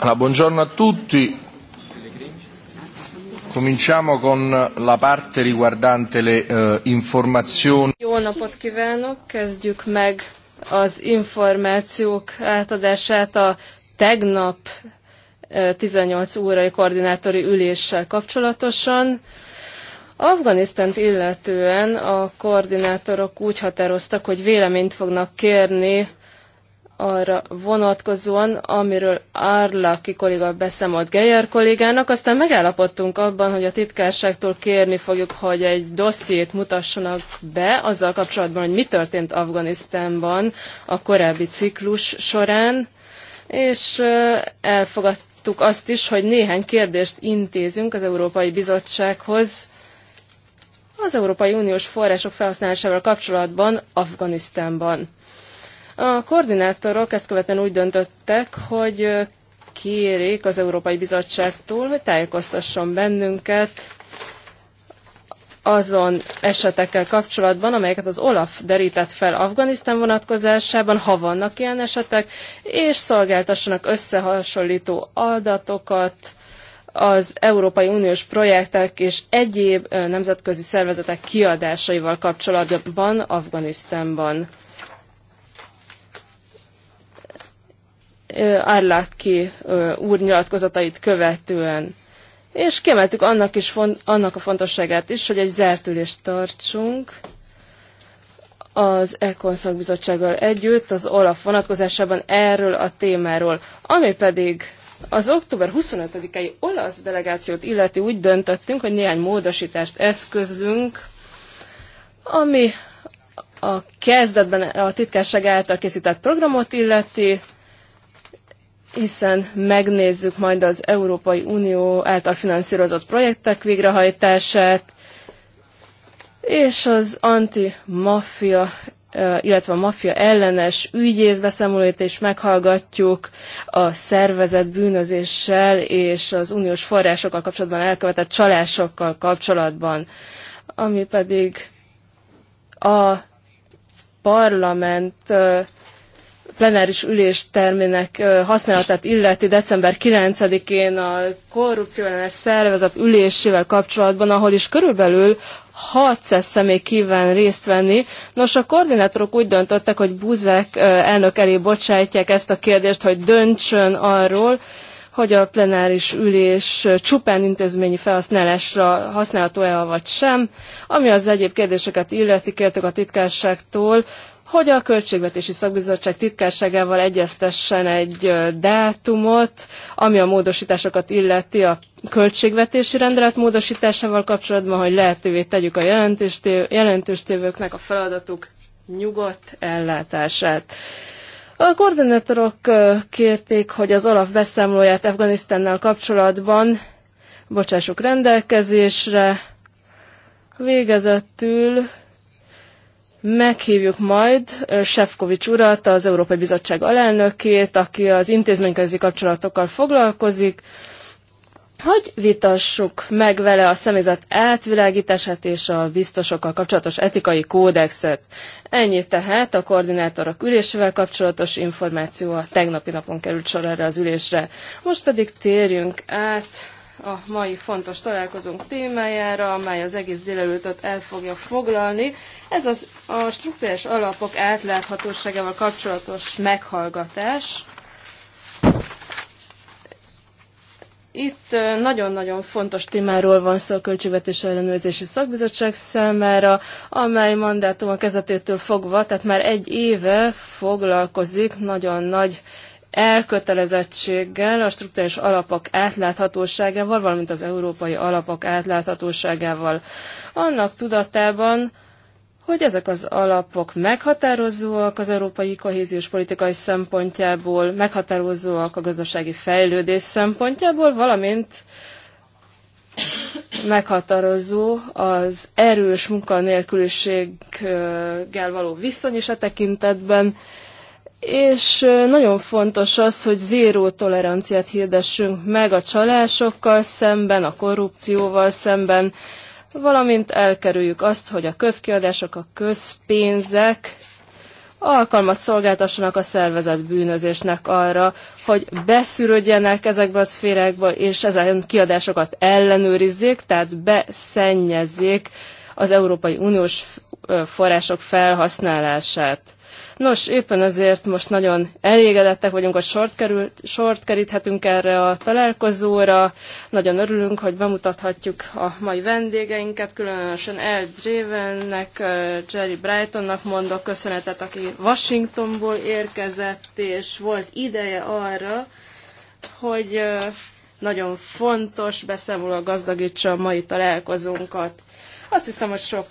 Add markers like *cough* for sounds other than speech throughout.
Allora, buongiorno a tutti. Cominciamo con la parte riguardante le uh, informazioni. Jó napot kívánok! Kezdjük meg az információk átadását a tegnap 18 eh, órai koordinátori üléssel kapcsolatosan. Afganisztánt illetően a koordinátorok úgy határoztak, hogy véleményt fognak kérni arra vonatkozóan, amiről Árlaki kolléga beszámolt Geyer kollégának, aztán megállapodtunk abban, hogy a titkárságtól kérni fogjuk, hogy egy dossziét mutassanak be azzal kapcsolatban, hogy mi történt Afganisztánban a korábbi ciklus során, és elfogadtuk azt is, hogy néhány kérdést intézünk az Európai Bizottsághoz, az Európai Uniós források felhasználásával kapcsolatban Afganisztánban. A koordinátorok ezt követően úgy döntöttek, hogy kérik az Európai Bizottságtól, hogy tájékoztasson bennünket azon esetekkel kapcsolatban, amelyeket az Olaf derített fel Afganisztán vonatkozásában, ha vannak ilyen esetek, és szolgáltassanak összehasonlító adatokat az Európai Uniós projektek és egyéb nemzetközi szervezetek kiadásaival kapcsolatban Afganisztánban. Arlaki úr nyilatkozatait követően. És kiemeltük annak, is annak a fontosságát is, hogy egy zárt ülést tartsunk az ECON szakbizottsággal együtt az OLAF vonatkozásában erről a témáról, ami pedig az október 25-i olasz delegációt illeti úgy döntöttünk, hogy néhány módosítást eszközlünk, ami a kezdetben a titkárság által készített programot illeti, hiszen megnézzük majd az Európai Unió által finanszírozott projektek végrehajtását, és az anti-maffia, eh, illetve a maffia ellenes ügyész beszámolóit is meghallgatjuk a szervezet bűnözéssel és az uniós forrásokkal kapcsolatban elkövetett csalásokkal kapcsolatban, ami pedig a parlament eh, plenáris üléstermének használatát illeti december 9-én a korrupcióellenes szervezet ülésével kapcsolatban, ahol is körülbelül 600 személy kíván részt venni. Nos, a koordinátorok úgy döntöttek, hogy Buzek elnök elé bocsátják ezt a kérdést, hogy döntsön arról, hogy a plenáris ülés csupán intézményi felhasználásra használható-e, vagy sem. Ami az egyéb kérdéseket illeti, kértek a titkárságtól, hogy a Költségvetési Szakbizottság titkárságával egyeztessen egy dátumot, ami a módosításokat illeti a költségvetési rendelet módosításával kapcsolatban, hogy lehetővé tegyük a jelentőstévőknek a feladatuk nyugodt ellátását. A koordinátorok kérték, hogy az alap beszámolóját Afganisztánnal kapcsolatban bocsássuk rendelkezésre. Végezettül Meghívjuk majd Sefkovics urat, az Európai Bizottság alelnökét, aki az intézményközi kapcsolatokkal foglalkozik, hogy vitassuk meg vele a személyzet átvilágítását és a biztosokkal kapcsolatos etikai kódexet. Ennyi tehát a koordinátorok ülésével kapcsolatos információ a tegnapi napon került sor erre az ülésre. Most pedig térjünk át a mai fontos találkozónk témájára, amely az egész délelőtt el fogja foglalni. Ez az a struktúrás alapok átláthatóságával kapcsolatos meghallgatás. Itt nagyon-nagyon fontos témáról van szó a Költségvetés Ellenőrzési Szakbizottság számára, amely mandátum a kezdetétől fogva, tehát már egy éve foglalkozik nagyon nagy elkötelezettséggel, a struktúrális alapok átláthatóságával, valamint az európai alapok átláthatóságával. Annak tudatában, hogy ezek az alapok meghatározóak az európai kohéziós politikai szempontjából, meghatározóak a gazdasági fejlődés szempontjából, valamint meghatározó az erős munkanélküliséggel való viszony is a tekintetben, és nagyon fontos az, hogy zéró toleranciát hirdessünk meg a csalásokkal szemben, a korrupcióval szemben, valamint elkerüljük azt, hogy a közkiadások, a közpénzek alkalmat szolgáltassanak a szervezet bűnözésnek arra, hogy beszűrődjenek ezekbe a szférákba, és ezen kiadásokat ellenőrizzék, tehát beszennyezzék az Európai Uniós források felhasználását. Nos, éppen ezért most nagyon elégedettek vagyunk, hogy sort, került, sort keríthetünk erre a találkozóra. Nagyon örülünk, hogy bemutathatjuk a mai vendégeinket, különösen El Dravennek, Jerry Brightonnak mondok köszönetet, aki Washingtonból érkezett, és volt ideje arra, hogy nagyon fontos beszámoló gazdagítsa a mai találkozónkat. Azt hiszem, hogy sok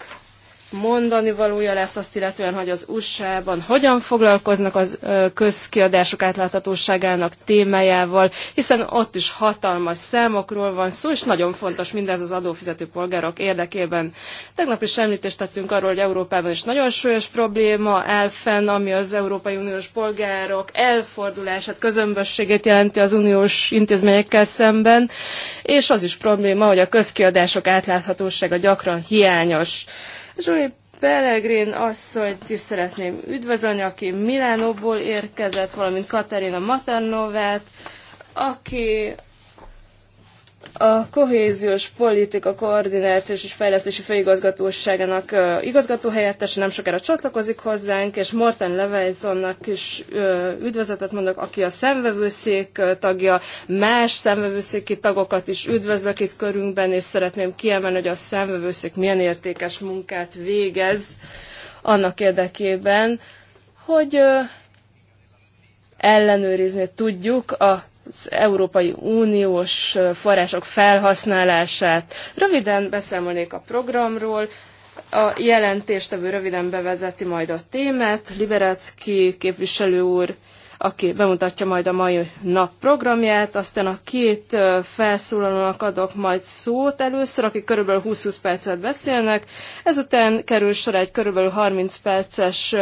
mondani valója lesz azt illetően, hogy az USA-ban hogyan foglalkoznak az közkiadások átláthatóságának témájával, hiszen ott is hatalmas számokról van szó, és nagyon fontos mindez az adófizető polgárok érdekében. Tegnap is említést tettünk arról, hogy Európában is nagyon súlyos probléma áll fenn, ami az Európai Uniós polgárok elfordulását, közömbösségét jelenti az uniós intézményekkel szemben, és az is probléma, hogy a közkiadások átláthatósága gyakran hiányos. Zsuli Pellegrin asszonyt is szeretném üdvözölni, aki Milánóból érkezett, valamint Katerina Maternovát, aki a kohéziós politika koordinációs és fejlesztési főigazgatóságának igazgatóhelyettese nem sokára csatlakozik hozzánk, és Morten Levejzonnak is üdvözletet mondok, aki a szemvevőszék tagja, más szemvevőszéki tagokat is üdvözlök itt körünkben, és szeretném kiemelni, hogy a szemvevőszék milyen értékes munkát végez annak érdekében, hogy ellenőrizni tudjuk a az Európai Uniós források felhasználását. Röviden beszámolnék a programról, a jelentéstevő röviden bevezeti majd a témát, Liberacki képviselő úr aki bemutatja majd a mai nap programját, aztán a két felszólalónak adok majd szót először, akik körülbelül 20-20 percet beszélnek, ezután kerül sor egy körülbelül 30 perces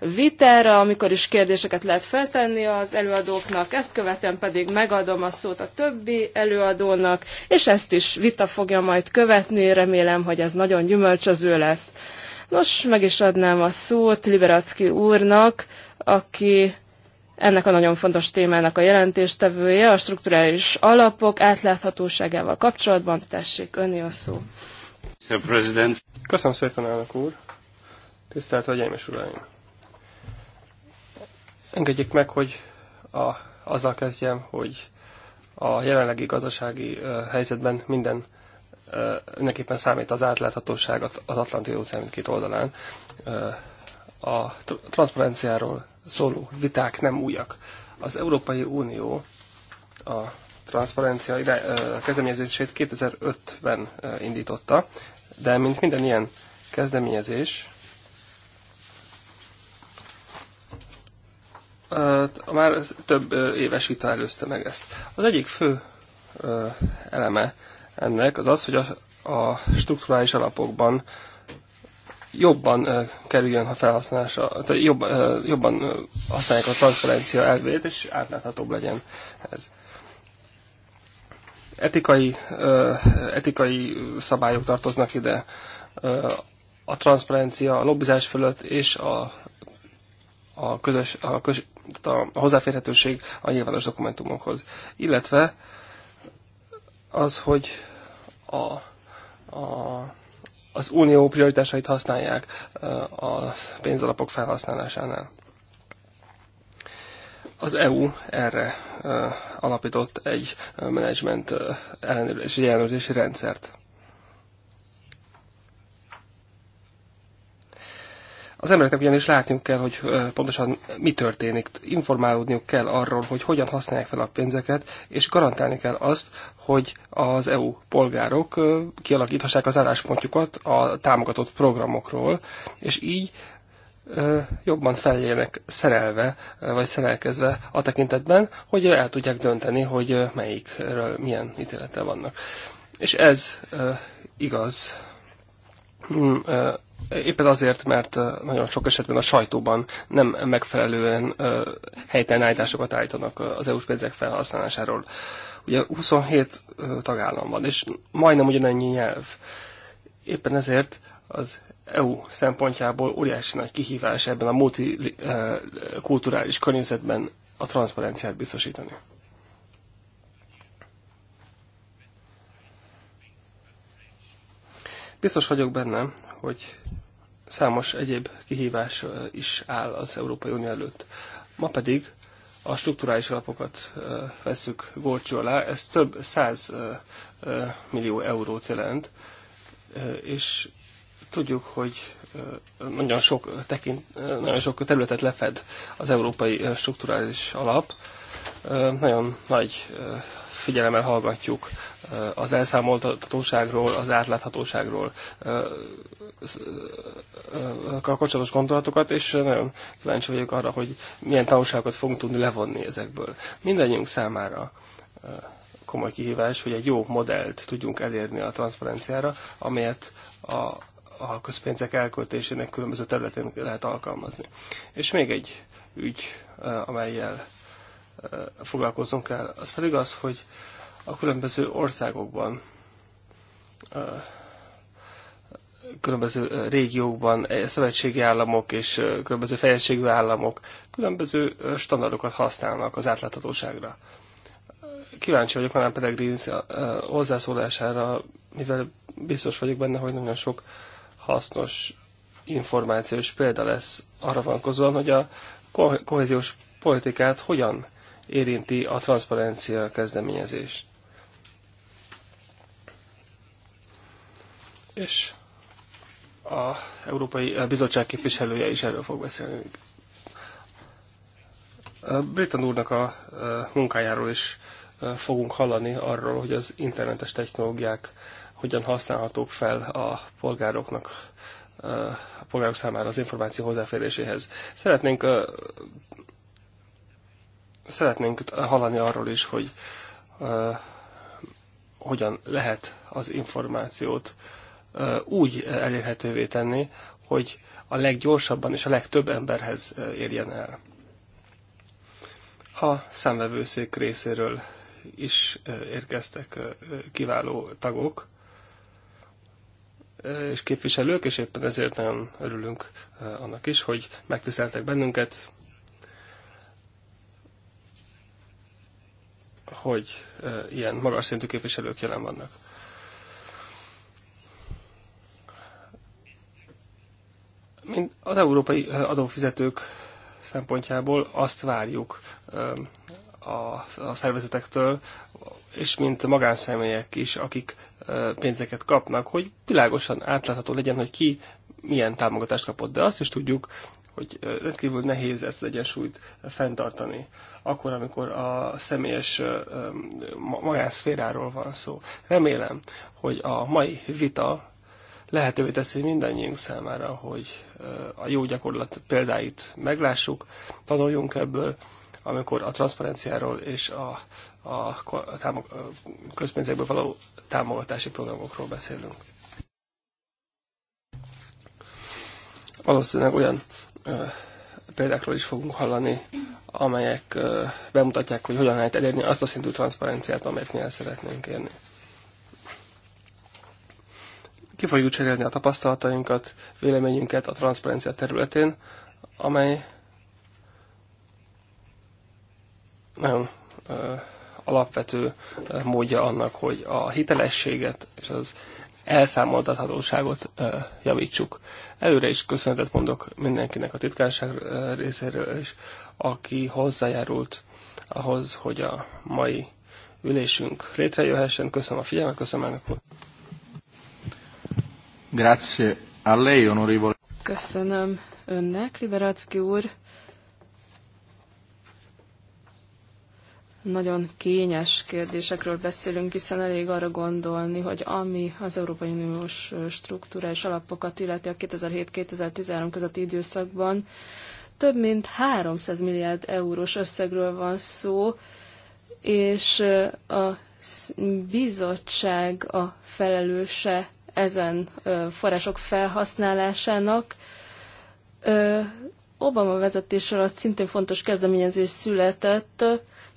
vitára, amikor is kérdéseket lehet feltenni az előadóknak, ezt követően pedig megadom a szót a többi előadónak, és ezt is vita fogja majd követni, remélem, hogy ez nagyon gyümölcsöző lesz. Nos, meg is adnám a szót Liberacki úrnak, aki ennek a nagyon fontos témának a jelentéstevője, a strukturális alapok átláthatóságával kapcsolatban. Tessék, önni a szó. Köszönöm szépen, elnök úr. Tisztelt Hagyjaim és Uraim! Engedjék meg, hogy a, azzal kezdjem, hogy a jelenlegi gazdasági uh, helyzetben minden uh, neképpen számít az átláthatóságot az Atlanti óceán két oldalán. Uh, a transzparenciáról szóló viták nem újak. Az Európai Unió a transzparencia kezdeményezését 2005-ben indította, de mint minden ilyen kezdeményezés, már több éves vita előzte meg ezt. Az egyik fő eleme ennek az az, hogy a, a strukturális alapokban jobban kerüljön a felhasználásra, tehát jobb, jobban használják a transzferencia elvét, és átláthatóbb legyen ez. Etikai, etikai szabályok tartoznak ide, a transzparencia, a lobbizás fölött és a, a, közös, a, köz, a hozzáférhetőség a nyilvános dokumentumokhoz. Illetve az, hogy a, a az unió prioritásait használják a pénzalapok felhasználásánál. Az EU erre alapított egy menedzsment ellenőrzési ellenőrzési rendszert. Az embereknek ugyanis látniuk kell, hogy pontosan mi történik, informálódniuk kell arról, hogy hogyan használják fel a pénzeket, és garantálni kell azt, hogy az EU polgárok kialakíthassák az álláspontjukat a támogatott programokról, és így jobban feljeljenek szerelve, vagy szerelkezve a tekintetben, hogy el tudják dönteni, hogy melyikről milyen ítélete vannak. És ez igaz mm, Éppen azért, mert nagyon sok esetben a sajtóban nem megfelelően helytelen állításokat állítanak az EU-s pénzek felhasználásáról. Ugye 27 tagállam van, és majdnem ugyanennyi nyelv. Éppen ezért az EU szempontjából óriási nagy kihívás ebben a multikulturális környezetben a transzparenciát biztosítani. Biztos vagyok benne, hogy számos egyéb kihívás is áll az Európai Unió előtt. Ma pedig a strukturális alapokat veszük górcső alá, ez több száz millió eurót jelent, és tudjuk, hogy nagyon sok, tekint, nagyon sok területet lefed az európai strukturális alap, nagyon nagy figyelemmel hallgatjuk eh, az elszámoltatóságról, az átláthatóságról eh, eh, kapcsolatos gondolatokat, és nagyon kíváncsi vagyok arra, hogy milyen tanulságokat fogunk tudni levonni ezekből. Mindennyiunk számára komoly kihívás, hogy egy jó modellt tudjunk elérni a transzparenciára, amelyet a, a közpénzek elköltésének különböző területén lehet alkalmazni. És még egy ügy, amelyel foglalkoznunk kell. Az pedig az, hogy a különböző országokban, különböző régiókban, szövetségi államok és különböző fejlettségű államok különböző standardokat használnak az átláthatóságra. Kíváncsi vagyok már Pellegrin hozzászólására, mivel biztos vagyok benne, hogy nagyon sok hasznos információs példa lesz arra vonatkozóan, hogy a kohéziós politikát hogyan érinti a transzparencia kezdeményezést. És a Európai Bizottság képviselője is erről fog beszélni. Britan úrnak a munkájáról is fogunk hallani arról, hogy az internetes technológiák hogyan használhatók fel a polgároknak, a polgárok számára az információ hozzáféréséhez. Szeretnénk szeretnénk hallani arról is, hogy uh, hogyan lehet az információt uh, úgy elérhetővé tenni, hogy a leggyorsabban és a legtöbb emberhez érjen el. A számvevőszék részéről is érkeztek kiváló tagok és képviselők, és éppen ezért nagyon örülünk annak is, hogy megtiszteltek bennünket, hogy ilyen magas szintű képviselők jelen vannak. Mint az európai adófizetők szempontjából azt várjuk a szervezetektől, és mint magánszemélyek is, akik pénzeket kapnak, hogy világosan átlátható legyen, hogy ki milyen támogatást kapott. De azt is tudjuk, hogy rendkívül nehéz ezt az egyensúlyt fenntartani akkor, amikor a személyes magánszféráról van szó. Remélem, hogy a mai vita lehetővé teszi mindannyiunk számára, hogy a jó gyakorlat példáit meglássuk, tanuljunk ebből, amikor a transzparenciáról és a, a, a, támog, a közpénzekből való támogatási programokról beszélünk. Valószínűleg olyan ö, példákról is fogunk hallani, amelyek bemutatják, hogy hogyan lehet elérni azt a szintű transzparenciát, amelyet mi el szeretnénk érni. Ki fogjuk cserélni a tapasztalatainkat, véleményünket a transzparencia területén, amely nagyon ö, alapvető módja annak, hogy a hitelességet és az elszámoltathatóságot ö, javítsuk. Előre is köszönetet mondok mindenkinek a titkárság részéről és aki hozzájárult ahhoz, hogy a mai ülésünk létrejöhessen. Köszönöm a figyelmet, köszönöm elnök úr. Grazie a lei, onorevole. Köszönöm önnek, Liberacki úr. Nagyon kényes kérdésekről beszélünk, hiszen elég arra gondolni, hogy ami az Európai Uniós struktúra és alapokat illeti a 2007-2013 közötti időszakban, több mint 300 milliárd eurós összegről van szó, és a bizottság a felelőse ezen források felhasználásának. Obama vezetés alatt szintén fontos kezdeményezés született,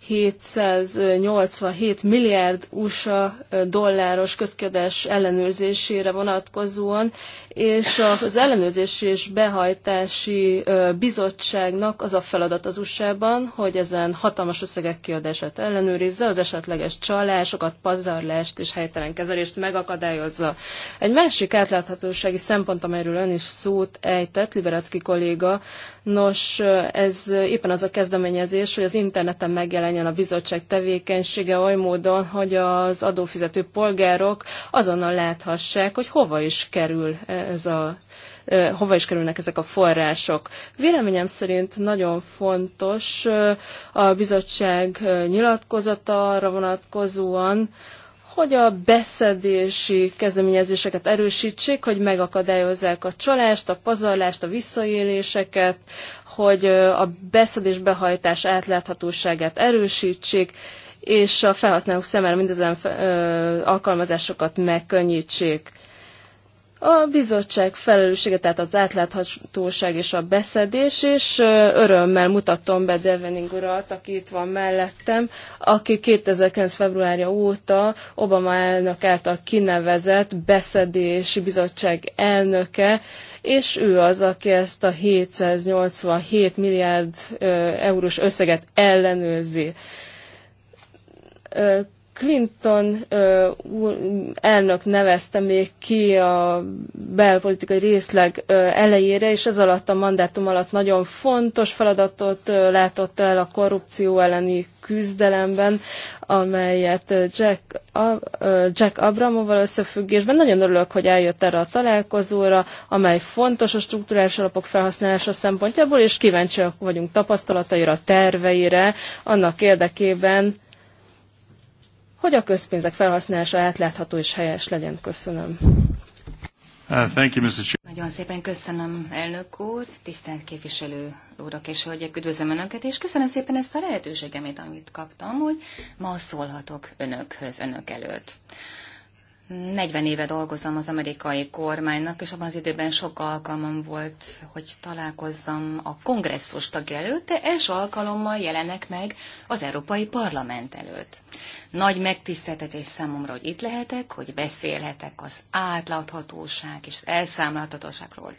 787 milliárd USA dolláros közkedés ellenőrzésére vonatkozóan, és az ellenőrzési és behajtási bizottságnak az a feladat az USA-ban, hogy ezen hatalmas összegek kiadását ellenőrizze, az esetleges csalásokat, pazarlást és helytelen kezelést megakadályozza. Egy másik átláthatósági szempont, amelyről ön is szót ejtett, Liberacki kolléga, Nos, ez éppen az a kezdeményezés, hogy az interneten megjelenjen a bizottság tevékenysége oly módon, hogy az adófizető polgárok azonnal láthassák, hogy hova is kerül ez a hova is kerülnek ezek a források. Véleményem szerint nagyon fontos a bizottság nyilatkozata arra vonatkozóan, hogy a beszedési kezdeményezéseket erősítsék, hogy megakadályozzák a csalást, a pazarlást, a visszaéléseket, hogy a beszedés behajtás átláthatóságát erősítsék, és a felhasználók szemére mindezen alkalmazásokat megkönnyítsék. A bizottság felelőssége, tehát az átláthatóság és a beszedés, és örömmel mutattam be Devening urat, aki itt van mellettem, aki 2009. februárja óta Obama elnök által kinevezett beszedési bizottság elnöke, és ő az, aki ezt a 787 milliárd eurós összeget ellenőrzi Clinton ö, elnök nevezte még ki a belpolitikai részleg elejére, és ez alatt a mandátum alatt nagyon fontos feladatot látott el a korrupció elleni küzdelemben, amelyet Jack, a, Jack Abramoval összefüggésben. Nagyon örülök, hogy eljött erre a találkozóra, amely fontos a struktúrás alapok felhasználása szempontjából, és kíváncsiak vagyunk tapasztalataira, terveire, annak érdekében, hogy a közpénzek felhasználása átlátható és helyes legyen. Köszönöm. Uh, thank you, Mr. Nagyon szépen köszönöm, elnök úr, tisztelt képviselő úrok és hölgyek, üdvözlöm Önöket, és köszönöm szépen ezt a lehetőségemet, amit kaptam, hogy ma szólhatok Önökhöz, Önök előtt. 40 éve dolgozom az amerikai kormánynak, és abban az időben sok alkalmam volt, hogy találkozzam a kongresszus tagja előtt, de első alkalommal jelenek meg az Európai Parlament előtt. Nagy megtiszteltetés számomra, hogy itt lehetek, hogy beszélhetek az átláthatóság és az elszámoltathatóságról.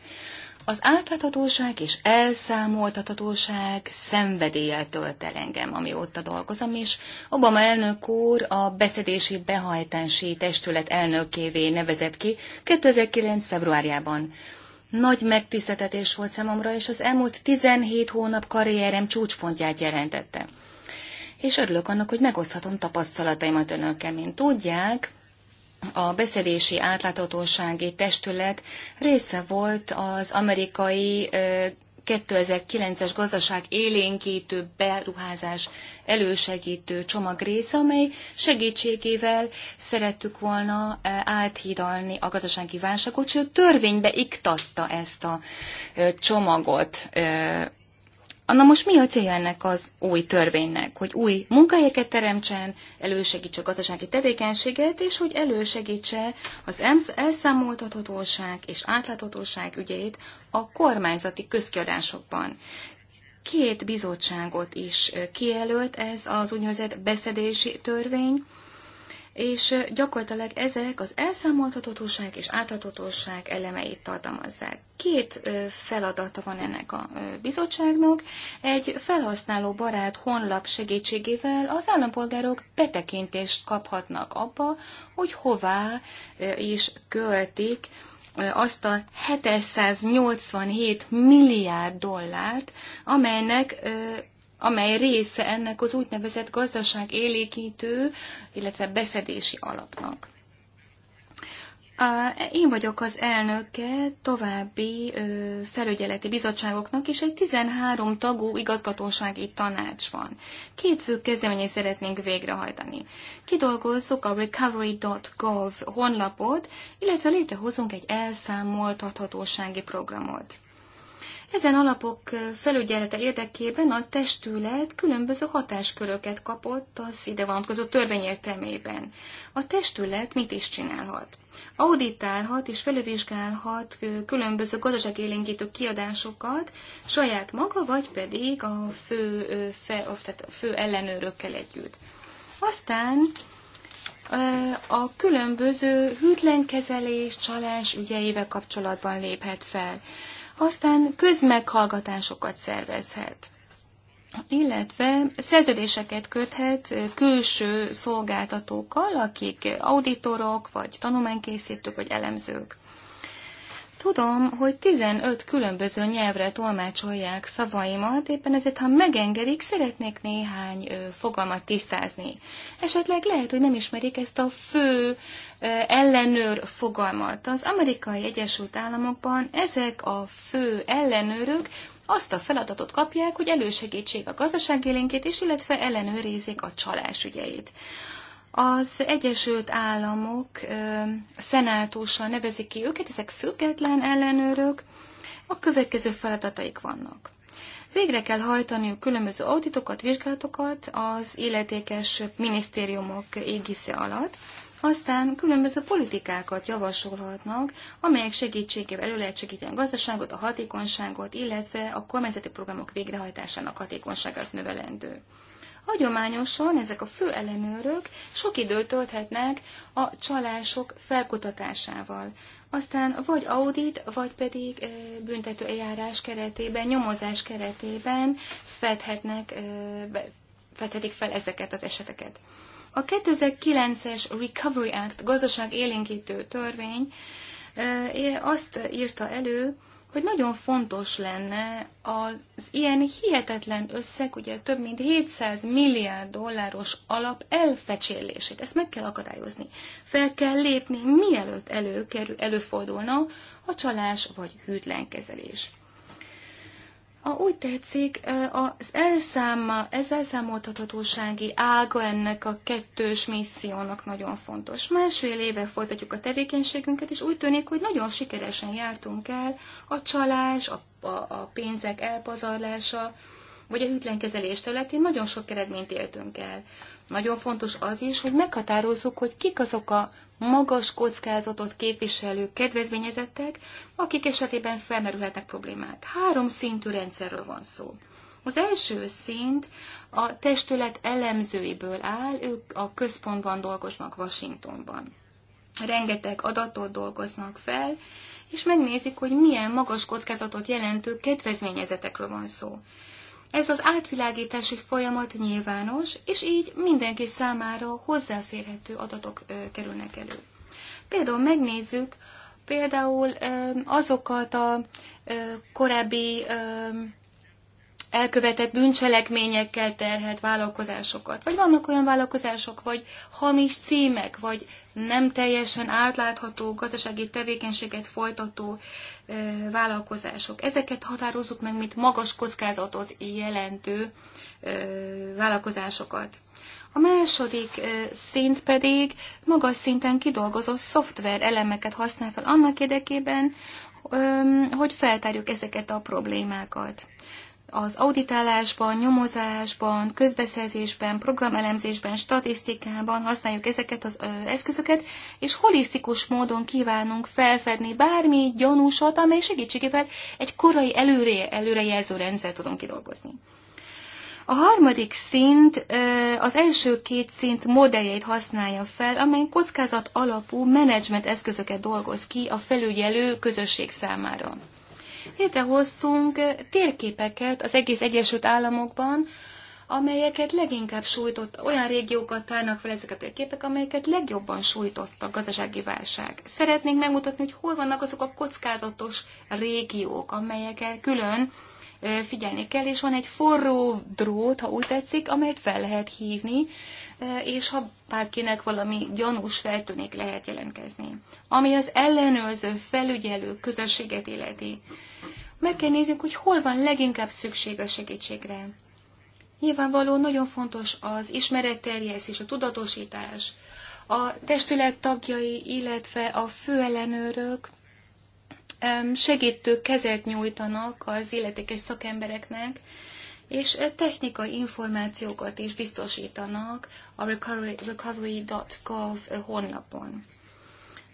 Az átláthatóság és elszámoltatóság szenvedéllyel tölt el engem, amióta dolgozom, és Obama elnök úr a beszedési behajtási testület elnökévé nevezett ki 2009. februárjában. Nagy megtiszteltetés volt számomra, és az elmúlt 17 hónap karrierem csúcspontját jelentette és örülök annak, hogy megoszthatom tapasztalataimat önökkel, mint tudják. A beszedési átláthatósági testület része volt az amerikai 2009-es gazdaság élénkítő beruházás elősegítő csomag része, amely segítségével szerettük volna áthidalni a gazdasági válságot, sőt törvénybe iktatta ezt a csomagot Anna, most mi a célja ennek az új törvénynek? Hogy új munkahelyeket teremtsen, elősegítse a gazdasági tevékenységet, és hogy elősegítse az elszámoltathatóság és átláthatóság ügyeit a kormányzati közkiadásokban. Két bizottságot is kijelölt ez az úgynevezett beszedési törvény, és gyakorlatilag ezek az elszámoltatóság és átadhatóság elemeit tartalmazzák. Két feladata van ennek a bizottságnak. Egy felhasználó barát honlap segítségével az állampolgárok betekintést kaphatnak abba, hogy hová is költik azt a 787 milliárd dollárt, amelynek amely része ennek az úgynevezett gazdaság élékítő, illetve beszedési alapnak. Én vagyok az elnöke további felügyeleti bizottságoknak, és egy 13 tagú igazgatósági tanács van. Két fő kezdeményét szeretnénk végrehajtani. Kidolgozzuk a recovery.gov honlapot, illetve létrehozunk egy elszámoltathatósági programot. Ezen alapok felügyelete érdekében a testület különböző hatásköröket kapott az ide vonatkozó törvény értelmében. A testület mit is csinálhat? Auditálhat és felülvizsgálhat különböző gazdaságélénkítő kiadásokat saját maga, vagy pedig a fő, fe, tehát a fő ellenőrökkel együtt. Aztán a különböző hűtlenkezelés, csalás ügyeivel kapcsolatban léphet fel. Aztán közmeghallgatásokat szervezhet, illetve szerződéseket köthet külső szolgáltatókkal, akik auditorok, vagy tanulmánykészítők, vagy elemzők. Tudom, hogy 15 különböző nyelvre tolmácsolják szavaimat, éppen ezért, ha megengedik, szeretnék néhány fogalmat tisztázni. Esetleg lehet, hogy nem ismerik ezt a fő ellenőr fogalmat. Az amerikai Egyesült Államokban ezek a fő ellenőrök azt a feladatot kapják, hogy elősegítsék a gazdaságélénkét, és illetve ellenőrizzék a csalás ügyeit. Az Egyesült Államok szenátusa nevezik ki őket, ezek független ellenőrök, a következő feladataik vannak. Végre kell hajtaniuk különböző auditokat, vizsgálatokat az illetékes minisztériumok égisze alatt, aztán különböző politikákat javasolhatnak, amelyek segítségével elő lehet segíteni a gazdaságot, a hatékonyságot, illetve a kormányzati programok végrehajtásának hatékonyságát növelendő. Hagyományosan ezek a fő ellenőrök sok időt tölthetnek a csalások felkutatásával. Aztán vagy audit, vagy pedig büntető eljárás keretében, nyomozás keretében fedhetnek, fedhetik fel ezeket az eseteket. A 2009-es Recovery Act gazdaság élénkítő törvény azt írta elő, hogy nagyon fontos lenne az ilyen hihetetlen összeg, ugye több mint 700 milliárd dolláros alap elfecsélését. Ezt meg kell akadályozni. Fel kell lépni, mielőtt előkerül, előfordulna a csalás vagy hűtlen kezelés. A, úgy tetszik, az elszáma, ez elszámoltathatósági ága ennek a kettős missziónak nagyon fontos. Másfél éve folytatjuk a tevékenységünket, és úgy tűnik, hogy nagyon sikeresen jártunk el a csalás, a, a, a pénzek elpazarlása, vagy a hűtlen kezelés területén nagyon sok eredményt értünk el. Nagyon fontos az is, hogy meghatározzuk, hogy kik azok a magas kockázatot képviselő kedvezményezettek, akik esetében felmerülhetnek problémák. Három szintű rendszerről van szó. Az első szint a testület elemzőiből áll, ők a központban dolgoznak Washingtonban. Rengeteg adatot dolgoznak fel, és megnézik, hogy milyen magas kockázatot jelentő kedvezményezetekről van szó. Ez az átvilágítási folyamat nyilvános, és így mindenki számára hozzáférhető adatok kerülnek elő. Például megnézzük például azokat a korábbi elkövetett bűncselekményekkel terhelt vállalkozásokat. Vagy vannak olyan vállalkozások, vagy hamis címek, vagy nem teljesen átlátható gazdasági tevékenységet folytató ö, vállalkozások. Ezeket határozzuk meg, mint magas kockázatot jelentő ö, vállalkozásokat. A második szint pedig magas szinten kidolgozott szoftver elemeket használ fel annak érdekében, hogy feltárjuk ezeket a problémákat az auditálásban, nyomozásban, közbeszerzésben, programelemzésben, statisztikában használjuk ezeket az eszközöket, és holisztikus módon kívánunk felfedni bármi gyanúsat, amely segítségével egy korai előre, előrejelző rendszer tudunk kidolgozni. A harmadik szint az első két szint modelljeit használja fel, amely kockázat alapú menedzsment eszközöket dolgoz ki a felügyelő közösség számára. Létrehoztunk térképeket az egész Egyesült Államokban, amelyeket leginkább sújtott, olyan régiókat tárnak fel ezeket a képek, amelyeket legjobban sújtott a gazdasági válság. Szeretnénk megmutatni, hogy hol vannak azok a kockázatos régiók, amelyekkel külön figyelni kell, és van egy forró drót, ha úgy tetszik, amelyet fel lehet hívni, és ha bárkinek valami gyanús feltűnik, lehet jelentkezni. Ami az ellenőrző, felügyelő közösséget illeti. Meg kell nézzük, hogy hol van leginkább szükség a segítségre. Nyilvánvaló nagyon fontos az ismeretterjesztés, a tudatosítás, a testület tagjai, illetve a főellenőrök segítő kezet nyújtanak az illetékes szakembereknek, és e technikai információkat is biztosítanak a recovery.gov honlapon.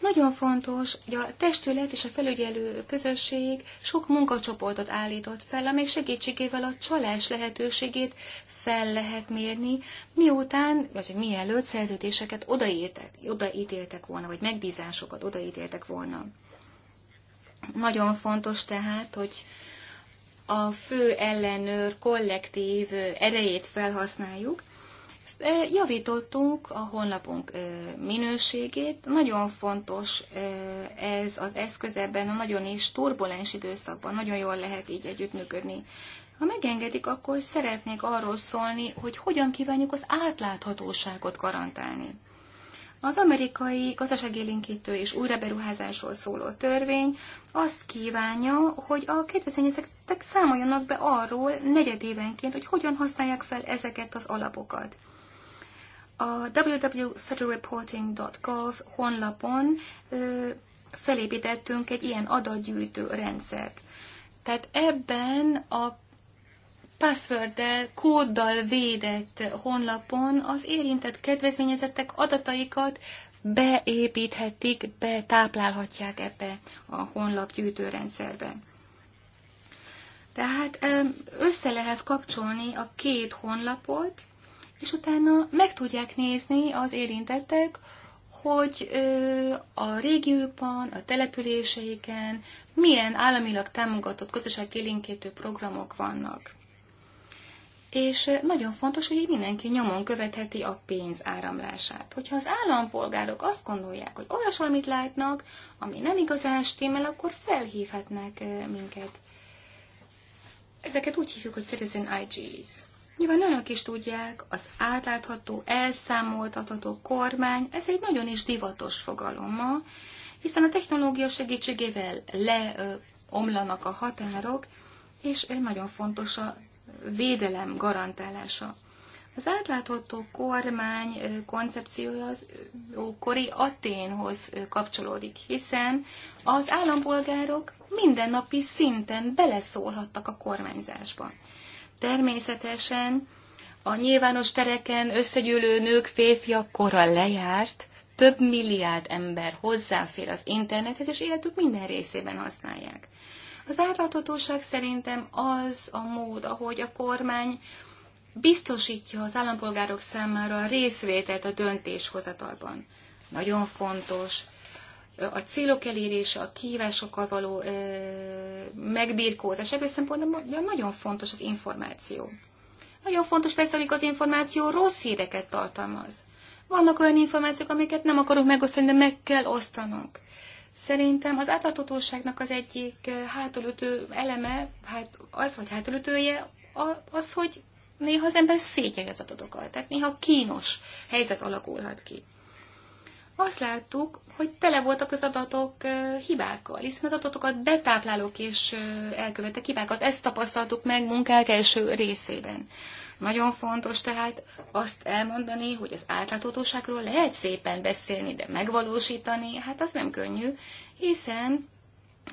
Nagyon fontos, hogy a testület és a felügyelő közösség sok munkacsoportot állított fel, amely segítségével a csalás lehetőségét fel lehet mérni, miután, vagy mielőtt szerződéseket odaítéltek volna, vagy megbízásokat odaítéltek volna. Nagyon fontos tehát, hogy a fő ellenőr kollektív erejét felhasználjuk. Javítottunk a honlapunk minőségét. Nagyon fontos ez az eszköz ebben a nagyon is turbulens időszakban. Nagyon jól lehet így együttműködni. Ha megengedik, akkor szeretnék arról szólni, hogy hogyan kívánjuk az átláthatóságot garantálni. Az amerikai gazdaságélénkítő és újraberuházásról szóló törvény azt kívánja, hogy a kedvezményezettek számoljanak be arról negyedévenként, hogy hogyan használják fel ezeket az alapokat. A www.federalreporting.gov honlapon ö, felépítettünk egy ilyen adatgyűjtő rendszert. Tehát ebben a passworddel, kóddal védett honlapon az érintett kedvezményezettek adataikat beépíthetik, betáplálhatják ebbe a honlap gyűjtőrendszerbe. Tehát össze lehet kapcsolni a két honlapot, és utána meg tudják nézni az érintettek, hogy a régiókban, a településeiken milyen államilag támogatott gazdaságélénkítő programok vannak és eh, nagyon fontos, hogy mindenki nyomon követheti a pénz áramlását. Hogyha az állampolgárok azt gondolják, hogy olyas valamit látnak, ami nem igazán stimmel, akkor felhívhatnak eh, minket. Ezeket úgy hívjuk, hogy citizen IGs. Nyilván önök is tudják, az átlátható, elszámoltatható kormány, ez egy nagyon is divatos fogalom ma, hiszen a technológia segítségével leomlanak a határok, és eh, nagyon fontos a védelem garantálása. Az átlátható kormány koncepciója az ókori Aténhoz kapcsolódik, hiszen az állampolgárok mindennapi szinten beleszólhattak a kormányzásban. Természetesen a nyilvános tereken összegyűlő nők, férfiak kora lejárt, több milliárd ember hozzáfér az internethez, és életük minden részében használják. Az átláthatóság szerintem az a mód, ahogy a kormány biztosítja az állampolgárok számára a részvételt a döntéshozatalban. Nagyon fontos a célok elérése, a kihívásokkal való ö, megbirkózás. Ebből szempontból nagyon fontos az információ. Nagyon fontos persze, hogy az információ rossz híreket tartalmaz. Vannak olyan információk, amiket nem akarunk megosztani, de meg kell osztanunk. Szerintem az átláthatóságnak az egyik eh, hátulütő eleme, hát az, hogy hátulütője, az, hogy néha az ember szétjegez az adatokat, tehát néha kínos helyzet alakulhat ki. Azt láttuk, hogy tele voltak az adatok eh, hibákkal, hiszen az adatokat betáplálók és eh, elkövettek hibákat. Ezt tapasztaltuk meg munkák első részében. Nagyon fontos tehát azt elmondani, hogy az átláthatóságról lehet szépen beszélni, de megvalósítani, hát az nem könnyű, hiszen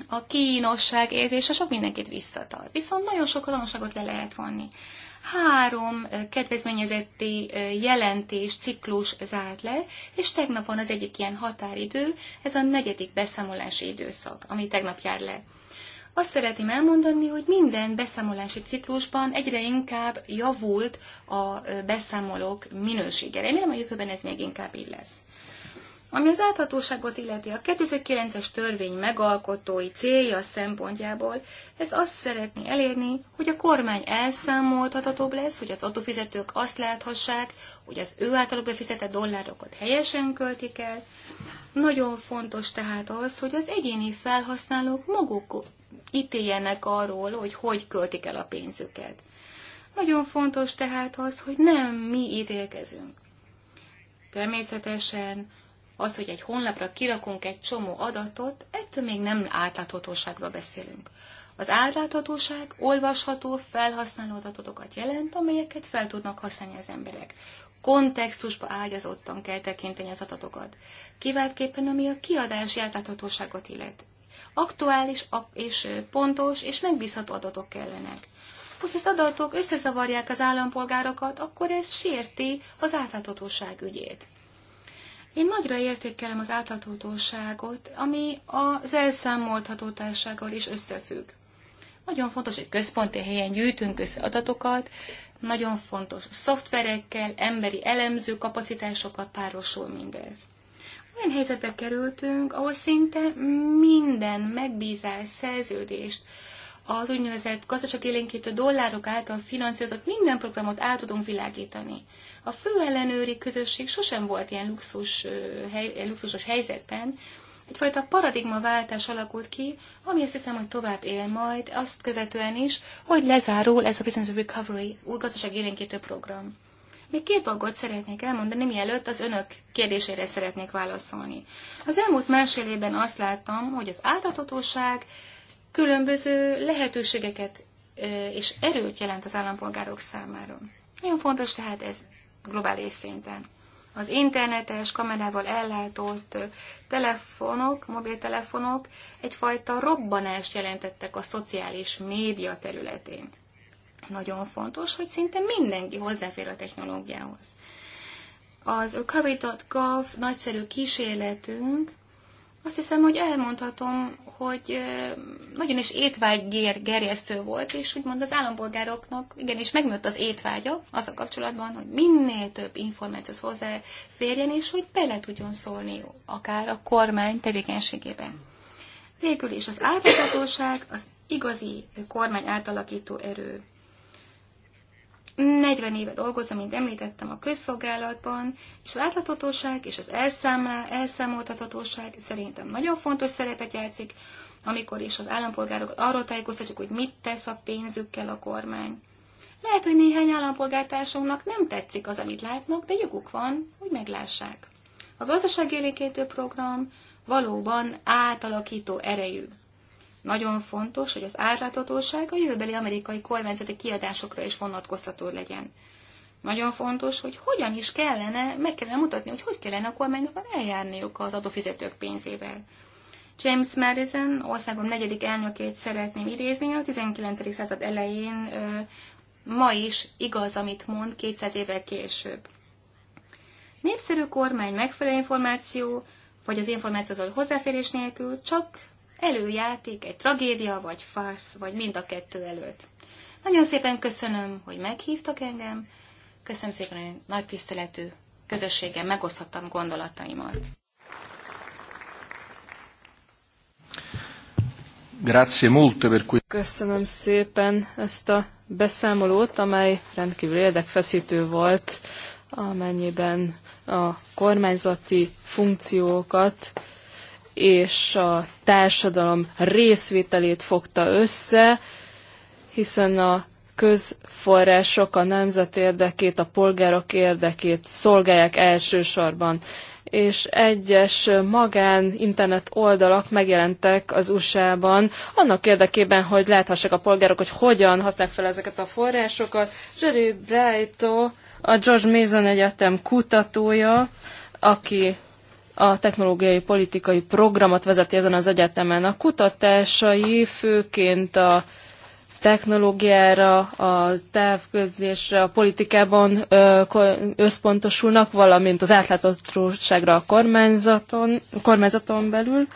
a kínosság érzése sok mindenkit visszatart. Viszont nagyon sok tanulságot le lehet vonni. Három kedvezményezetti jelentés ciklus zárt le, és tegnap van az egyik ilyen határidő, ez a negyedik beszámolási időszak, ami tegnap jár le. Azt szeretném elmondani, hogy minden beszámolási ciklusban egyre inkább javult a beszámolók minősége. Remélem a jövőben ez még inkább így lesz. Ami az áthatóságot illeti a 2009-es törvény megalkotói célja szempontjából, ez azt szeretné elérni, hogy a kormány elszámoltatóbb lesz, hogy az adófizetők azt láthassák, hogy az ő általuk befizetett dollárokat helyesen költik el, nagyon fontos tehát az, hogy az egyéni felhasználók maguk ítéljenek arról, hogy hogy költik el a pénzüket. Nagyon fontos tehát az, hogy nem mi ítélkezünk. Természetesen az, hogy egy honlapra kirakunk egy csomó adatot, ettől még nem átláthatóságról beszélünk. Az átláthatóság olvasható, felhasználó adatokat jelent, amelyeket fel tudnak használni az emberek kontextusba ágyazottan kell tekinteni az adatokat. Kiváltképpen, ami a kiadási átláthatóságot illet. Aktuális és pontos és megbízható adatok kellenek. Hogyha az adatok összezavarják az állampolgárokat, akkor ez sérti az átláthatóság ügyét. Én nagyra értékelem az átláthatóságot, ami az elszámolthatótársággal is összefügg. Nagyon fontos, hogy központi helyen gyűjtünk össze adatokat, nagyon fontos. Szoftverekkel, emberi elemző kapacitásokkal párosul mindez. Olyan helyzetbe kerültünk, ahol szinte minden megbízás, szerződést, az úgynevezett gazdaságélénkítő dollárok által finanszírozott minden programot át tudunk világítani. A főellenőri közösség sosem volt ilyen luxus, hely, luxusos helyzetben, egyfajta paradigmaváltás alakult ki, ami azt hiszem, hogy tovább él majd, azt követően is, hogy lezárul ez a Business Recovery új élénkítő program. Még két dolgot szeretnék elmondani, mielőtt az önök kérdésére szeretnék válaszolni. Az elmúlt másfél évben azt láttam, hogy az áltatotóság különböző lehetőségeket és erőt jelent az állampolgárok számára. Nagyon fontos tehát ez globális szinten az internetes kamerával ellátott telefonok, mobiltelefonok egyfajta robbanást jelentettek a szociális média területén. Nagyon fontos, hogy szinte mindenki hozzáfér a technológiához. Az recovery.gov nagyszerű kísérletünk azt hiszem, hogy elmondhatom, hogy nagyon is étvágygér gerjesztő volt, és úgymond az állampolgároknak igenis megnőtt az étvágya az a kapcsolatban, hogy minél több információhoz hozzáférjen, és hogy bele tudjon szólni akár a kormány tevékenységében. Végül is az átláthatóság az igazi kormány átalakító erő. 40 éve dolgozom, mint említettem, a közszolgálatban, és az átláthatóság és az elszámlá, elszámoltathatóság szerintem nagyon fontos szerepet játszik, amikor is az állampolgárokat arról tájékoztatjuk, hogy mit tesz a pénzükkel a kormány. Lehet, hogy néhány állampolgártársunknak nem tetszik az, amit látnak, de joguk van, hogy meglássák. A gazdaságélénkítő program valóban átalakító erejű. Nagyon fontos, hogy az átláthatóság a jövőbeli amerikai kormányzati kiadásokra is vonatkoztató legyen. Nagyon fontos, hogy hogyan is kellene, meg kellene mutatni, hogy hogy kellene a kormánynak eljárniuk az adófizetők pénzével. James Madison, országom negyedik elnökét szeretném idézni, a 19. század elején ma is igaz, amit mond 200 évvel később. Népszerű kormány megfelelő információ, vagy az információhoz hozzáférés nélkül csak előjáték, egy tragédia, vagy farsz, vagy mind a kettő előtt. Nagyon szépen köszönöm, hogy meghívtak engem, köszönöm szépen, hogy nagy tiszteletű közösséggel megoszthattam gondolataimat. Grazie molto per cui... Köszönöm szépen ezt a beszámolót, amely rendkívül érdekfeszítő volt, amennyiben a kormányzati funkciókat és a társadalom részvételét fogta össze, hiszen a közforrások a nemzet érdekét, a polgárok érdekét szolgálják elsősorban. És egyes magán internet oldalak megjelentek az USA-ban, annak érdekében, hogy láthassák a polgárok, hogy hogyan használják fel ezeket a forrásokat. Jerry Brighto, a George Mason Egyetem kutatója, aki a technológiai politikai programot vezeti ezen az egyetemen. A kutatásai főként a technológiára, a távközlésre, a politikában összpontosulnak, valamint az átláthatóságra a kormányzaton, a kormányzaton belül.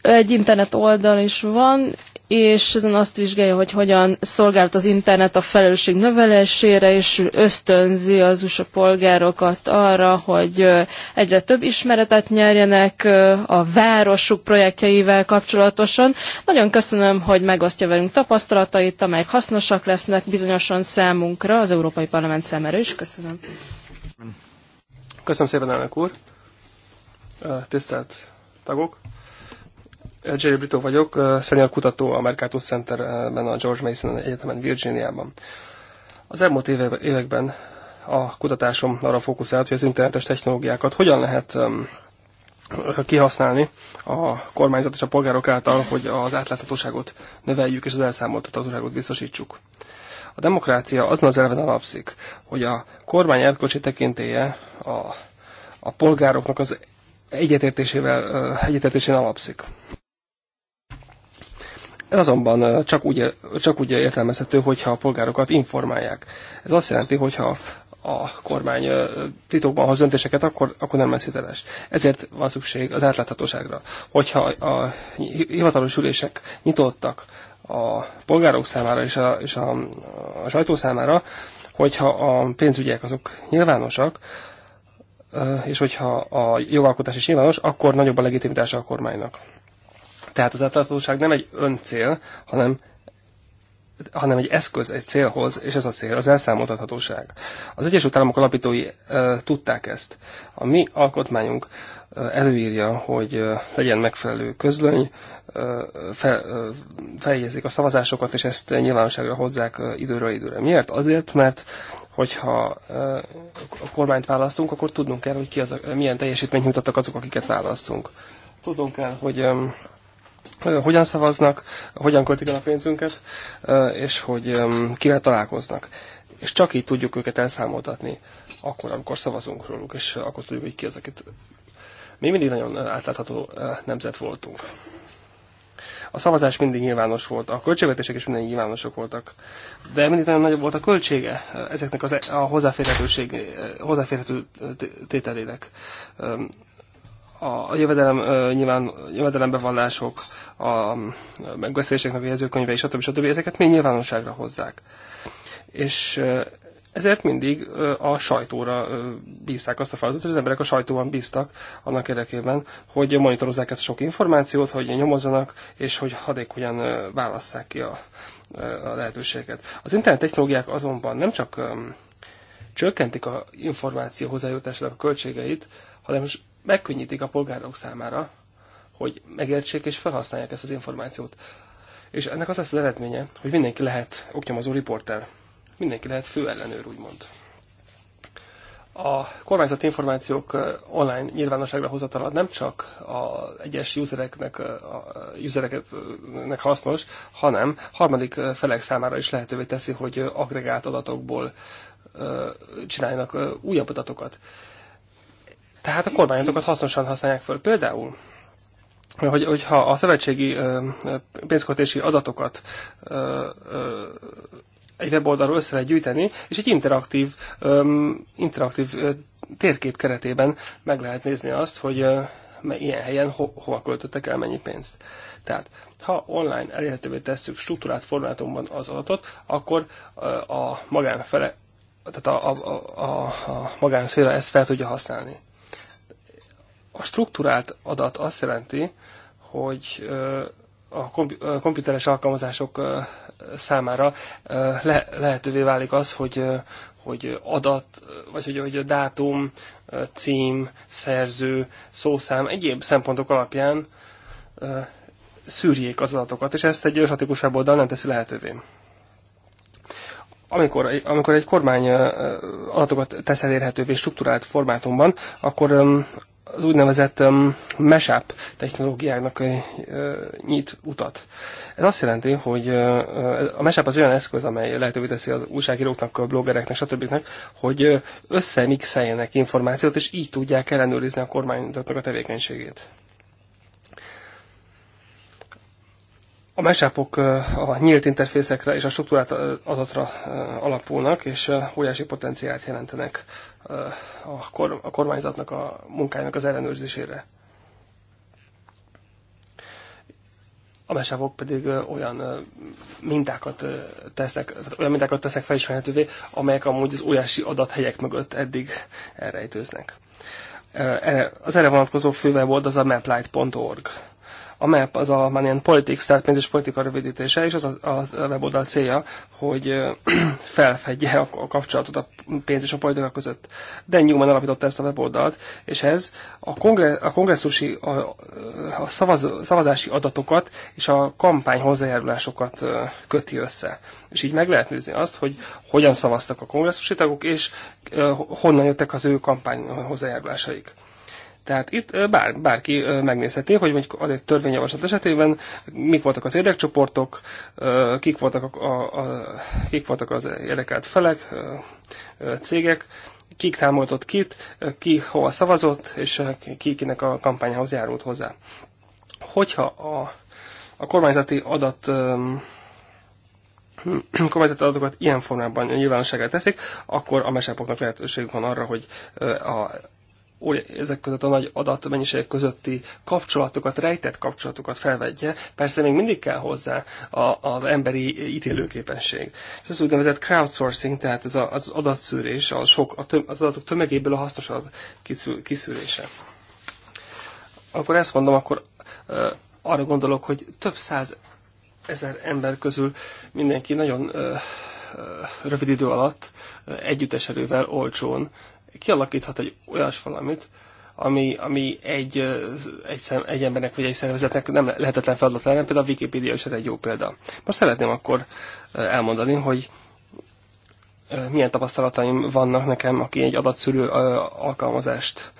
Egy internet oldal is van, és ezen azt vizsgálja, hogy hogyan szolgált az internet a felelősség növelésére, és ösztönzi az USA polgárokat arra, hogy egyre több ismeretet nyerjenek a városuk projektjeivel kapcsolatosan. Nagyon köszönöm, hogy megosztja velünk tapasztalatait, amelyek hasznosak lesznek bizonyosan számunkra, az Európai Parlament számára is. Köszönöm. Köszönöm szépen, elnök úr. Tisztelt tagok! Jerry Brito vagyok, senior kutató a Mercatus Centerben, a George Mason Egyetemen, Virginiában. Az elmúlt években a kutatásom arra fókuszált, hogy az internetes technológiákat hogyan lehet kihasználni a kormányzat és a polgárok által, hogy az átláthatóságot növeljük és az elszámoltatóságot biztosítsuk. A demokrácia azon az elven alapszik, hogy a kormány erkölcsi tekintéje a, a polgároknak az egyetértésével, egyetértésén alapszik. Ez azonban csak úgy, csak úgy értelmezhető, hogyha a polgárokat informálják. Ez azt jelenti, hogyha a kormány titokban hoz döntéseket, akkor, akkor nem lesz hiteles. Ezért van szükség az átláthatóságra. Hogyha a hivatalos ülések nyitottak a polgárok számára és a, és a, a sajtó számára, hogyha a pénzügyek azok nyilvánosak, és hogyha a jogalkotás is nyilvános, akkor nagyobb a legitimitása a kormánynak. Tehát az átláthatóság nem egy öncél, hanem hanem egy eszköz egy célhoz, és ez a cél, az elszámoltathatóság. Az Egyesült Államok alapítói e, tudták ezt. A mi alkotmányunk e, előírja, hogy e, legyen megfelelő közlöny, e, fe, e, feljegyezik a szavazásokat, és ezt nyilvánosságra hozzák e, időről időre. Miért? Azért, mert hogyha e, a kormányt választunk, akkor tudnunk kell, hogy ki az a, milyen teljesítményt nyújtottak azok, akiket választunk. Tudnunk kell, hogy e, hogyan szavaznak, hogyan költik el a pénzünket, és hogy kivel találkoznak. És csak így tudjuk őket elszámoltatni, akkor, amikor szavazunk róluk, és akkor tudjuk, hogy ki az, akit mi mindig nagyon átlátható nemzet voltunk. A szavazás mindig nyilvános volt, a költségvetések is mindig nyilvánosok voltak, de mindig nagyon nagyobb volt a költsége ezeknek az, e, a hozzáférhetőség, hozzáférhető tételének a a jövedelem, nyilván jövedelembevallások, a megbeszéléseknek a jegyzőkönyvei, stb. stb. ezeket még nyilvánosságra hozzák. És ezért mindig a sajtóra bízták azt a feladatot, az emberek a sajtóban bíztak annak érdekében, hogy monitorozzák ezt a sok információt, hogy nyomozzanak, és hogy hadékonyan válasszák ki a, a lehetőséget. Az internet technológiák azonban nem csak csökkentik a információ hozzájutásának a költségeit, hanem megkönnyítik a polgárok számára, hogy megértsék és felhasználják ezt az információt. És ennek az lesz az eredménye, hogy mindenki lehet oknyomozó riporter, mindenki lehet főellenőr, úgymond. A kormányzati információk online nyilvánosságra hozatala nem csak az egyes usereknek, a usereknek hasznos, hanem harmadik felek számára is lehetővé teszi, hogy agregált adatokból csináljanak újabb adatokat. Tehát a kormányzatokat hasznosan használják föl. Például hogy, hogyha a szövetségi pénzkötési adatokat egy weboldalról össze lehet gyűjteni, és egy interaktív, interaktív térkép keretében meg lehet nézni azt, hogy ilyen helyen ho, hova költöttek el mennyi pénzt. Tehát, ha online elérhetővé tesszük struktúrált formátumban az adatot, akkor a magánfele, tehát a, a, a, a magánszféra ezt fel tudja használni. A struktúrált adat azt jelenti, hogy a komputeres alkalmazások számára le, lehetővé válik az, hogy, hogy adat, vagy hogy, hogy a dátum, cím, szerző, szószám, egyéb szempontok alapján szűrjék az adatokat, és ezt egy statikus weboldal nem teszi lehetővé. Amikor, amikor egy kormány adatokat tesz elérhetővé struktúrált formátumban, akkor az úgynevezett um, mesap technológiáknak uh, nyit utat. Ez azt jelenti, hogy uh, a mesap az olyan eszköz, amely lehetővé teszi az újságíróknak, a bloggereknek, stb. hogy uh, összemixeljenek információt, és így tudják ellenőrizni a kormányzatnak a tevékenységét. a mesápok a nyílt interfészekre és a struktúrát adatra alapulnak, és óriási potenciált jelentenek a kormányzatnak a munkájának az ellenőrzésére. A mesávok pedig olyan mintákat teszek, olyan mintákat teszek felismerhetővé, amelyek amúgy az óriási adathelyek mögött eddig elrejtőznek. Az erre vonatkozó volt az a maplight.org a MAP az a már ilyen Politics, tehát pénz és politika rövidítése, és az a, a weboldal célja, hogy *clears throat* felfedje a, a kapcsolatot a pénz és a politika között. De Newman alapította ezt a weboldalt, és ez a, kongre, a kongresszusi, a, a szavaz, szavazási adatokat és a kampány hozzájárulásokat köti össze. És így meg lehet nézni azt, hogy hogyan szavaztak a kongresszusi tagok, és honnan jöttek az ő kampány hozzájárulásaik. Tehát itt bár, bárki megnézheti, hogy mondjuk egy törvényjavaslat esetében mik voltak az érdekcsoportok, kik voltak, a, a, kik voltak az érdekelt felek, cégek, kik támogatott kit, ki hova szavazott, és ki kinek a kampányához járult hozzá. Hogyha a, a kormányzati adat hm, *clears throat* kormányzati adatokat ilyen formában nyilvánosságra teszik, akkor a mesepoknak lehetőségük van arra, hogy a ezek között a nagy adatmennyiségek közötti kapcsolatokat, rejtett kapcsolatokat felvegye. Persze még mindig kell hozzá a, az emberi ítélőképesség. És ez úgynevezett crowdsourcing, tehát ez a, az adatszűrés, a sok, a töm, az adatok tömegéből a hasznos adat kiszűrése. Akkor ezt mondom, akkor arra gondolok, hogy több száz ezer ember közül mindenki nagyon rövid idő alatt együttes erővel olcsón kialakíthat egy olyas valamit, ami, ami egy, egy, szem, egy embernek vagy egy szervezetnek nem lehetetlen feladat lenne, például a Wikipedia is egy jó példa. Most szeretném akkor elmondani, hogy milyen tapasztalataim vannak nekem, aki egy adatszűrő alkalmazást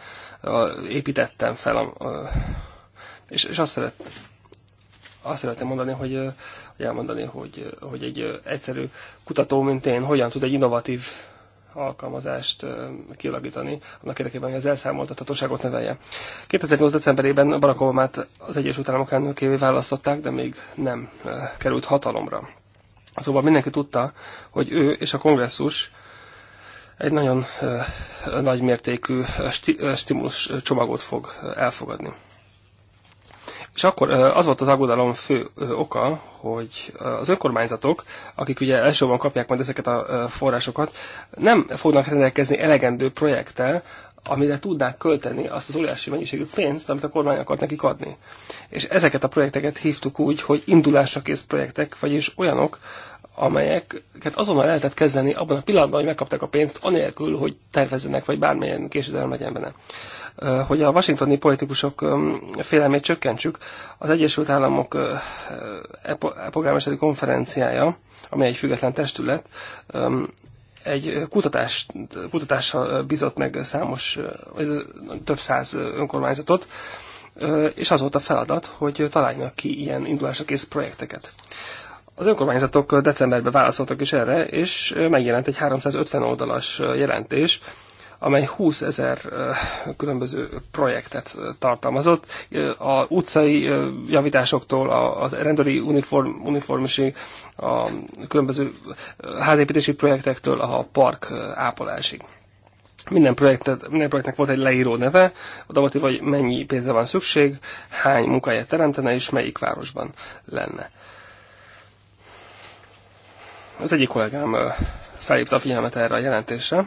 építettem fel, és, és azt, szeret, azt szeretném mondani, hogy, hogy elmondani, hogy, hogy egy egyszerű kutató, mint én, hogyan tud egy innovatív alkalmazást kialakítani, annak érdekében, hogy az elszámoltathatóságot nevelje. 2008. decemberében Barack Obama az Egyesült Államok elnökévé választották, de még nem került hatalomra. Szóval mindenki tudta, hogy ő és a kongresszus egy nagyon nagy mértékű stimulus csomagot fog elfogadni. És akkor az volt az aggodalom fő oka, hogy az önkormányzatok, akik ugye elsősorban kapják majd ezeket a forrásokat, nem fognak rendelkezni elegendő projekttel, amire tudnák költeni azt az óriási mennyiségű pénzt, amit a kormány akart nekik adni. És ezeket a projekteket hívtuk úgy, hogy indulásra kész projektek, vagyis olyanok, amelyeket azonnal lehetett kezdeni abban a pillanatban, hogy megkapták a pénzt, anélkül, hogy tervezzenek, vagy bármilyen késedelem legyen benne hogy a washingtoni politikusok félelmét csökkentsük. Az Egyesült Államok e polgármesteri e konferenciája, amely egy független testület, egy kutatást, kutatással bizott meg számos, több száz önkormányzatot, és az volt a feladat, hogy találjanak ki ilyen indulásra kész projekteket. Az önkormányzatok decemberben válaszoltak is erre, és megjelent egy 350 oldalas jelentés, amely 20 ezer különböző projektet tartalmazott. A utcai javításoktól a rendőri uniform, uniformiség, a különböző házépítési projektektől a park ápolásig minden, projektet, minden projektnek volt egy leíró neve, oda volt hogy mennyi pénzre van szükség, hány munkahelyet teremtene, és melyik városban lenne. Az egyik kollégám felhívta a figyelmet erre a jelentésre,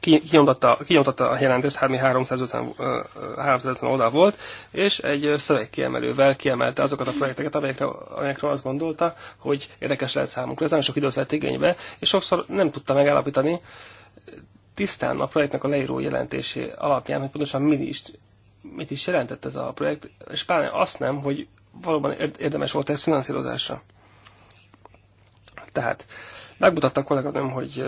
kinyomtatta, a jelentést, 350, hát 350 oldal volt, és egy szövegkiemelővel kiemelte azokat a projekteket, amelyekre, amelyekről azt gondolta, hogy érdekes lehet számunkra. Ez nagyon sok időt vett igénybe, és sokszor nem tudta megállapítani tisztán a projektnek a leíró jelentésé alapján, hogy pontosan mit is, mit is jelentett ez a projekt, és pláne azt nem, hogy valóban érdemes volt ez finanszírozásra. Tehát megmutatta a kollégám, hogy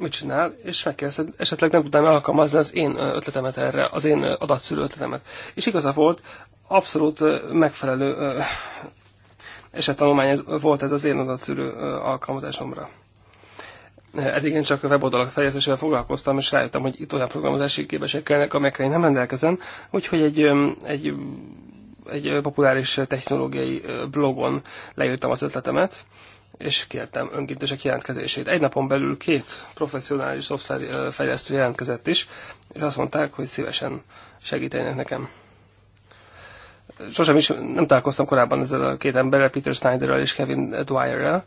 mit csinál, és megkérdezted, esetleg nem tudnám alkalmazni az én ötletemet erre, az én adatszülő ötletemet. És igaza volt, abszolút megfelelő esettanulmány volt ez az én adatszülő alkalmazásomra. Eddig én csak a weboldalak fejlesztésével foglalkoztam, és rájöttem, hogy itt olyan programozási képesek kellnek, amelyekre én nem rendelkezem, úgyhogy egy, egy, egy populáris technológiai blogon leírtam az ötletemet, és kértem önkéntesek jelentkezését. Egy napon belül két professzionális szoftverfejlesztő jelentkezett is, és azt mondták, hogy szívesen segítenek nekem. Sosem is nem találkoztam korábban ezzel a két emberrel, Peter Snyderrel és Kevin Dwyerrel.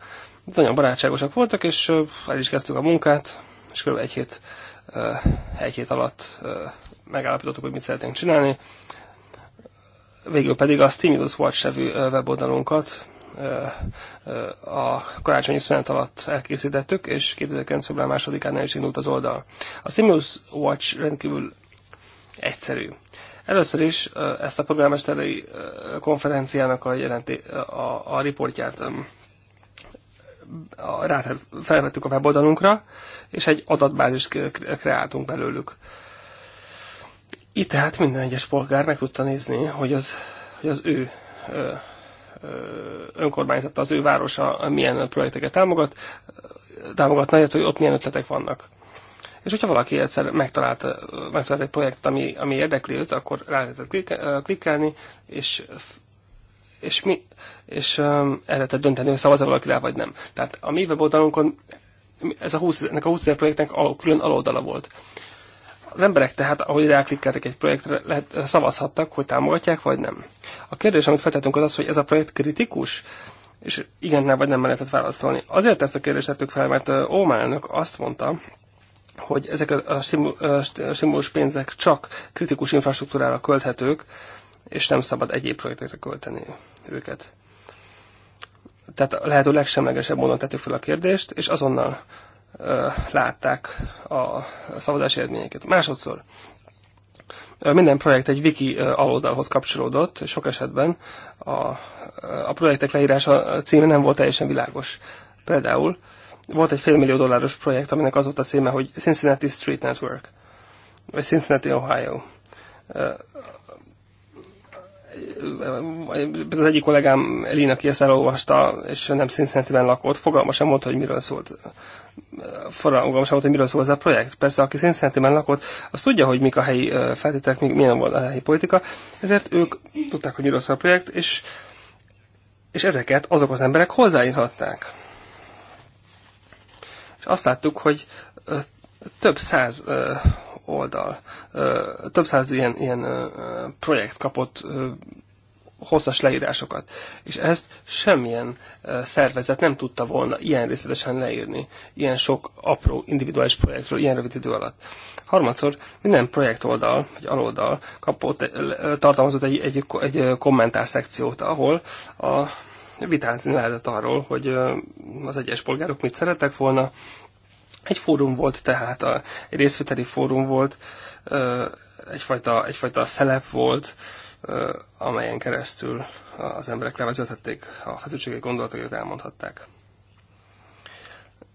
Nagyon barátságosak voltak, és el is kezdtük a munkát, és kb. egy hét, egy hét alatt megállapítottuk, hogy mit szeretnénk csinálni. Végül pedig a Stimulus Watch nevű weboldalunkat a karácsonyi szünet alatt elkészítettük, és 2009. február másodikán el is indult az oldal. A Simulus Watch rendkívül egyszerű. Először is ezt a polgármesteri konferenciának a, jelenti, a, a riportját rá felvettük a weboldalunkra, és egy adatbázist kreáltunk belőlük. Itt tehát minden egyes polgár meg tudta nézni, hogy az, hogy az ő önkormányzata, az ő városa milyen projekteket támogat, támogatna, illetve hogy ott milyen ötletek vannak. És hogyha valaki egyszer megtalált, megtalált egy projekt, ami, ami érdekli őt, akkor rá lehetett klikkelni, és és, mi, és um, el lehetett dönteni, hogy szavaz-e valaki rá, vagy nem. Tehát a mi weboldalunkon ez a 20, ennek a 20 projektnek külön aloldala volt. Az emberek tehát, ahogy ráklikkeltek egy projektre, lehet, szavazhattak, hogy támogatják, vagy nem. A kérdés, amit feltettünk, az az, hogy ez a projekt kritikus, és igen, nem vagy nem lehetett válaszolni. Azért ezt a kérdést tettük fel, mert Ómán elnök azt mondta, hogy ezek a stimulus pénzek csak kritikus infrastruktúrára költhetők, és nem szabad egyéb projektekre költeni őket. Tehát a lehető legsemlegesebb módon tettük fel a kérdést, és azonnal látták a szavazás eredményeket. Másodszor, minden projekt egy wiki aloldalhoz kapcsolódott, sok esetben a, a projektek leírása címe nem volt teljesen világos. Például volt egy félmillió dolláros projekt, aminek az volt a címe, hogy Cincinnati Street Network, vagy Cincinnati, Ohio. Az egyik kollégám Elina, aki ezt elolvasta, és nem Cincinnati-ben lakott, fogalma sem mondta, hogy miről szólt fogalmam sem volt, hogy miről szól ez a projekt. Persze, aki Cincinnati-ben lakott, az tudja, hogy mik a helyi feltételek, milyen volt a helyi politika, ezért ők tudták, hogy miről szól a projekt, és, és ezeket azok az emberek hozzáírhatták. És azt láttuk, hogy több száz oldal, több száz ilyen, ilyen projekt kapott hosszas leírásokat. És ezt semmilyen szervezet nem tudta volna ilyen részletesen leírni, ilyen sok apró individuális projektről, ilyen rövid idő alatt. Harmadszor minden projektoldal, vagy aloldal kapott, tartalmazott egy, egy, egy kommentár szekciót, ahol a vitázni lehetett arról, hogy az egyes polgárok mit szerettek volna. Egy fórum volt tehát, a, egy részvételi fórum volt, egyfajta, egyfajta szelep volt, amelyen keresztül az emberek levezethették a feszültségei gondolatokat, elmondhatták.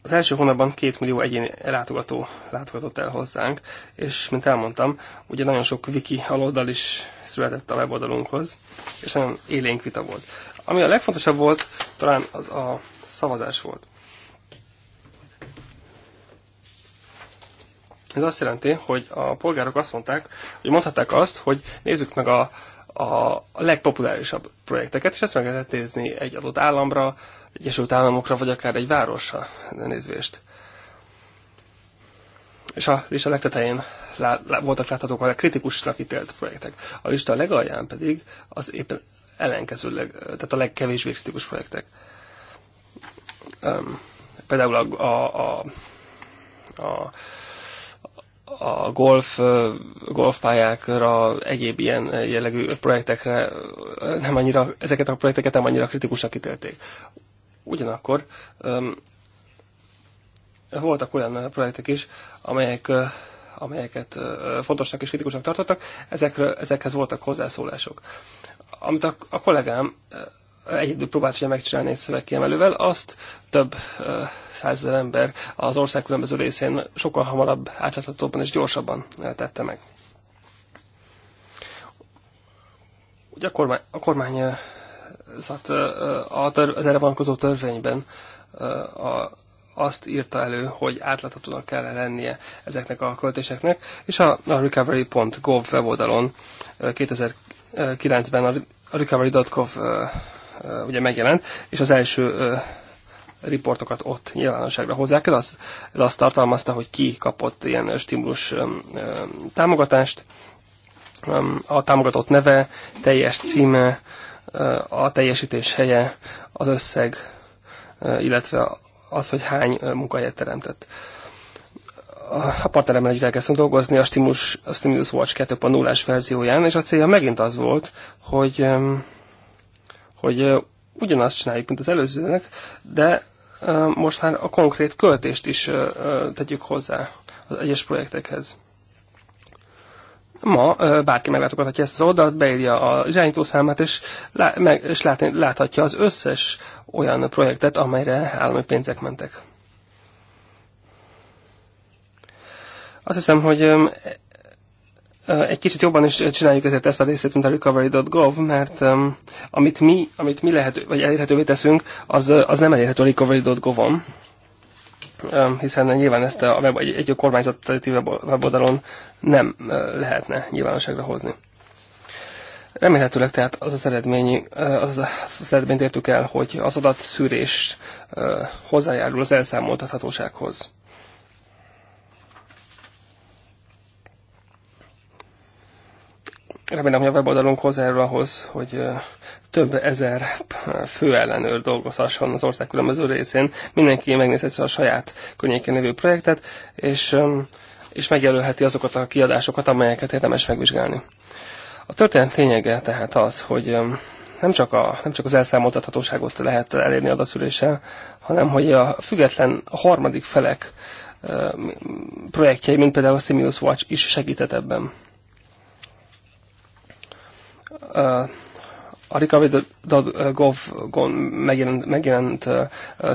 Az első hónapban két millió egyéni látogató látogatott el hozzánk, és mint elmondtam, ugye nagyon sok wiki aloldal is született a weboldalunkhoz, és nagyon élénk vita volt. Ami a legfontosabb volt, talán az a szavazás volt. Ez azt jelenti, hogy a polgárok azt mondták, hogy mondhatták azt, hogy nézzük meg a a legpopulárisabb projekteket, és ezt meg lehet nézni egy adott államra, Egyesült Államokra, vagy akár egy városra nézvést. És a lista legtetején lá, lá, voltak láthatók a kritikusnak ítélt projektek. A lista legalján pedig az éppen ellenkezőleg, tehát a legkevésbé kritikus projektek. Um, például a, a, a, a a golf, golfpályákra, egyéb ilyen jellegű projektekre nem annyira, ezeket a projekteket nem annyira kritikusnak ítélték. Ugyanakkor voltak olyan projektek is, amelyek, amelyeket fontosnak és kritikusnak tartottak, ezekről, ezekhez voltak hozzászólások. Amit a, a kollégám egyedül próbálta megcsinálni egy szövegkiemelővel, azt több százezer ember az ország különböző részén sokkal hamarabb, átláthatóbban és gyorsabban tette meg. Ugye a kormány, a kormány az erre vonatkozó törvényben a, azt írta elő, hogy átláthatónak kell lennie ezeknek a költéseknek, és a, a recovery.gov weboldalon 2009-ben a recovery.gov ugye megjelent, és az első riportokat ott nyilvánosságra hozzák el, az, az azt tartalmazta, hogy ki kapott ilyen stimulus támogatást, a támogatott neve, teljes címe, a teljesítés helye, az összeg, illetve az, hogy hány munkahelyet teremtett. A partneremmel együtt elkezdtünk dolgozni a Stimulus, a Stimulus Watch 2.0-as verzióján, és a célja megint az volt, hogy hogy ugyanazt csináljuk, mint az előzőnek, de most már a konkrét költést is tegyük hozzá az egyes projektekhez. Ma bárki meglátogathatja ezt az oldalt, beírja a zsányítószámát, és, lá, meg, és lát, láthatja az összes olyan projektet, amelyre állami pénzek mentek. Azt hiszem, hogy egy kicsit jobban is csináljuk ezért ezt a részét, mint a recovery.gov, mert um, amit mi, amit mi lehet, vagy elérhetővé teszünk, az, az nem elérhető a recovery.gov-on, um, hiszen nyilván ezt a web, egy, egy kormányzati weboldalon nem uh, lehetne nyilvánosságra hozni. Remélhetőleg tehát az az, eredmény, az az eredményt értük el, hogy az adatszűrés hozzájárul az elszámoltathatósághoz. Remélem, hogy a weboldalunk hozzájárul ahhoz, hogy több ezer főellenőr dolgozhasson az ország különböző részén. Mindenki megnézheti a saját környékén lévő projektet, és, és megjelölheti azokat a kiadásokat, amelyeket érdemes megvizsgálni. A történet lényege tehát az, hogy nem csak, a, nem csak az elszámoltathatóságot lehet elérni adatszüléssel, hanem hogy a független a harmadik felek projektjei, mint például a Stimulus Watch is segített ebben a recovery.gov-on megjelent, megjelent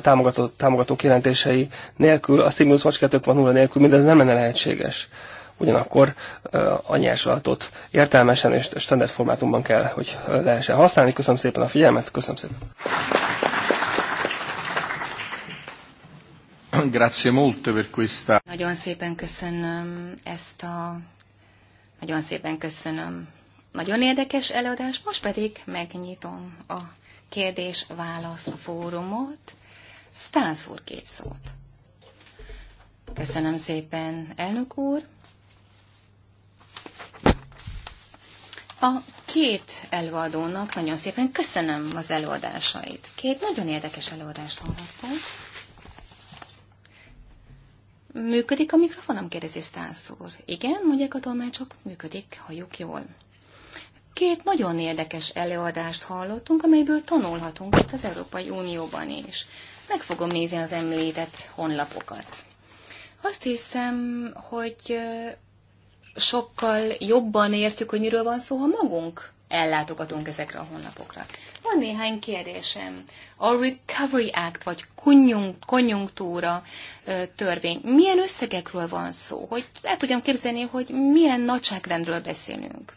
támogató, támogatók jelentései nélkül, a Stimulus Watch 2.0 nélkül mindez nem lenne lehetséges. Ugyanakkor a nyersalatot értelmesen és standard formátumban kell, hogy lehessen használni. Köszönöm szépen a figyelmet, köszönöm szépen. Grazie molto per questa. Nagyon szépen köszönöm ezt a... Nagyon szépen köszönöm nagyon érdekes előadás, most pedig megnyitom a kérdés-válasz a fórumot. Stász úr két szót. Köszönöm szépen, elnök úr. A két előadónak nagyon szépen köszönöm az előadásait. Két nagyon érdekes előadást hallhattam. Működik a mikrofonom, kérdezi Stász úr. Igen, mondják a tolmácsok, működik, halljuk jól. Két nagyon érdekes előadást hallottunk, amelyből tanulhatunk itt az Európai Unióban is. Meg fogom nézni az említett honlapokat. Azt hiszem, hogy sokkal jobban értjük, hogy miről van szó, ha magunk ellátogatunk ezekre a honlapokra. Van néhány kérdésem. A Recovery Act, vagy konjunktúra törvény, milyen összegekről van szó? Hogy el tudjam képzelni, hogy milyen nagyságrendről beszélünk.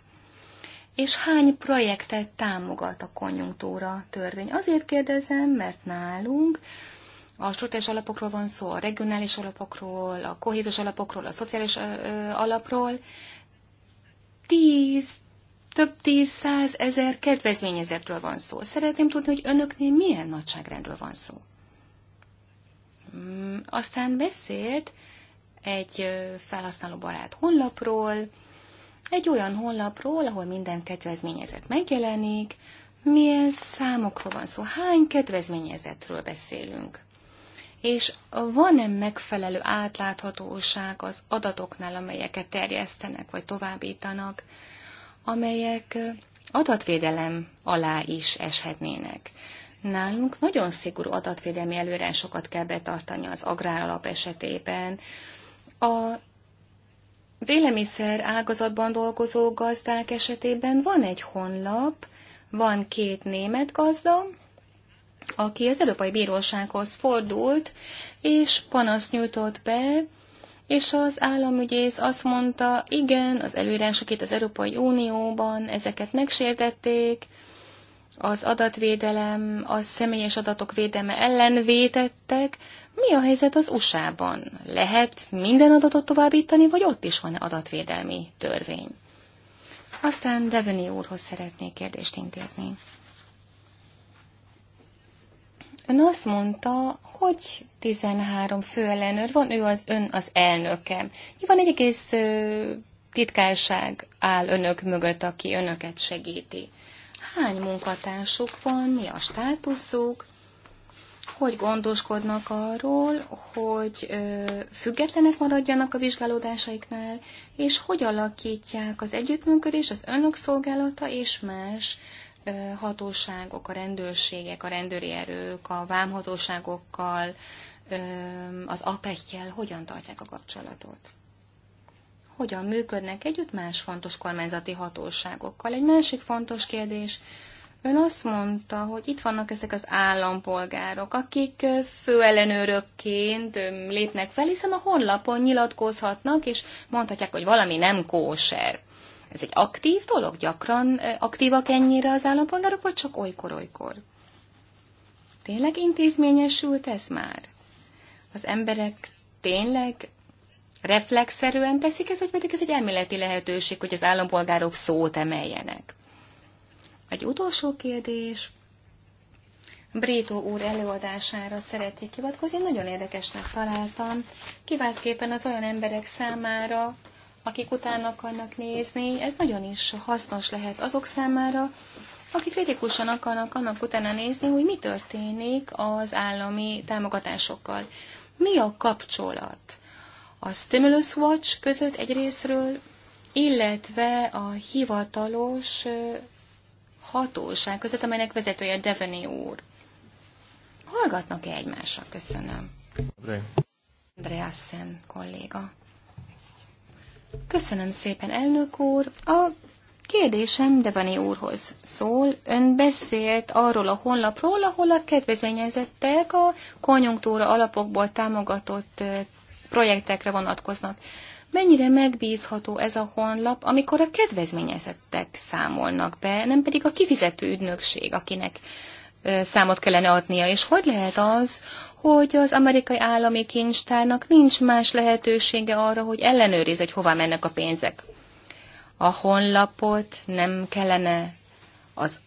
És hány projektet támogat a konjunktúra törvény? Azért kérdezem, mert nálunk a struktúrás alapokról van szó, a regionális alapokról, a kohézus alapokról, a szociális alapról. Tíz, több tíz, száz ezer kedvezményezetről van szó. Szeretném tudni, hogy önöknél milyen nagyságrendről van szó. Hmm, aztán beszélt egy felhasználóbarát honlapról, egy olyan honlapról, ahol minden kedvezményezet megjelenik, milyen számokról van szó, hány kedvezményezetről beszélünk. És van-e megfelelő átláthatóság az adatoknál, amelyeket terjesztenek vagy továbbítanak, amelyek adatvédelem alá is eshetnének. Nálunk nagyon szigorú adatvédelmi előrásokat kell betartani az agráralap esetében. A az élelmiszer ágazatban dolgozó gazdák esetében van egy honlap, van két német gazda, aki az Európai Bírósághoz fordult, és panaszt nyújtott be, és az államügyész azt mondta, igen, az előírások itt az Európai Unióban ezeket megsértették, az adatvédelem, a személyes adatok védelme ellen vétettek, mi a helyzet az USA-ban? Lehet minden adatot továbbítani, vagy ott is van adatvédelmi törvény? Aztán Deveni úrhoz szeretnék kérdést intézni. Ön azt mondta, hogy 13 főellenőr van, ő az ön az elnöke. Nyilván egy egész ö, titkárság áll önök mögött, aki önöket segíti. Hány munkatársuk van, mi a státuszuk? hogy gondoskodnak arról, hogy függetlenek maradjanak a vizsgálódásaiknál, és hogy alakítják az együttműködés, az önök szolgálata és más hatóságok, a rendőrségek, a rendőri erők, a vámhatóságokkal, az az apekkel hogyan tartják a kapcsolatot. Hogyan működnek együtt más fontos kormányzati hatóságokkal. Egy másik fontos kérdés, Ön azt mondta, hogy itt vannak ezek az állampolgárok, akik főellenőrökként lépnek fel, hiszen a honlapon nyilatkozhatnak, és mondhatják, hogy valami nem kóser. Ez egy aktív dolog? Gyakran aktívak ennyire az állampolgárok, vagy csak olykor-olykor? Tényleg intézményesült ez már? Az emberek tényleg reflexzerűen teszik ez, vagy pedig ez egy elméleti lehetőség, hogy az állampolgárok szót emeljenek? Egy utolsó kérdés. Brétó úr előadására szeretnék hivatkozni, nagyon érdekesnek találtam, kiváltképpen az olyan emberek számára, akik utána akarnak nézni, ez nagyon is hasznos lehet azok számára, akik kritikusan akarnak annak utána nézni, hogy mi történik az állami támogatásokkal. Mi a kapcsolat a Stimulus Watch között egyrésztről, illetve a hivatalos hatóság között, amelynek vezetője Deveni úr. Hallgatnak-e egymásra? Köszönöm. Andreasen kolléga. Köszönöm szépen, elnök úr. A kérdésem Devani úrhoz szól. Ön beszélt arról a honlapról, ahol a kedvezményezettek a konjunktúra alapokból támogatott eh, projektekre vonatkoznak mennyire megbízható ez a honlap, amikor a kedvezményezettek számolnak be, nem pedig a kifizető ügynökség, akinek számot kellene adnia, és hogy lehet az, hogy az amerikai állami kincstárnak nincs más lehetősége arra, hogy ellenőriz, hogy hova mennek a pénzek. A honlapot nem kellene az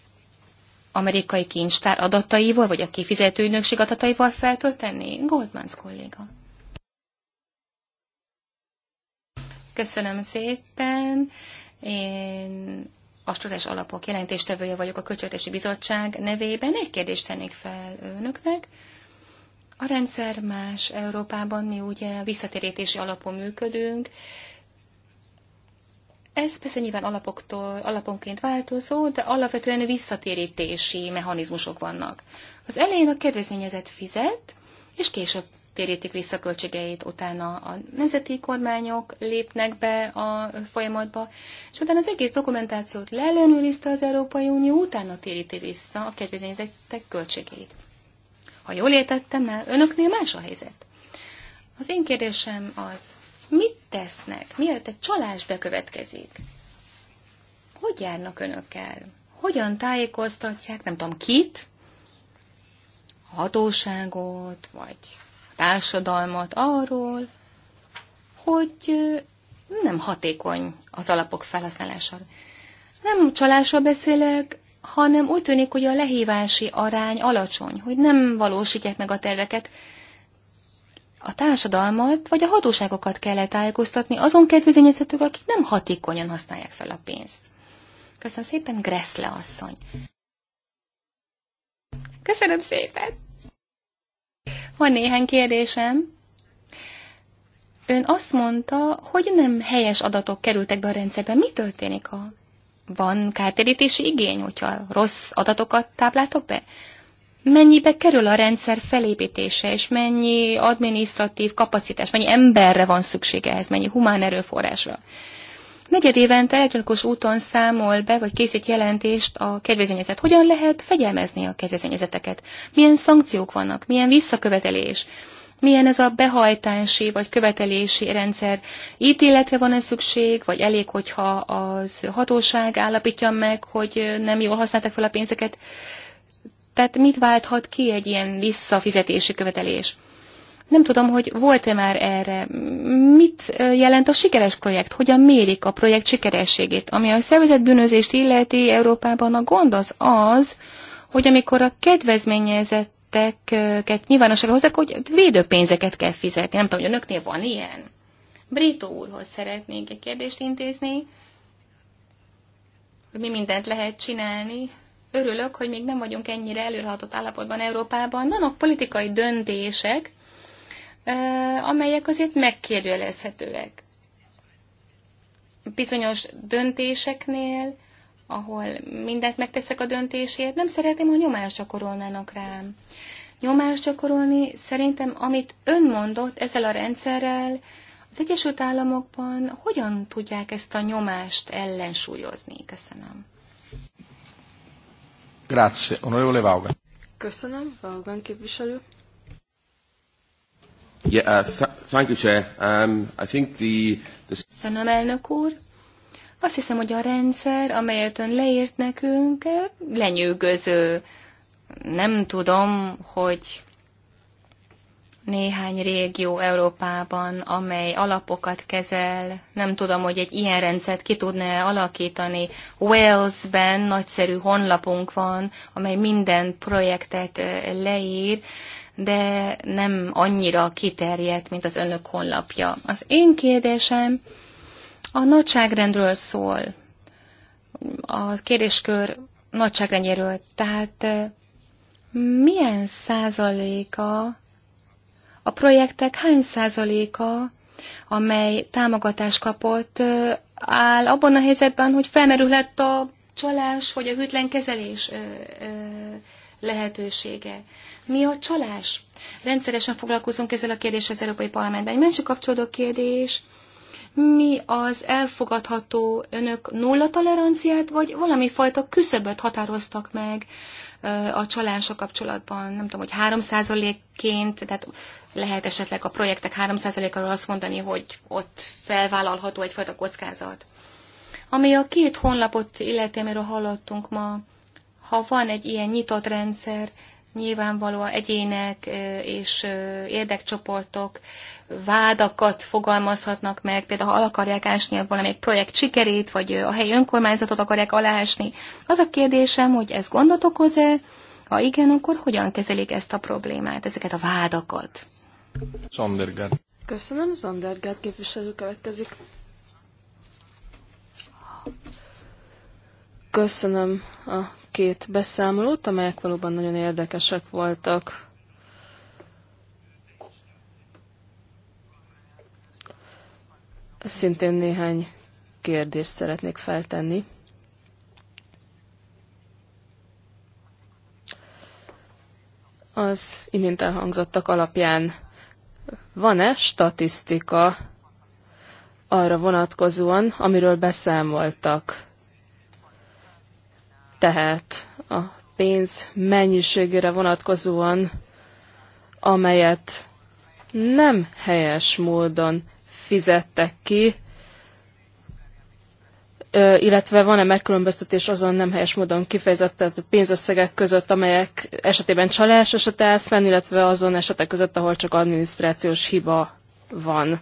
amerikai kincstár adataival, vagy a kifizető ügynökség adataival feltölteni? Goldmans kolléga. Köszönöm szépen. Én a Studás Alapok jelentéstevője vagyok a Költségvetési Bizottság nevében. Egy kérdést tennék fel önöknek. A rendszer más Európában, mi ugye visszatérítési alapon működünk. Ez persze nyilván alapoktól, alaponként változó, de alapvetően visszatérítési mechanizmusok vannak. Az elején a kedvezményezett fizet, és később térítik vissza költségeit, utána a nemzeti kormányok lépnek be a folyamatba, és utána az egész dokumentációt leellenőrizte az Európai Unió, utána téríti vissza a kedvezményezettek költségeit. Ha jól értettem, már önöknél más a helyzet. Az én kérdésem az, mit tesznek, mielőtt egy csalás bekövetkezik? Hogy járnak önökkel? Hogyan tájékoztatják, nem tudom kit, hatóságot, vagy társadalmat arról, hogy nem hatékony az alapok felhasználása. Nem csalásra beszélek, hanem úgy tűnik, hogy a lehívási arány alacsony, hogy nem valósítják meg a terveket. A társadalmat vagy a hatóságokat kell tájékoztatni azon kedvezményezetők, akik nem hatékonyan használják fel a pénzt. Köszönöm szépen, Gressle asszony! Köszönöm szépen! Van néhány kérdésem. Ön azt mondta, hogy nem helyes adatok kerültek be a rendszerbe. Mi történik, ha van kártérítési igény, hogyha rossz adatokat táplátok be? Mennyibe kerül a rendszer felépítése, és mennyi adminisztratív kapacitás, mennyi emberre van szüksége ehhez, mennyi humán erőforrásra? negyed évente elektronikus úton számol be, vagy készít jelentést a kedvezményezet. Hogyan lehet fegyelmezni a kedvezményezeteket? Milyen szankciók vannak? Milyen visszakövetelés? Milyen ez a behajtási vagy követelési rendszer? Ítéletre van-e szükség, vagy elég, hogyha az hatóság állapítja meg, hogy nem jól használtak fel a pénzeket? Tehát mit válthat ki egy ilyen visszafizetési követelés? Nem tudom, hogy volt-e már erre. Mit jelent a sikeres projekt? Hogyan mérik a projekt sikerességét? Ami a szervezetbűnözést illeti Európában a gond az az, hogy amikor a kedvezményezetteket nyilvánosságra hozzák, hogy védőpénzeket kell fizetni. Nem tudom, hogy önöknél van ilyen. Brito úrhoz szeretnék egy kérdést intézni, hogy mi mindent lehet csinálni. Örülök, hogy még nem vagyunk ennyire előrehatott állapotban Európában. Vannak politikai döntések, amelyek azért megkérdőjelezhetőek. Bizonyos döntéseknél, ahol mindent megteszek a döntésért, nem szeretném, ha nyomást gyakorolnának rám. Nyomást gyakorolni szerintem, amit ön mondott ezzel a rendszerrel, az Egyesült Államokban hogyan tudják ezt a nyomást ellensúlyozni? Köszönöm. Grazie. Onorevole Vaughan. Köszönöm, Vaughan képviselő. Uh, um, Köszönöm, elnök úr. Azt hiszem, hogy a rendszer, amelyet ön leírt nekünk, eh, lenyűgöző. Nem tudom, hogy néhány régió Európában, amely alapokat kezel, nem tudom, hogy egy ilyen rendszert ki tudna -e alakítani. Walesben nagyszerű honlapunk van, amely minden projektet eh, leír, de nem annyira kiterjedt, mint az önök honlapja. Az én kérdésem a nagyságrendről szól. A kérdéskör nagyságrendjéről. Tehát milyen százaléka a projektek hány százaléka, amely támogatást kapott, áll abban a helyzetben, hogy felmerülhet a csalás vagy a hűtlen kezelés lehetősége. Mi a csalás? Rendszeresen foglalkozunk ezzel a kérdéssel az Európai Parlamentben. Egy másik kapcsolódó kérdés, mi az elfogadható önök nulla toleranciát, vagy valami fajta küszöböt határoztak meg a csalása kapcsolatban, nem tudom, hogy 3%-ként, tehát lehet esetleg a projektek 3%-áról azt mondani, hogy ott felvállalható egyfajta kockázat. Ami a két honlapot illeti, amiről hallottunk ma, ha van egy ilyen nyitott rendszer, nyilvánvalóan egyének és érdekcsoportok vádakat fogalmazhatnak meg, például ha akarják ásni valamelyik projekt sikerét, vagy a helyi önkormányzatot akarják aláásni. Az a kérdésem, hogy ez gondot okoz-e? Ha igen, akkor hogyan kezelik ezt a problémát, ezeket a vádakat? Sondergaard. Köszönöm, Sondergaard képviselő következik. Köszönöm a két beszámolót, amelyek valóban nagyon érdekesek voltak. Szintén néhány kérdést szeretnék feltenni. Az imént elhangzottak alapján van-e statisztika arra vonatkozóan, amiről beszámoltak? Tehát a pénz mennyiségére vonatkozóan, amelyet nem helyes módon fizettek ki, illetve van-e megkülönböztetés azon nem helyes módon kifejezett pénzösszegek között, amelyek esetében csalás eset elfen, illetve azon esetek között, ahol csak adminisztrációs hiba van.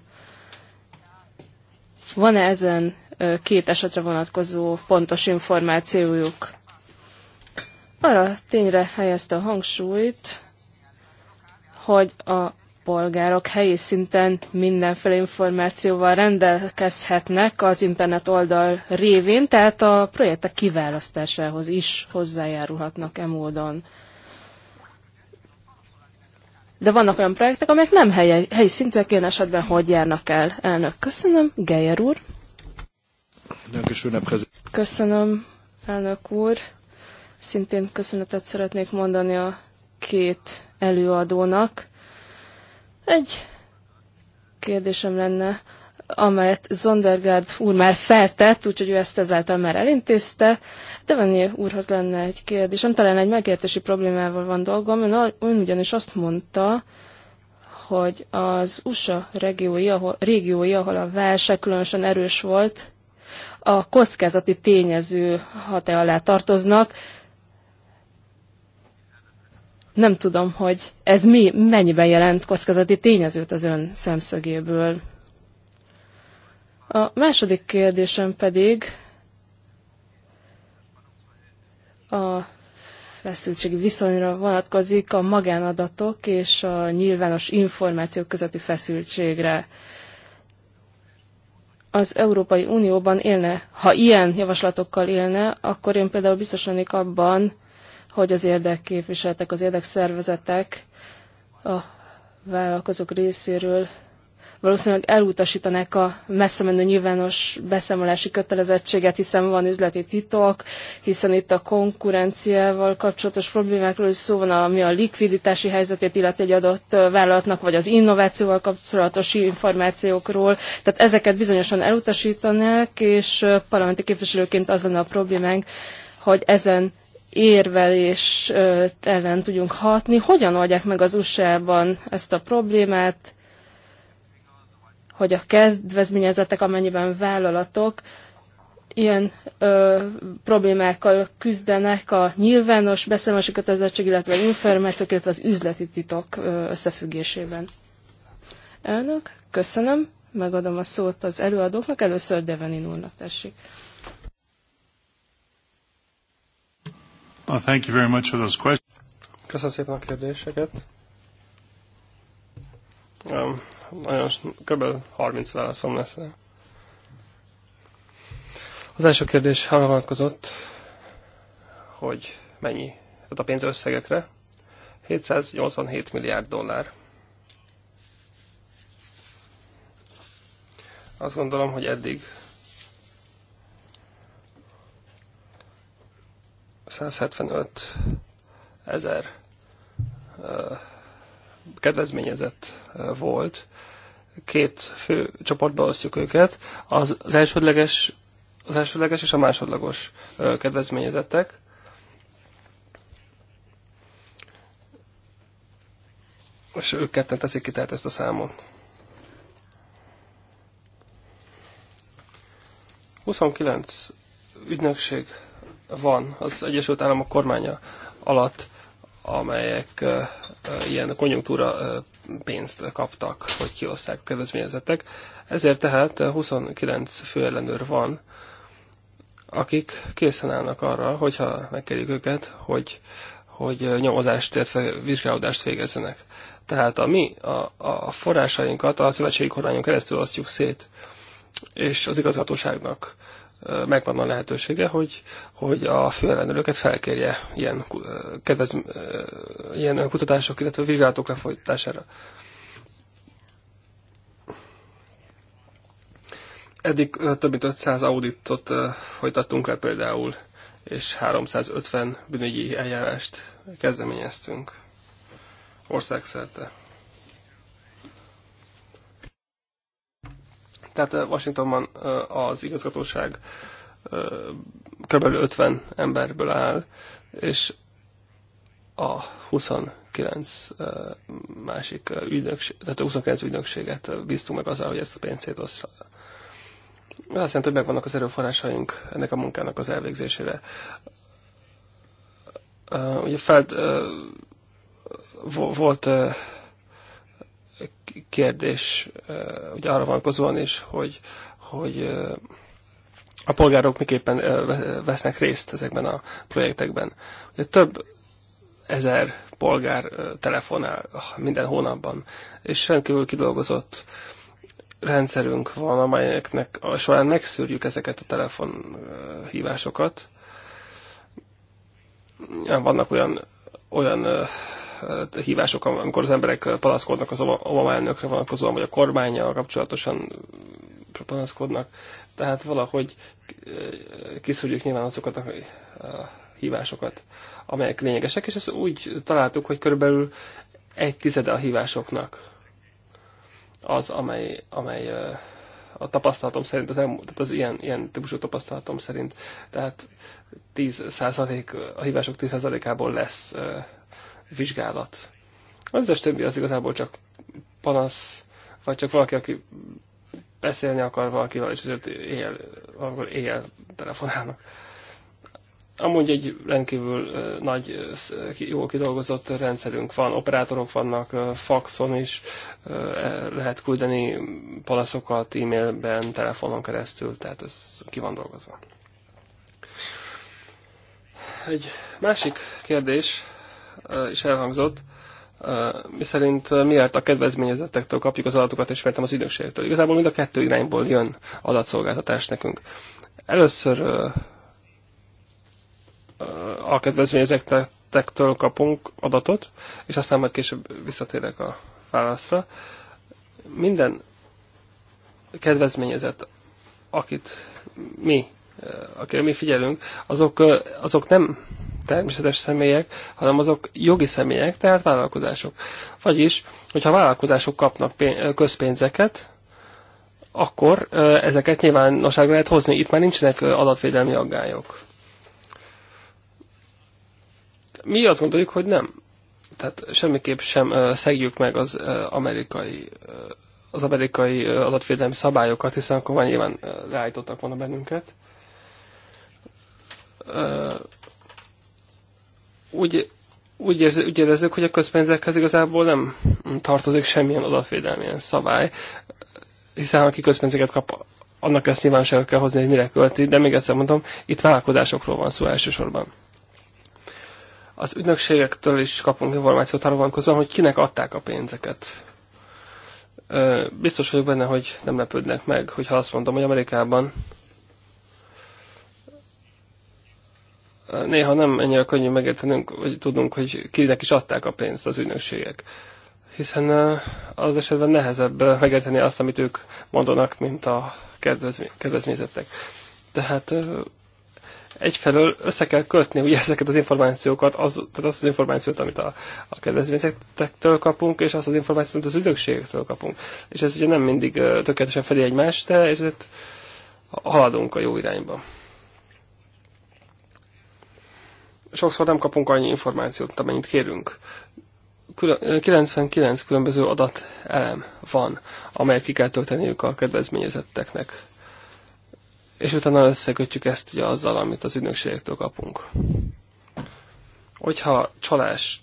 Van-e ezen két esetre vonatkozó pontos információjuk? arra tényre helyezte a hangsúlyt, hogy a polgárok helyi szinten mindenféle információval rendelkezhetnek az internet oldal révén, tehát a projektek kiválasztásához is hozzájárulhatnak e módon. De vannak olyan projektek, amelyek nem helyi, helyi szintűek, ilyen esetben hogy járnak el? Elnök, köszönöm. Geyer úr. Köszönöm, elnök úr. Szintén köszönetet szeretnék mondani a két előadónak. Egy kérdésem lenne, amelyet Zondergaard úr már feltett, úgyhogy ő ezt ezáltal már elintézte. De Venni úrhoz lenne egy kérdésem, talán egy megértési problémával van dolgom. Ön, ön ugyanis azt mondta, hogy az USA regiói, ahol, régiói, ahol a válság különösen erős volt, a kockázati tényező hatája alá tartoznak, nem tudom, hogy ez mi, mennyiben jelent kockázati tényezőt az ön szemszögéből. A második kérdésem pedig a feszültségi viszonyra vonatkozik a magánadatok és a nyilvános információk közötti feszültségre. Az Európai Unióban élne, ha ilyen javaslatokkal élne, akkor én például biztos lennék abban, hogy az érdekképviseletek, az érdekszervezetek a vállalkozók részéről valószínűleg elutasítanák a messze menő nyilvános beszámolási kötelezettséget, hiszen van üzleti titok, hiszen itt a konkurenciával kapcsolatos problémákról is szó van, ami a likviditási helyzetét illeti egy adott vállalatnak, vagy az innovációval kapcsolatos információkról. Tehát ezeket bizonyosan elutasítanák, és parlamenti képviselőként az lenne a problémánk, hogy ezen érvelés ellen tudjunk hatni. Hogyan oldják meg az USA-ban ezt a problémát, hogy a kedvezményezetek, amennyiben vállalatok, ilyen ö, problémákkal küzdenek a nyilvános beszámolási kötelezettség, illetve információk, illetve az üzleti titok ö, összefüggésében. Elnök, köszönöm, megadom a szót az előadóknak, először Devenin úrnak tessék. Well, thank you very much for those questions. Köszönöm szépen a kérdéseket. Um, nagyon, kb. 30 válaszom lesz. Az első kérdés arra vonatkozott, hogy mennyi, tehát a pénz összegekre. 787 milliárd dollár. Azt gondolom, hogy eddig 175 ezer kedvezményezett volt. Két fő csoportba osztjuk őket. Az, az, elsődleges, az elsődleges és a másodlagos kedvezményezettek. És ők ketten teszik ki tehát ezt a számot. 29 ügynökség van az Egyesült Államok kormánya alatt, amelyek ilyen konjunktúra pénzt kaptak, hogy kioszták a kedvezményezetek. Ezért tehát 29 főellenőr van, akik készen állnak arra, hogyha megkerüljük őket, hogy, hogy nyomozást, illetve vizsgálódást végezzenek. Tehát a mi a, a forrásainkat a szövetségi kormányon keresztül osztjuk szét, és az igazgatóságnak megvan a lehetősége, hogy, hogy a főrendelőket felkérje ilyen, kedvez, ilyen kutatások, illetve vizsgálatok lefolytására. Eddig több mint 500 auditot folytattunk le például, és 350 bűnügyi eljárást kezdeményeztünk országszerte. Tehát Washingtonban az igazgatóság kb. 50 emberből áll, és a 29 másik ügynökség, tehát a 29 ügynökséget bíztunk meg azzal, hogy ezt a pénzt osszal. Azt jelenti, hogy megvannak az erőforrásaink ennek a munkának az elvégzésére. Ugye felt, volt kérdés ugye arra vonatkozóan is, hogy, hogy a polgárok miképpen vesznek részt ezekben a projektekben. Ugye több ezer polgár telefonál ah, minden hónapban, és rendkívül kidolgozott rendszerünk van, amelyeknek a során megszűrjük ezeket a telefonhívásokat. Vannak olyan, olyan Hát, hívások, amikor az emberek panaszkodnak az Obama elnökre vonatkozóan, vagy a kormányjal kapcsolatosan panaszkodnak. Tehát valahogy eh, kiszúrjuk nyilván azokat a hívásokat, amelyek lényegesek, és ezt úgy találtuk, hogy körülbelül egy tizede a hívásoknak az, amely, amely eh, a tapasztalatom szerint, az, elmúlt, tehát az ilyen, ilyen típusú tapasztalatom szerint, tehát 10 a hívások 10%-ából lesz eh, vizsgálat. Az összes többi az igazából csak panasz, vagy csak valaki, aki beszélni akar valakivel, és azért éjjel, akkor éjjel telefonálnak. Amúgy egy rendkívül nagy, jól kidolgozott rendszerünk van, operátorok vannak, faxon is e, lehet küldeni palaszokat e-mailben, telefonon keresztül, tehát ez ki van dolgozva. Egy másik kérdés, is elhangzott, miszerint miért a kedvezményezettektől kapjuk az adatokat, és miért nem az ügynökségektől. Igazából mind a kettő irányból jön adatszolgáltatás nekünk. Először a kedvezményezettektől kapunk adatot, és aztán majd később visszatérek a válaszra. Minden kedvezményezett, akit mi, akire mi figyelünk, azok, azok nem természetes személyek, hanem azok jogi személyek, tehát vállalkozások. Vagyis, hogyha vállalkozások kapnak közpénzeket, akkor ezeket nyilvánosságra lehet hozni. Itt már nincsenek adatvédelmi aggályok. Mi azt gondoljuk, hogy nem. Tehát semmiképp sem szegjük meg az amerikai az amerikai adatvédelmi szabályokat, hiszen akkor már nyilván leállítottak volna bennünket úgy, úgy, érzi, úgy érezzük, hogy a közpénzekhez igazából nem tartozik semmilyen adatvédelmi szabály, hiszen aki közpénzeket kap, annak ezt sem kell hozni, hogy mire költi, de még egyszer mondom, itt vállalkozásokról van szó elsősorban. Az ügynökségektől is kapunk információt arra vonatkozóan, hogy kinek adták a pénzeket. Biztos vagyok benne, hogy nem lepődnek meg, hogyha azt mondom, hogy Amerikában néha nem ennyire könnyű megértenünk, vagy tudunk, hogy kinek is adták a pénzt az ügynökségek. Hiszen az esetben nehezebb megérteni azt, amit ők mondanak, mint a kedvezményzettek. kedvezményezettek. Tehát egyfelől össze kell kötni ugye ezeket az információkat, az, tehát azt az információt, amit a, a kedvezményzettektől kapunk, és azt az információt, amit az ügynökségektől kapunk. És ez ugye nem mindig tökéletesen felé egymást, de ezért haladunk a jó irányba. sokszor nem kapunk annyi információt, amennyit kérünk. 99 különböző adatelem van, amelyet ki kell tölteniük a kedvezményezetteknek. És utána összekötjük ezt ugye azzal, amit az ügynökségektől kapunk. Hogyha csalásra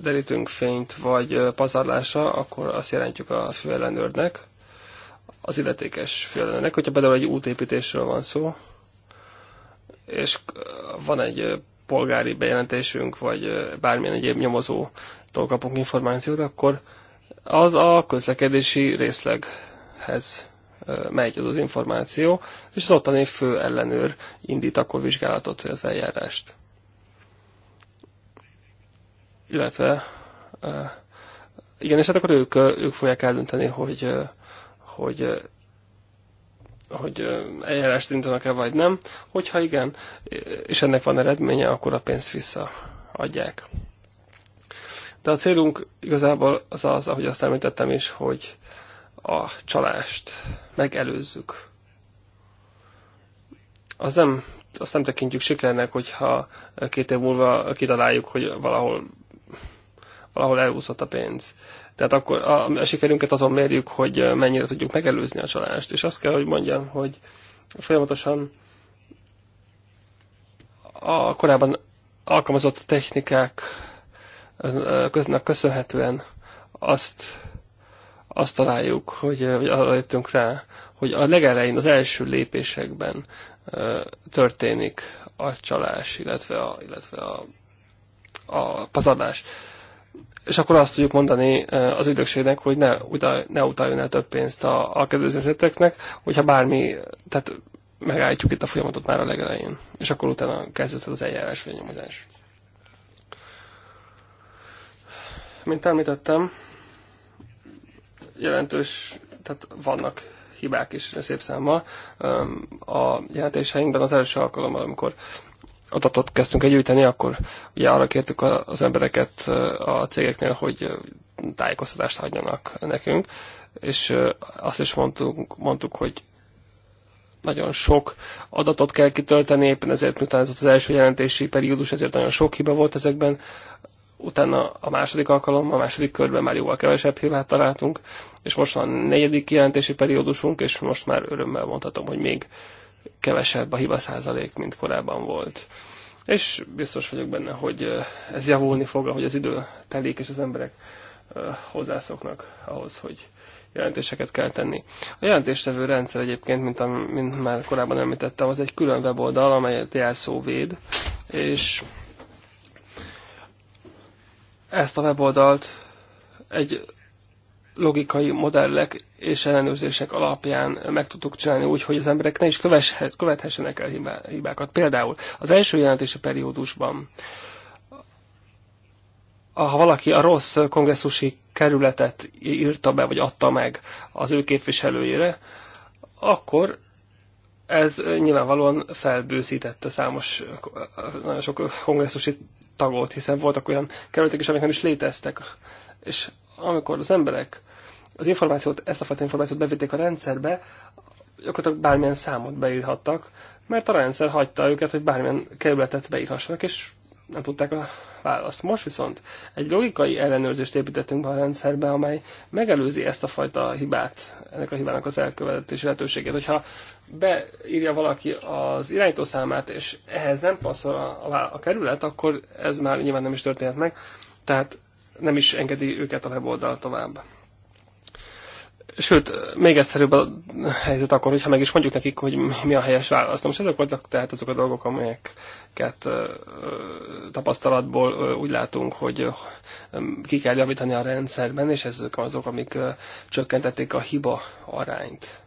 derítünk fényt, vagy pazarlásra, akkor azt jelentjük a főellenőrnek, az illetékes főellenőrnek. Hogyha például egy útépítésről van szó, és van egy polgári bejelentésünk, vagy bármilyen egyéb nyomozótól kapunk információt, akkor az a közlekedési részleghez megy az az információ, és az ottani fő ellenőr indít akkor vizsgálatot, illetve eljárást. Illetve igen, és hát akkor ők, ők fogják eldönteni, hogy, hogy hogy eljárást indítanak-e vagy nem. Hogyha igen, és ennek van eredménye, akkor a pénzt visszaadják. De a célunk igazából az az, ahogy azt említettem is, hogy a csalást megelőzzük. Az nem, azt nem tekintjük sikernek, hogyha két év múlva kitaláljuk, hogy valahol, valahol elúszott a pénz. Tehát akkor a, a sikerünket azon mérjük, hogy mennyire tudjuk megelőzni a csalást. És azt kell, hogy mondjam, hogy folyamatosan a korábban alkalmazott technikák köznek köszönhetően azt, azt találjuk, hogy, hogy arra jöttünk rá, hogy a legelején, az első lépésekben történik a csalás, illetve a, illetve a, a pazarlás és akkor azt tudjuk mondani eh, az ügynökségnek, hogy ne, utal, ne utaljon el több pénzt a, a kedvezményezeteknek, hogyha bármi, tehát megállítjuk itt a folyamatot már a legelején, és akkor utána kezdődhet az eljárás vagy nyomozás. Mint említettem, jelentős, tehát vannak hibák is szép számmal. A jelentéseinkben az első alkalommal, amikor adatot kezdtünk el gyűjteni, akkor ugye arra kértük az embereket a cégeknél, hogy tájékoztatást adjanak nekünk, és azt is mondtuk, mondtuk hogy nagyon sok adatot kell kitölteni, éppen ezért miután ez az első jelentési periódus, ezért nagyon sok hiba volt ezekben, utána a második alkalom, a második körben már jóval kevesebb hibát találtunk, és most van a negyedik jelentési periódusunk, és most már örömmel mondhatom, hogy még kevesebb a hibaszázalék, mint korábban volt. És biztos vagyok benne, hogy ez javulni fog, hogy az idő telik, és az emberek hozzászoknak ahhoz, hogy jelentéseket kell tenni. A jelentéstevő rendszer egyébként, mint, a, mint már korábban említettem, az egy külön weboldal, amelyet jelszó véd, és ezt a weboldalt egy logikai modellek és ellenőrzések alapján meg tudtuk csinálni úgy, hogy az emberek ne is köveshet, követhessenek el hibákat. Például az első jelentési periódusban, ha valaki a rossz kongresszusi kerületet írta be, vagy adta meg az ő képviselőjére, akkor ez nyilvánvalóan felbőszítette számos, nagyon sok kongresszusi tagot, hiszen voltak olyan kerületek is, amik nem is léteztek. És amikor az emberek az információt, ezt a fajta információt bevitték a rendszerbe, gyakorlatilag bármilyen számot beírhattak, mert a rendszer hagyta őket, hogy bármilyen kerületet beírhassanak, és nem tudták a választ. Most viszont egy logikai ellenőrzést építettünk be a rendszerbe, amely megelőzi ezt a fajta hibát, ennek a hibának az elkövetési lehetőségét. Hogyha beírja valaki az irányítószámát, és ehhez nem passzol a, a, a kerület, akkor ez már nyilván nem is történhet meg, tehát nem is engedi őket a weboldal tovább. Sőt, még egyszerűbb a helyzet akkor, hogyha meg is mondjuk nekik, hogy mi a helyes választ. Most ezek voltak tehát azok a dolgok, amelyeket tapasztalatból úgy látunk, hogy ki kell javítani a rendszerben, és ezek azok, amik csökkentették a hiba arányt.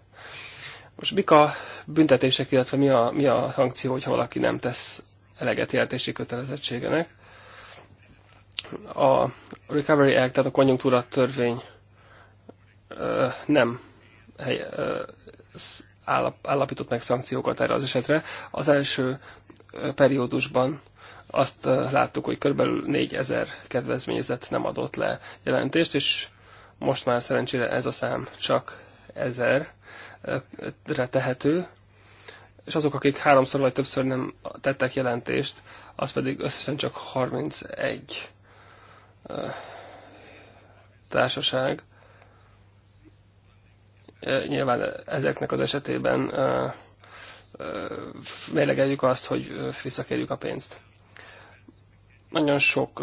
Most mik a büntetések, illetve mi a, mi a szankció, hogyha valaki nem tesz eleget jelentési kötelezettségenek? A Recovery Act, tehát a konjunktúra törvény nem hely, állapított meg szankciókat erre az esetre. Az első periódusban azt láttuk, hogy körülbelül 4000 kedvezményezett nem adott le jelentést, és most már szerencsére ez a szám csak 1000-re tehető, és azok, akik háromszor vagy többször nem tettek jelentést, az pedig összesen csak 31 társaság. Nyilván ezeknek az esetében mérlegeljük azt, hogy visszakérjük a pénzt. Nagyon sok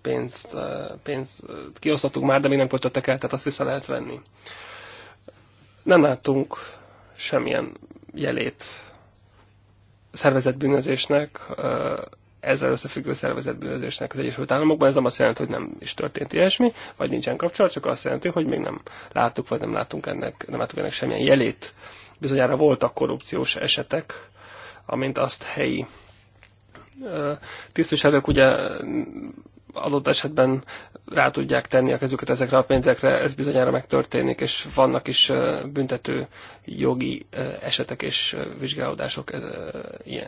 pénzt, pénzt kiosztottuk már, de még nem költöttek el, tehát azt vissza lehet venni. Nem láttunk semmilyen jelét szervezett bűnözésnek ezzel összefüggő szervezetbűnözésnek az Egyesült Államokban. Ez nem azt jelenti, hogy nem is történt ilyesmi, vagy nincsen kapcsolat, csak azt jelenti, hogy még nem láttuk, vagy nem látunk ennek, nem látunk ennek semmilyen jelét. Bizonyára voltak korrupciós esetek, amint azt helyi tisztviselők ugye adott esetben rá tudják tenni a kezüket ezekre a pénzekre, ez bizonyára megtörténik, és vannak is büntető jogi esetek és vizsgálódások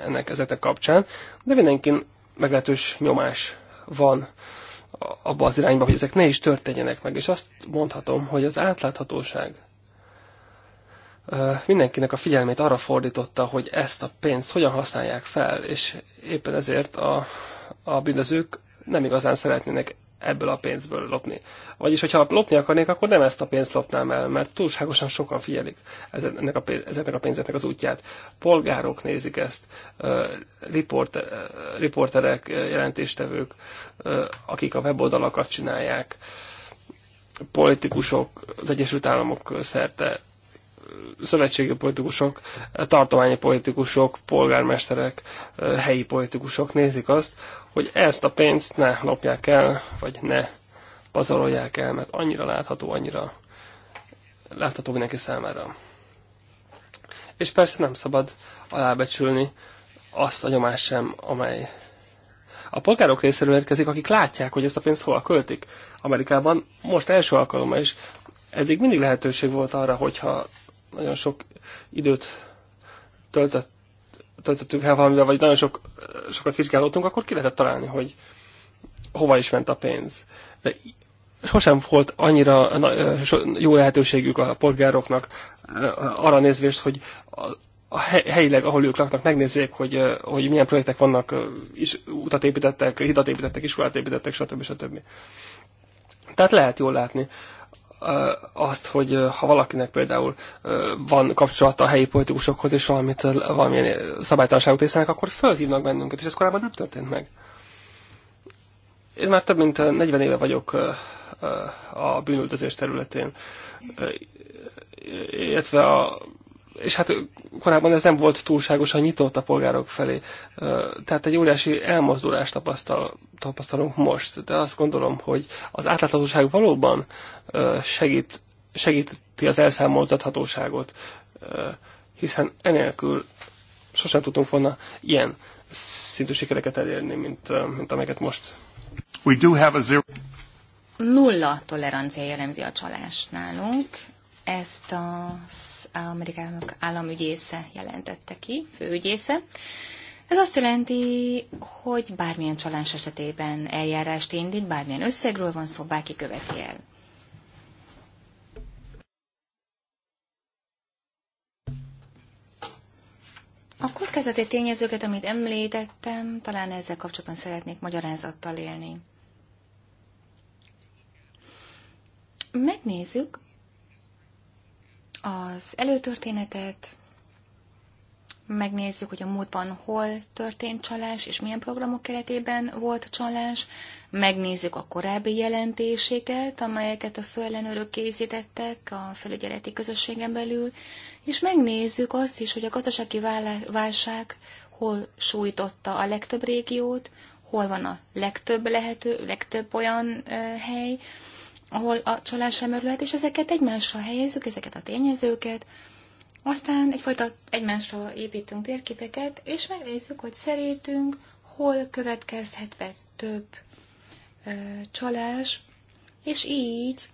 ennek ezeknek kapcsán, de mindenkin meglehetős nyomás van abba az irányba, hogy ezek ne is történjenek meg, és azt mondhatom, hogy az átláthatóság mindenkinek a figyelmét arra fordította, hogy ezt a pénzt hogyan használják fel, és éppen ezért a, a bűnözők nem igazán szeretnének ebből a pénzből lopni. Vagyis, hogyha lopni akarnék, akkor nem ezt a pénzt lopnám el, mert túlságosan sokan figyelik ezeknek a, pénz, ezeknek a pénzeknek az útját. Polgárok nézik ezt, riporter, riporterek, jelentéstevők, akik a weboldalakat csinálják, politikusok az Egyesült Államok szerte, szövetségi politikusok, tartományi politikusok, polgármesterek, helyi politikusok nézik azt, hogy ezt a pénzt ne lopják el, vagy ne pazarolják el, mert annyira látható, annyira látható mindenki számára. És persze nem szabad alábecsülni azt a nyomás sem, amely a polgárok részéről érkezik, akik látják, hogy ezt a pénzt hol költik. Amerikában most első alkalommal is eddig mindig lehetőség volt arra, hogyha nagyon sok időt töltött töltöttünk el valamivel, vagy nagyon sok, sokat vizsgálódtunk, akkor ki lehetett találni, hogy hova is ment a pénz. De sosem volt annyira jó lehetőségük a polgároknak arra nézvést, hogy a helyileg, ahol ők laknak, megnézzék, hogy, hogy milyen projektek vannak, is, utat építettek, hidat építettek, iskolát építettek, stb. stb. Tehát lehet jól látni azt, hogy ha valakinek például van kapcsolata a helyi politikusokhoz, és valamit, valamilyen szabálytalanságot észlelnek, akkor fölhívnak bennünket, és ez korábban nem történt meg. Én már több mint 40 éve vagyok a bűnüldözés területén, illetve a és hát korábban ez nem volt túlságosan nyitott a polgárok felé. Tehát egy óriási elmozdulást tapasztal, tapasztalunk most, de azt gondolom, hogy az átláthatóság valóban segít, segíti az elszámoltathatóságot, hiszen enélkül sosem tudtunk volna ilyen szintű sikereket elérni, mint, mint amelyeket most. We do have a zero... Nulla tolerancia jellemzi a csalást nálunk. Ezt a Amerikának államügyésze jelentette ki, főügyésze. Ez azt jelenti, hogy bármilyen csalás esetében eljárást indít, bármilyen összegről van szó, bárki követi el. A kockázati tényezőket, amit említettem, talán ezzel kapcsolatban szeretnék magyarázattal élni. Megnézzük, az előtörténetet, megnézzük, hogy a múltban hol történt csalás, és milyen programok keretében volt csalás, megnézzük a korábbi jelentéséket, amelyeket a főellenőrök készítettek a felügyeleti közösségen belül, és megnézzük azt is, hogy a gazdasági válság hol sújtotta a legtöbb régiót, hol van a legtöbb lehető, legtöbb olyan hely, ahol a csalás örülhet, és ezeket egymásra helyezzük, ezeket a tényezőket, aztán egyfajta egymásra építünk térképeket, és megnézzük, hogy szerintünk hol következhet be több ö, csalás, és így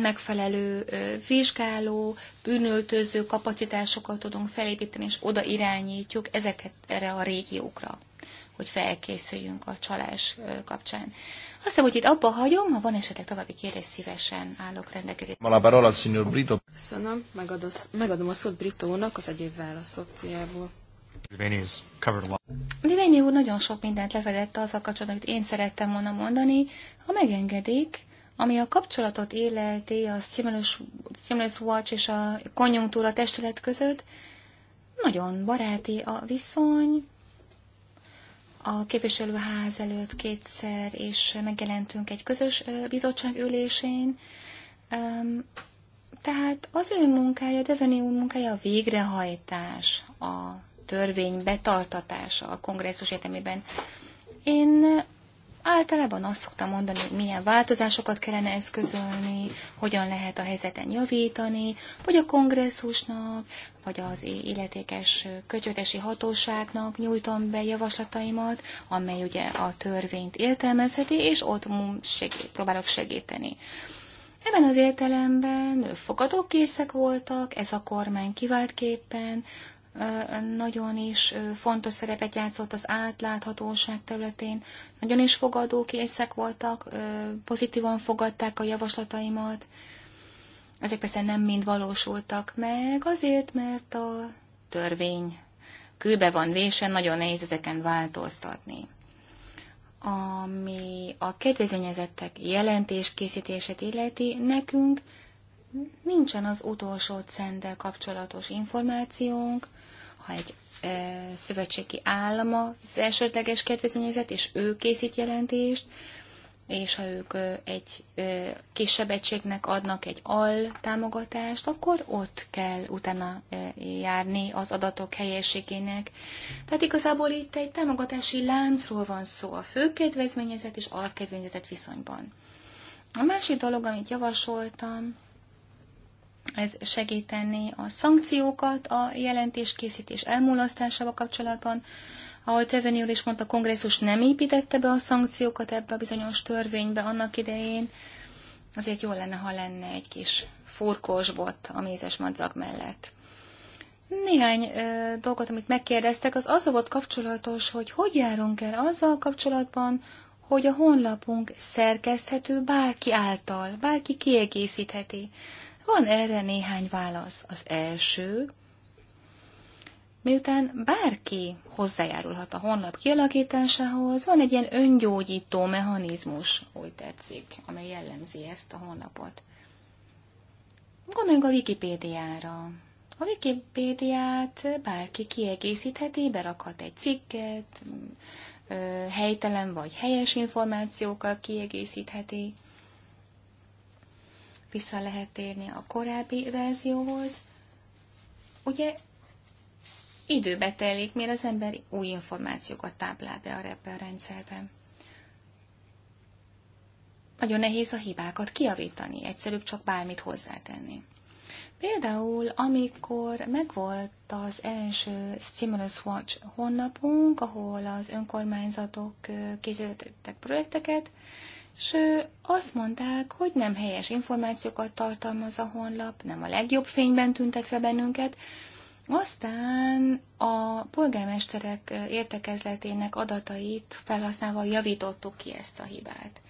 megfelelő ö, vizsgáló, bűnöltöző kapacitásokat tudunk felépíteni, és oda irányítjuk ezeket erre a régiókra, hogy felkészüljünk a csalás ö, kapcsán. Azt hiszem, hogy itt abba hagyom, ha van esetleg további kérdés, szívesen állok rendelkezésre. Malabar al signor Brito. Köszönöm, megadom, megadom a szót Britónak az egyéb válaszokjából. Divényi úr nagyon sok mindent lefedett az a kapcsolatban, amit én szerettem volna mondani. Ha megengedik, ami a kapcsolatot illeti a Stimulus, Stimulus Watch és a konjunktúra testület között, nagyon baráti a viszony, a képviselőház előtt kétszer is megjelentünk egy közös bizottság ülésén. Tehát az ő munkája, Deveni úr munkája a végrehajtás, a törvény betartatása a kongresszus értelmében. Én Általában azt szoktam mondani, hogy milyen változásokat kellene eszközölni, hogyan lehet a helyzeten javítani, vagy a kongresszusnak, vagy az illetékes kötyötesi hatóságnak nyújtom be javaslataimat, amely ugye a törvényt értelmezheti, és ott segít, próbálok segíteni. Ebben az értelemben fogadókészek voltak, ez a kormány kiváltképpen nagyon is fontos szerepet játszott az átláthatóság területén. Nagyon is fogadókészek voltak, pozitívan fogadták a javaslataimat. Ezek persze nem mind valósultak meg, azért, mert a törvény kőbe van vésen, nagyon nehéz ezeken változtatni. Ami a kedvezményezettek jelentés készítését illeti, nekünk nincsen az utolsó szendel kapcsolatos információnk, ha egy szövetségi állama az elsődleges kedvezményezett, és ő készít jelentést, és ha ők egy kisebb egységnek adnak egy al támogatást, akkor ott kell utána járni az adatok helyességének. Tehát igazából itt egy támogatási láncról van szó a főkedvezményezett és alkedvezményezett viszonyban. A másik dolog, amit javasoltam, ez segíteni a szankciókat a jelentéskészítés elmulasztásával kapcsolatban. Ahogy Teveni is mondta, a kongresszus nem építette be a szankciókat ebbe a bizonyos törvénybe annak idején, azért jó lenne, ha lenne egy kis furkósbot a mézes madzag mellett. Néhány ö, dolgot, amit megkérdeztek, az az volt kapcsolatos, hogy hogy járunk el azzal kapcsolatban, hogy a honlapunk szerkeszthető bárki által, bárki kiegészítheti. Van erre néhány válasz. Az első, miután bárki hozzájárulhat a honlap kialakításához, van egy ilyen öngyógyító mechanizmus, úgy tetszik, amely jellemzi ezt a honlapot. Gondoljunk a Wikipédiára. A Wikipédiát bárki kiegészítheti, berakhat egy cikket, helytelen vagy helyes információkkal kiegészítheti vissza lehet térni a korábbi verzióhoz. Ugye időbe telik, mire az ember új információkat táplál be ebbe a rendszerben. Nagyon nehéz a hibákat kiavítani, egyszerűbb csak bármit hozzátenni. Például, amikor megvolt az első Stimulus Watch honlapunk, ahol az önkormányzatok készítettek projekteket, és azt mondták, hogy nem helyes információkat tartalmaz a honlap, nem a legjobb fényben tüntetve bennünket. Aztán a polgármesterek értekezletének adatait felhasználva javítottuk ki ezt a hibát.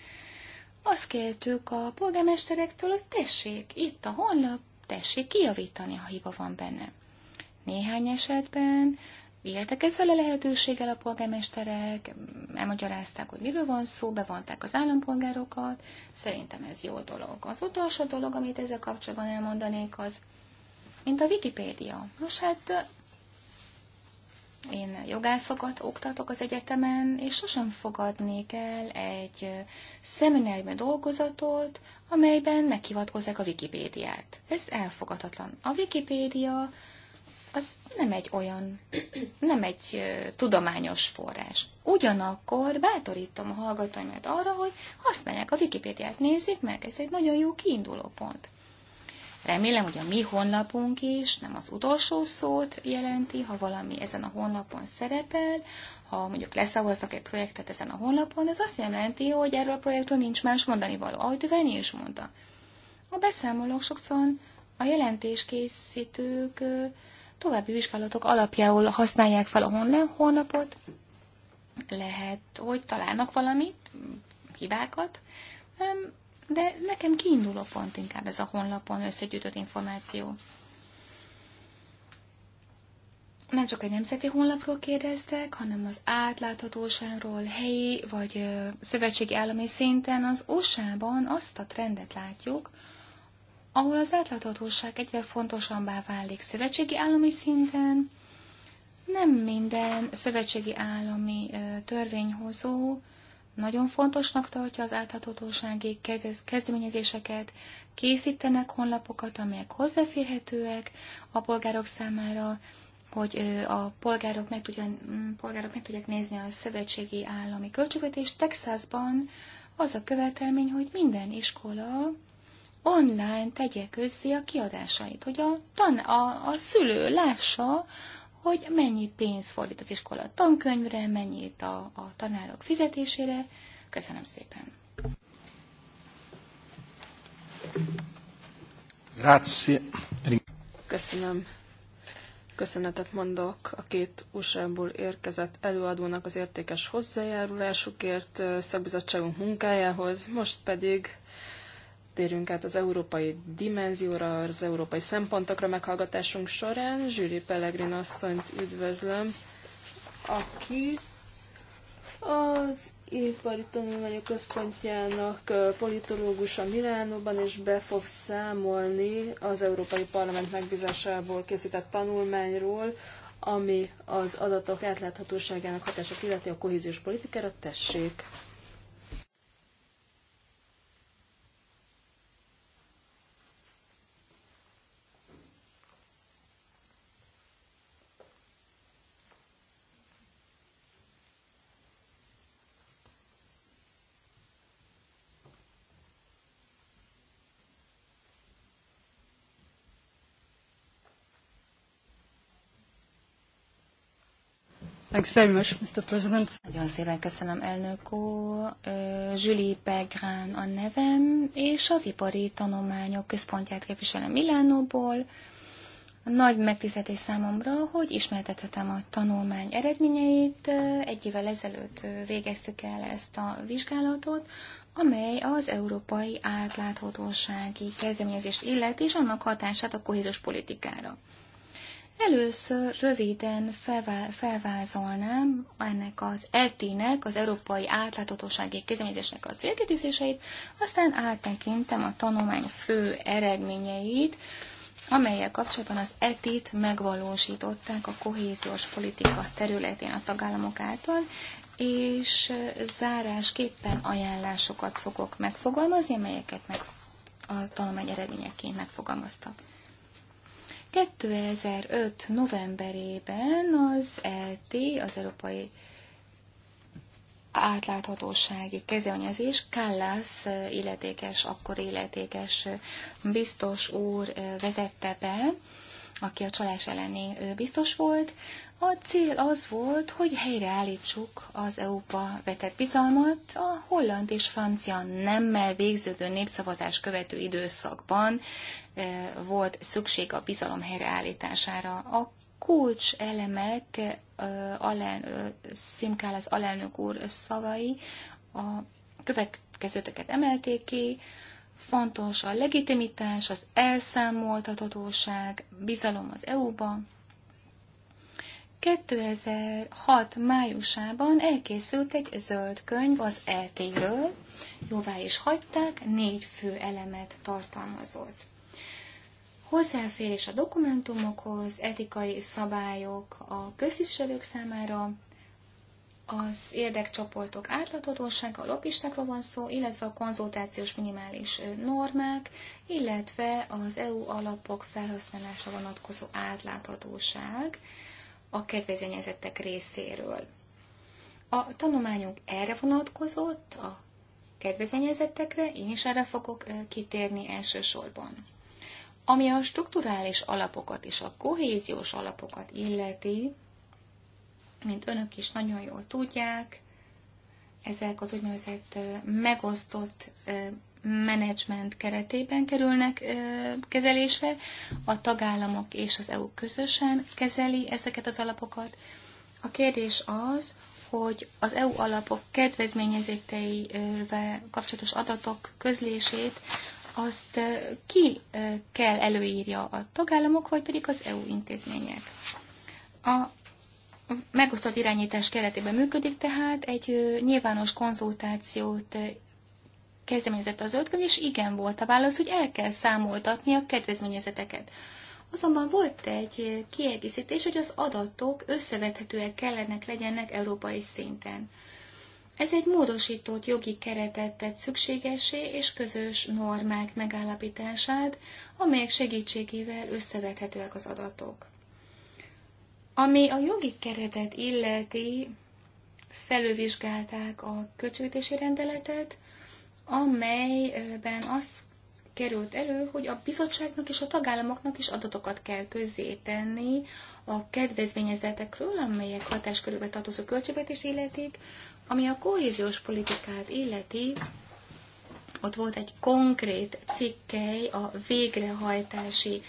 Azt kértük a polgármesterektől, hogy tessék, itt a honlap, tessék kijavítani, ha hiba van benne. Néhány esetben Éltek ezzel a lehetőséggel a polgármesterek, elmagyarázták, hogy miről van szó, bevonták az állampolgárokat, szerintem ez jó dolog. Az utolsó dolog, amit ezzel kapcsolatban elmondanék, az, mint a Wikipédia. Nos, hát én jogászokat oktatok az egyetemen, és sosem fogadnék el egy szeminárium dolgozatot, amelyben meghivatkozzák a Wikipédiát. Ez elfogadhatatlan. A Wikipédia az nem egy olyan, nem egy tudományos forrás. Ugyanakkor bátorítom a hallgatóimat arra, hogy használják a Wikipédiát, nézzék meg, ez egy nagyon jó kiinduló pont. Remélem, hogy a mi honlapunk is nem az utolsó szót jelenti, ha valami ezen a honlapon szerepel, ha mondjuk leszavaznak egy projektet ezen a honlapon, ez azt jelenti, hogy erről a projektről nincs más mondani való, ahogy Veni is mondta. A beszámolók sokszor a jelentéskészítők további vizsgálatok alapjául használják fel a honlap, honlapot, lehet, hogy találnak valamit, hibákat, de nekem kiinduló pont inkább ez a honlapon összegyűjtött információ. Nem csak egy nemzeti honlapról kérdeztek, hanem az átláthatóságról helyi vagy szövetségi állami szinten az USA-ban azt a trendet látjuk, ahol az átláthatóság egyre fontosabbá válik szövetségi állami szinten, nem minden szövetségi állami törvényhozó nagyon fontosnak tartja az átláthatósági kezdeményezéseket, készítenek honlapokat, amelyek hozzáférhetőek a polgárok számára, hogy a polgárok meg, tudjan, mm, polgárok meg tudják nézni a szövetségi állami költségvetést. Texasban az a követelmény, hogy minden iskola online tegye közzé a kiadásait, hogy a, tan, a, a szülő lássa, hogy mennyi pénz fordít az iskola tankönyvre, mennyit a, a tanárok fizetésére. Köszönöm szépen! Grazie. Köszönöm. Köszönetet mondok a két usa érkezett előadónak az értékes hozzájárulásukért szakbizottságunk munkájához. Most pedig térjünk át az európai dimenzióra, az európai szempontokra meghallgatásunk során. Zsűri Pellegrin asszonyt üdvözlöm, aki az Ipari Tanulmányok Központjának politológusa Milánóban, és be fog számolni az Európai Parlament megbízásából készített tanulmányról, ami az adatok átláthatóságának hatását illeti a kohéziós politikára. Tessék! Thanks very much, Mr. President. Nagyon szépen köszönöm, elnök úr. Julie Begrán a nevem, és az Ipari tanulmányok Központját képviselem Milánóból. Nagy megtiszteltés számomra, hogy ismertethetem a tanulmány eredményeit. Egy évvel ezelőtt végeztük el ezt a vizsgálatot, amely az európai átláthatósági kezdeményezést illeti, és annak hatását a kohéziós politikára. Először röviden felvá- felvázolnám ennek az ETI-nek, az Európai Átláthatósági Kezdeményezésnek a célkitűzéseit, aztán áttekintem a tanulmány fő eredményeit, amelyek kapcsolatban az ETI-t megvalósították a kohéziós politika területén a tagállamok által, és zárásképpen ajánlásokat fogok megfogalmazni, amelyeket meg a tanulmány eredményeként megfogalmaztak. 2005. novemberében az ELT, az Európai átláthatósági kezdeményezés Kallas eh, illetékes, akkor illetékes eh, biztos úr eh, vezette be, aki a csalás elleni biztos volt. A cél az volt, hogy helyreállítsuk az EU-ba vetett bizalmat a holland és francia nemmel végződő népszavazás követő időszakban, volt szükség a bizalom helyreállítására. A kulcs elemek Szimkál az alelnök úr szavai a következőtöket emelték ki, fontos a legitimitás, az elszámoltatóság, bizalom az EU-ba. 2006. májusában elkészült egy zöld könyv az ET-ről, jóvá is hagyták, négy fő elemet tartalmazott hozzáférés a dokumentumokhoz, etikai szabályok a köztisztviselők számára, az érdekcsoportok átláthatósága, a lobbistákról van szó, illetve a konzultációs minimális normák, illetve az EU alapok felhasználása vonatkozó átláthatóság a kedvezményezettek részéről. A tanulmányunk erre vonatkozott, a kedvezményezettekre, én is erre fogok kitérni elsősorban. Ami a strukturális alapokat és a kohéziós alapokat illeti, mint önök is nagyon jól tudják, ezek az úgynevezett megosztott menedzsment keretében kerülnek kezelésre. A tagállamok és az EU közösen kezeli ezeket az alapokat. A kérdés az, hogy az EU alapok kedvezményezéteivel kapcsolatos adatok közlését azt eh, ki eh, kell előírja a tagállamok, vagy pedig az EU intézmények. A megosztott irányítás keretében működik, tehát egy eh, nyilvános konzultációt kezdeményezett az ötkön, és igen volt a válasz, hogy el kell számoltatni a kedvezményezeteket. Azonban volt egy kiegészítés, hogy az adatok összevethetőek kellenek legyenek európai szinten. Ez egy módosított jogi keretet tett szükségesé és közös normák megállapítását, amelyek segítségével összevethetőek az adatok. Ami a jogi keretet illeti, felülvizsgálták a költségvetési rendeletet, amelyben az került elő, hogy a bizottságnak és a tagállamoknak is adatokat kell közzétenni a kedvezményezetekről, amelyek hatáskörülbe tartozó költségvetés illetik, ami a kohéziós politikát illeti, ott volt egy konkrét cikkely a végrehajtási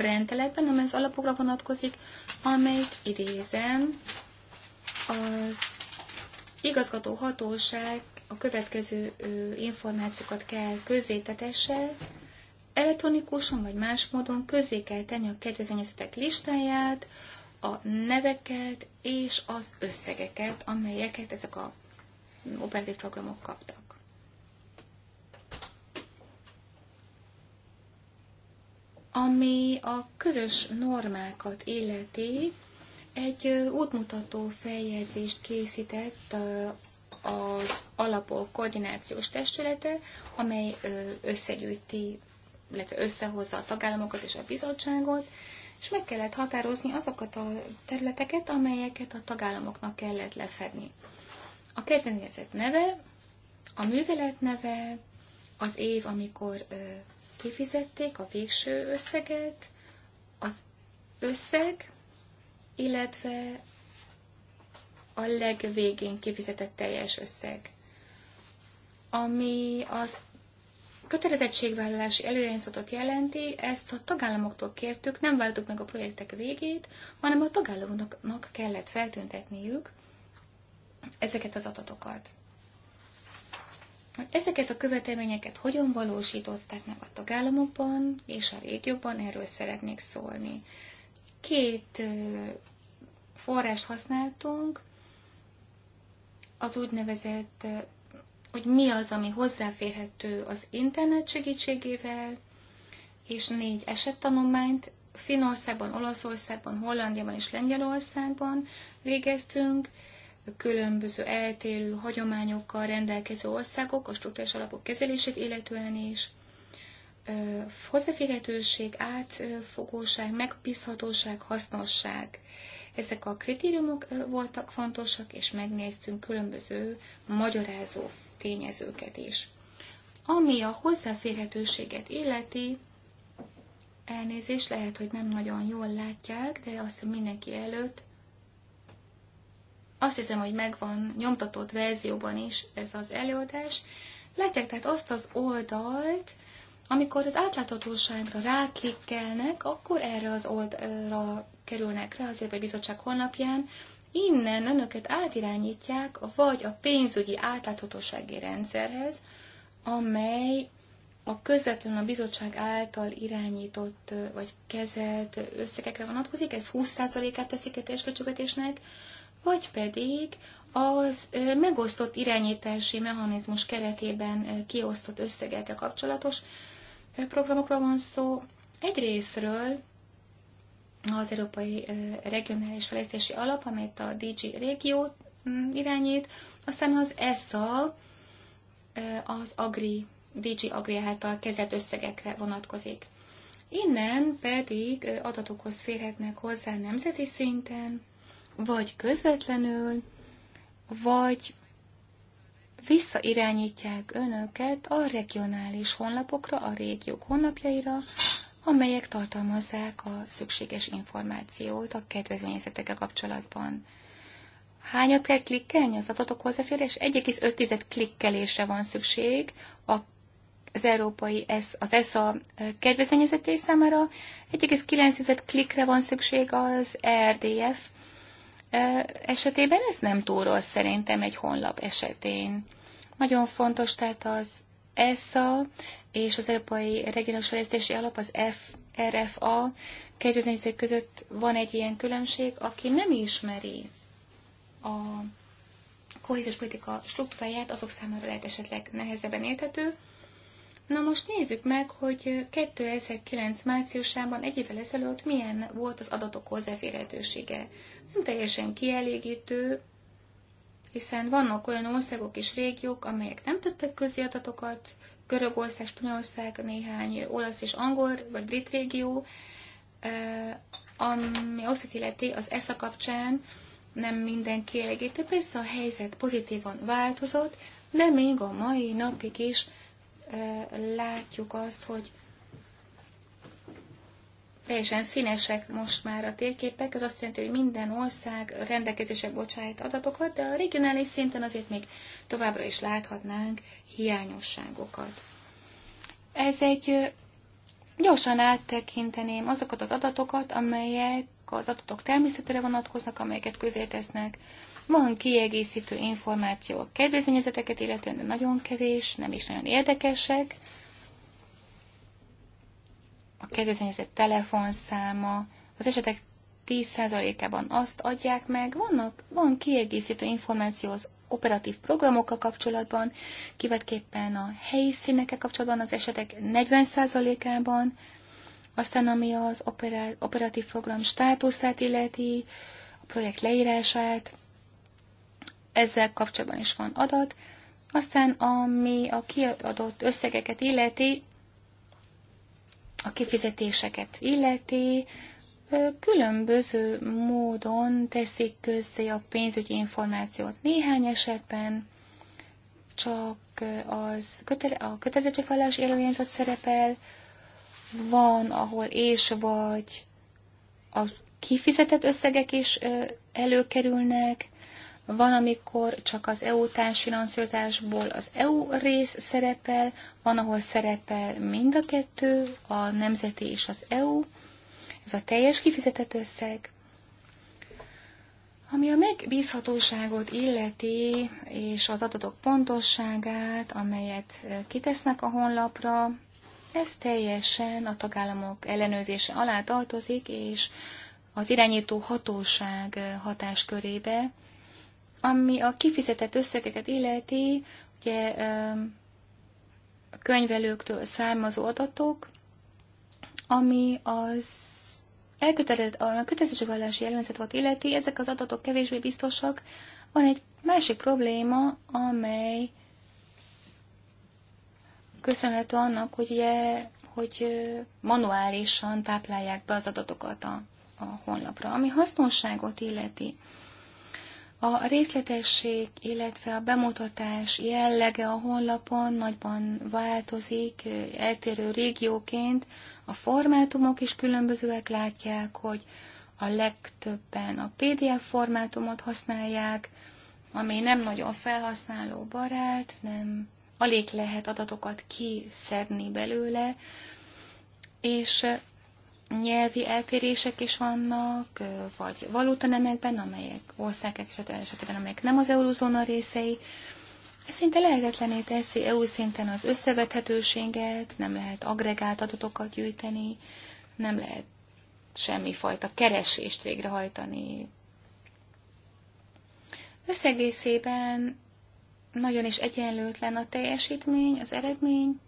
rendeletben, amely az alapokra vonatkozik, amelyik idézem, az igazgató hatóság a következő információkat kell közzétetesse, elektronikusan vagy más módon közzé kell tenni a kedvezményezetek listáját, a neveket és az összegeket, amelyeket ezek a operatív programok kaptak. Ami a közös normákat illeti, egy útmutató feljegyzést készített az alapok koordinációs testülete, amely összegyűjti, illetve összehozza a tagállamokat és a bizottságot, és meg kellett határozni azokat a területeket, amelyeket a tagállamoknak kellett lefedni. A kedvenkezett neve, a művelet neve, az év, amikor ö, kifizették a végső összeget, az összeg, illetve a legvégén kifizetett teljes összeg, ami az kötelezettségvállalási előirányzatot jelenti, ezt a tagállamoktól kértük, nem váltuk meg a projektek végét, hanem a tagállamoknak kellett feltüntetniük, ezeket az adatokat. Ezeket a követelményeket hogyan valósították meg a tagállamokban és a régióban, erről szeretnék szólni. Két forrást használtunk, az úgynevezett, hogy mi az, ami hozzáférhető az internet segítségével, és négy esettanományt Finországban, Olaszországban, Hollandiában és Lengyelországban végeztünk, különböző eltérő hagyományokkal rendelkező országok a struktúrás alapok kezelését illetően is, hozzáférhetőség, átfogóság, megbízhatóság, hasznosság. Ezek a kritériumok voltak fontosak, és megnéztünk különböző magyarázó tényezőket is. Ami a hozzáférhetőséget illeti, elnézés lehet, hogy nem nagyon jól látják, de azt mindenki előtt azt hiszem, hogy megvan nyomtatott verzióban is ez az előadás. Látják tehát azt az oldalt, amikor az átláthatóságra ráklikkelnek, akkor erre az oldalra kerülnek rá az a Bizottság honlapján, innen önöket átirányítják vagy a pénzügyi átláthatósági rendszerhez, amely a közvetlen a bizottság által irányított vagy kezelt összegekre vonatkozik, ez 20%-át teszik a költségvetésnek vagy pedig az megosztott irányítási mechanizmus keretében kiosztott összegekkel kapcsolatos programokról van szó. Egy részről az Európai Regionális Fejlesztési Alap, amelyet a DG Régió mm, irányít, aztán az ESA, az Agri, DG Agri által kezelt összegekre vonatkozik. Innen pedig adatokhoz férhetnek hozzá nemzeti szinten, vagy közvetlenül, vagy visszairányítják önöket a regionális honlapokra, a régiók honlapjaira, amelyek tartalmazzák a szükséges információt a kedvezményezetekkel kapcsolatban. Hányat kell klikkelni az adatok hozzáférés? 1,5 klikkelésre van szükség a az európai ESZ, az ESZA kedvezményezeté számára 1,9 klikre van szükség az RDF esetében ez nem túl rossz szerintem egy honlap esetén. Nagyon fontos tehát az ESSA és az Európai Regionális Fejlesztési Alap, az FRFA kegyőznézők között van egy ilyen különbség, aki nem ismeri a kohéziós politika struktúráját, azok számára lehet esetleg nehezebben érthető, Na most nézzük meg, hogy 2009 márciusában, egy évvel ezelőtt milyen volt az adatok hozzáférhetősége. Nem teljesen kielégítő, hiszen vannak olyan országok és régiók, amelyek nem tettek közé adatokat, Görögország, Spanyolország, néhány olasz és angol vagy brit régió, ami azt illeti az ESZA kapcsán nem minden kielégítő. Persze a helyzet pozitívan változott, de még a mai napig is látjuk azt, hogy teljesen színesek most már a térképek. Ez azt jelenti, hogy minden ország rendelkezésre bocsájt adatokat, de a regionális szinten azért még továbbra is láthatnánk hiányosságokat. Ez egy gyorsan áttekinteném azokat az adatokat, amelyek az adatok természetére vonatkoznak, amelyeket közé tesznek, van kiegészítő információ a kedvezményezeteket illetően, de nagyon kevés, nem is nagyon érdekesek. A kedvezményezett telefonszáma, az esetek 10%-ában azt adják meg, vannak, van kiegészítő információ az operatív programokkal kapcsolatban, kivetképpen a helyi színekkel kapcsolatban az esetek 40%-ában, aztán ami az operatív program státuszát illeti, a projekt leírását, ezzel kapcsolatban is van adat. Aztán, ami a kiadott összegeket illeti, a kifizetéseket illeti, különböző módon teszik közzé a pénzügyi információt. Néhány esetben csak az kötele, a kötelezettségvallás élőjénzet szerepel, van, ahol és vagy a kifizetett összegek is előkerülnek, van, amikor csak az EU társfinanszírozásból az EU rész szerepel, van, ahol szerepel mind a kettő, a nemzeti és az EU. Ez a teljes kifizetett összeg. Ami a megbízhatóságot illeti, és az adatok pontosságát, amelyet kitesznek a honlapra, ez teljesen a tagállamok ellenőrzése alá tartozik, és az irányító hatóság hatáskörébe, ami a kifizetett összegeket illeti, ugye a könyvelőktől származó adatok, ami az elkötelezett, a vallási jellemzetet illeti, ezek az adatok kevésbé biztosak. Van egy másik probléma, amely köszönhető annak, hogy, ugye, hogy manuálisan táplálják be az adatokat a, a honlapra, ami hasznosságot illeti. A részletesség, illetve a bemutatás jellege a honlapon nagyban változik, eltérő régióként. A formátumok is különbözőek látják, hogy a legtöbben a PDF formátumot használják, ami nem nagyon felhasználó barát, nem alig lehet adatokat kiszedni belőle, és nyelvi eltérések is vannak, vagy valutanemekben, amelyek országek esetében, amelyek nem az eurózóna részei. Ez szinte lehetetlené teszi EU szinten az összevethetőséget, nem lehet agregált adatokat gyűjteni, nem lehet semmifajta keresést végrehajtani. Összegészében nagyon is egyenlőtlen a teljesítmény, az eredmény,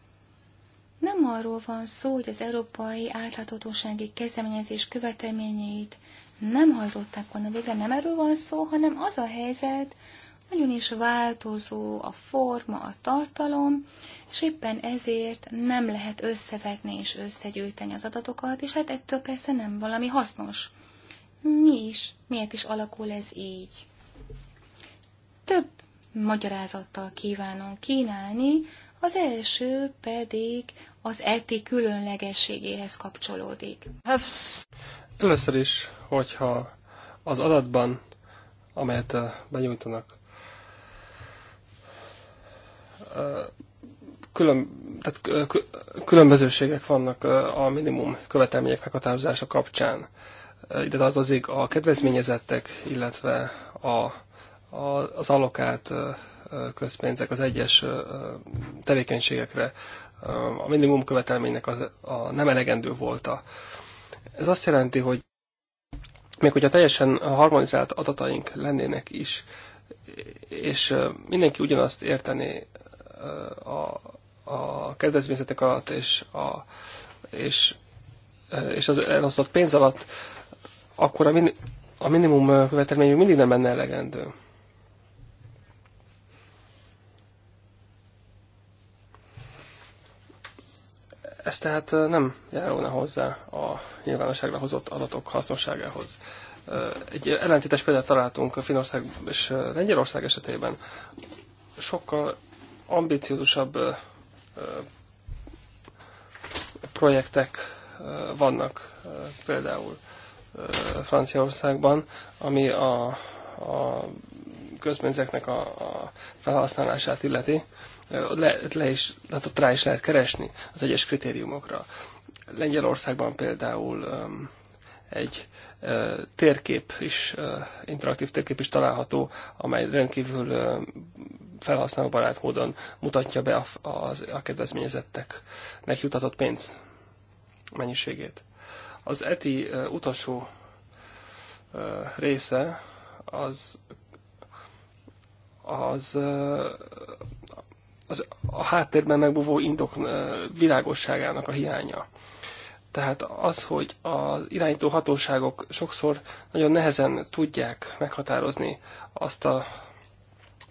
nem arról van szó, hogy az európai átláthatósági kezdeményezés követelményeit nem hajtották volna végre, nem erről van szó, hanem az a helyzet, nagyon is változó a forma, a tartalom, és éppen ezért nem lehet összevetni és összegyűjteni az adatokat, és hát ettől persze nem valami hasznos. Mi is, miért is alakul ez így? Több magyarázattal kívánom kínálni az első pedig az ETI különlegességéhez kapcsolódik. Először is, hogyha az adatban, amelyet benyújtanak, külön, tehát különbözőségek vannak a minimum követelmények meghatározása kapcsán. Ide tartozik a kedvezményezettek, illetve a, a, az allokált közpénzek az egyes tevékenységekre a minimum követelménynek az, a nem elegendő volta. Ez azt jelenti, hogy még hogyha teljesen harmonizált adataink lennének is, és mindenki ugyanazt értené a, a kedvezményzetek alatt és, a, és, és az elosztott pénz alatt, akkor a, min, a minimum követelmény mindig nem lenne elegendő. Ez tehát nem járulna hozzá a nyilvánosságra hozott adatok hasznosságához. Egy ellentétes példát találtunk a Finország és Lengyelország esetében. Sokkal ambiciózusabb projektek vannak például Franciaországban, ami a, a közpénzeknek a, a felhasználását illeti le, le is, hát ott rá is lehet keresni az egyes kritériumokra. Lengyelországban például egy térkép is, interaktív térkép is található, amely rendkívül felhasználóbarát módon mutatja be a, a, a kedvezményezettek megjutatott pénz mennyiségét. Az ETI utolsó része az az az a háttérben megbúvó indok világosságának a hiánya. Tehát az, hogy az irányító hatóságok sokszor nagyon nehezen tudják meghatározni azt a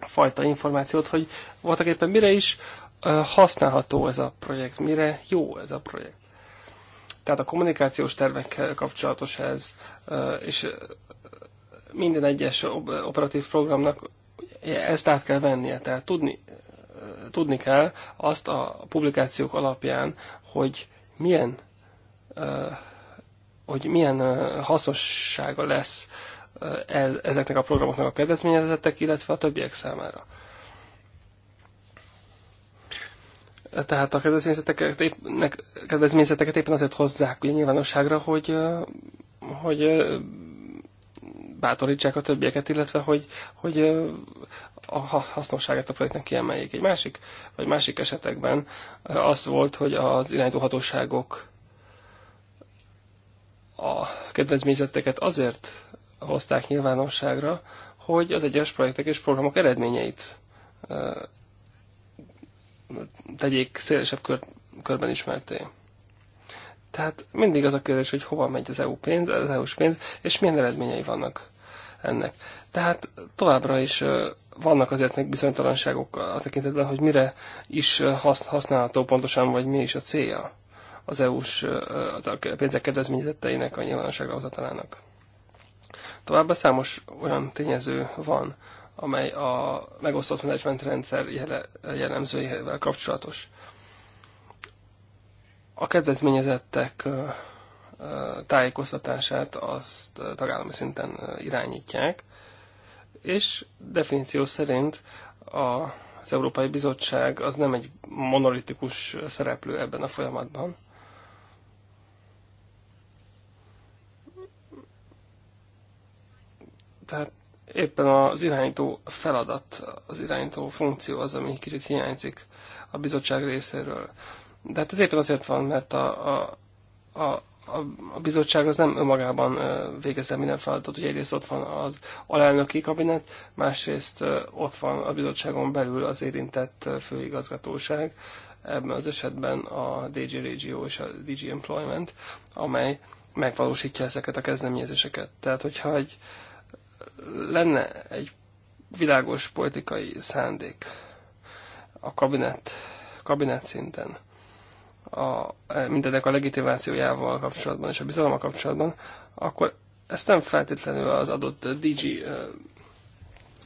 fajta információt, hogy voltak éppen mire is használható ez a projekt, mire jó ez a projekt. Tehát a kommunikációs tervekkel kapcsolatos ez, és minden egyes operatív programnak ezt át kell vennie, tehát tudni, tudni kell azt a publikációk alapján, hogy milyen, hogy milyen hasznossága lesz ezeknek a programoknak a kedvezményezettek, illetve a többiek számára. Tehát a kedvezményezeteket, kedvezményezeteket éppen azért hozzák ugye nyilvánosságra, hogy, hogy bátorítsák a többieket, illetve hogy, hogy hasznosságát a projektnek kiemeljék. Egy másik, vagy másik esetekben eh, az volt, hogy az irányító hatóságok a kedvezményezetteket azért hozták nyilvánosságra, hogy az egyes projektek és programok eredményeit eh, tegyék szélesebb kör, körben ismerté. Tehát mindig az a kérdés, hogy hova megy az EU pénz, az EU-s pénz, és milyen eredményei vannak ennek. Tehát továbbra is eh, vannak azért még bizonytalanságok a tekintetben, hogy mire is használható pontosan, vagy mi is a célja az EU-s pénzek kedvezményezetteinek a nyilvánosságra hozatalának. Továbbá számos olyan tényező van, amely a megosztott menedzsment rendszer jellemzőjével kapcsolatos. A kedvezményezettek tájékoztatását azt tagállami szinten irányítják, és definíció szerint a, az Európai Bizottság az nem egy monolitikus szereplő ebben a folyamatban. Tehát éppen az irányító feladat, az irányító funkció az, ami kicsit hiányzik a bizottság részéről. De hát ez éppen azért van, mert a, a, a, a bizottság az nem önmagában végezze minden feladatot, hogy egyrészt ott van az alelnöki kabinet, másrészt ott van a bizottságon belül az érintett főigazgatóság, ebben az esetben a DG Regio és a DG Employment, amely megvalósítja ezeket a kezdeményezéseket. Tehát, hogyha egy, lenne egy világos politikai szándék a kabinet, kabinet szinten, a, mindenek a legitimációjával kapcsolatban és a bizalommal kapcsolatban, akkor ezt nem feltétlenül az adott DG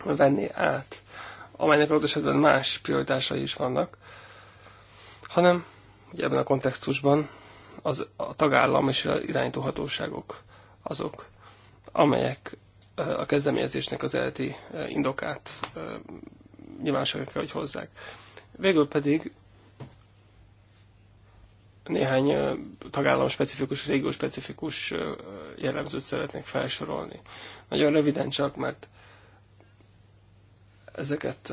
venni át, amelynek adott esetben más prioritásai is vannak, hanem ugye ebben a kontextusban az, a tagállam és a irányító hatóságok azok, amelyek a kezdeményezésnek az eredeti indokát nyilvánosságra kell, hogy hozzák. Végül pedig néhány tagállam specifikus, régió specifikus jellemzőt szeretnék felsorolni. Nagyon röviden csak, mert ezeket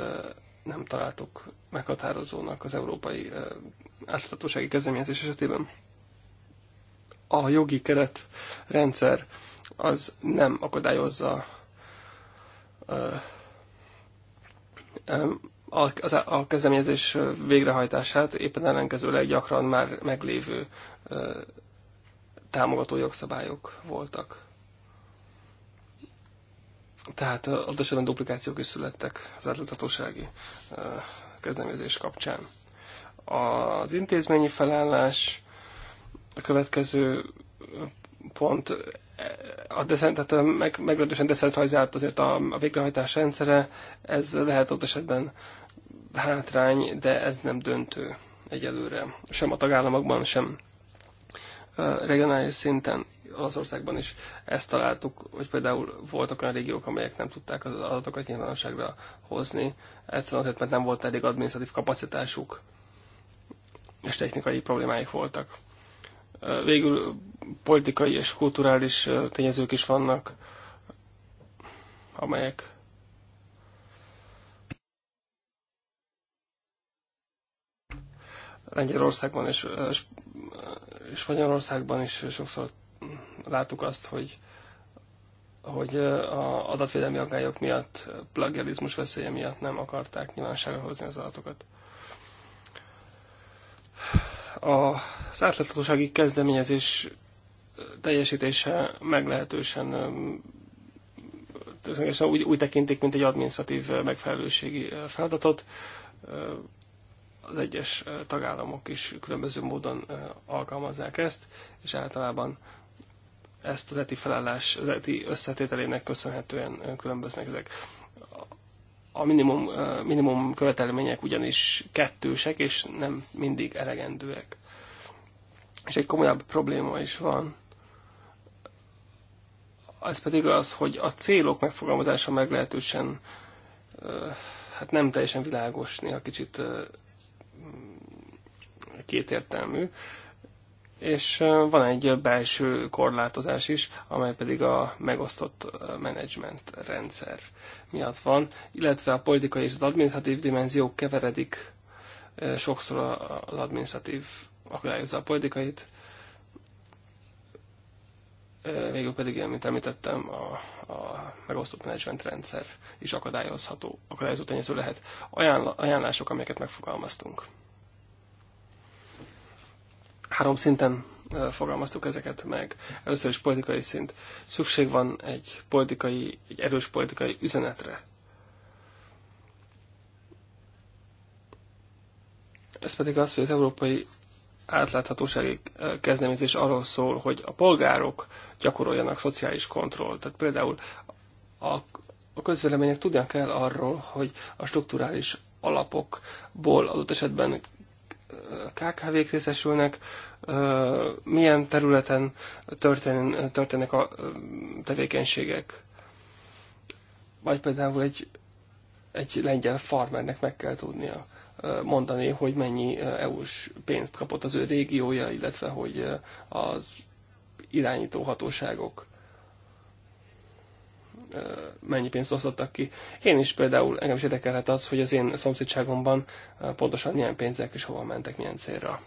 nem találtuk meghatározónak az európai átláthatósági kezdeményezés esetében. A jogi keret rendszer az nem akadályozza a, az, a kezdeményezés végrehajtását éppen ellenkezőleg gyakran már meglévő ö, támogató jogszabályok voltak. Tehát adott esetben duplikációk is születtek az átláthatósági kezdeményezés kapcsán. Az intézményi felállás a következő pont e, a deszent, tehát meg, meglehetősen decentralizált azért a, a végrehajtás rendszere, ez lehet ott esetben hátrány, de ez nem döntő egyelőre, sem a tagállamokban, sem regionális szinten, Olaszországban is ezt találtuk, hogy például voltak olyan régiók, amelyek nem tudták az adatokat nyilvánosságra hozni, egyszerűen azért, mert nem volt eddig adminisztratív kapacitásuk, és technikai problémáik voltak. Végül politikai és kulturális tényezők is vannak, amelyek Lengyelországban és, és Spanyolországban is sokszor láttuk azt, hogy hogy a adatvédelmi aggályok miatt, plagiarizmus veszélye miatt nem akarták nyilvánosságra hozni az adatokat. A átláthatósági kezdeményezés teljesítése meglehetősen úgy, úgy tekintik, mint egy adminisztratív megfelelőségi feladatot az egyes tagállamok is különböző módon alkalmazzák ezt, és általában ezt az eti felállás, az eti összetételének köszönhetően különböznek ezek. A minimum, minimum követelmények ugyanis kettősek, és nem mindig elegendőek. És egy komolyabb probléma is van, az pedig az, hogy a célok megfogalmazása meglehetősen hát nem teljesen világos, néha kicsit kétértelmű, és van egy belső korlátozás is, amely pedig a megosztott menedzsment rendszer miatt van, illetve a politikai és az administratív dimenziók keveredik, sokszor az administratív akadályozza a politikait, végül pedig, amit említettem, a, a megosztott menedzsment rendszer is akadályozható, akadályozó tényező lehet. ajánlások, amelyeket megfogalmaztunk. Három szinten fogalmaztuk ezeket meg. Először is politikai szint. Szükség van egy politikai, egy erős politikai üzenetre. Ez pedig az, hogy az európai átláthatósági kezdeményezés arról szól, hogy a polgárok gyakoroljanak szociális kontroll. Tehát például a, a közvélemények tudják el arról, hogy a strukturális alapokból adott esetben KKV-k részesülnek, milyen területen történnek a tevékenységek. Vagy például egy, egy lengyel farmernek meg kell tudnia mondani, hogy mennyi EU-s pénzt kapott az ő régiója, illetve hogy az irányító hatóságok mennyi pénzt osztottak ki. Én is például, engem is érdekelhet az, hogy az én szomszédságomban pontosan milyen pénzek és hova mentek, milyen célra.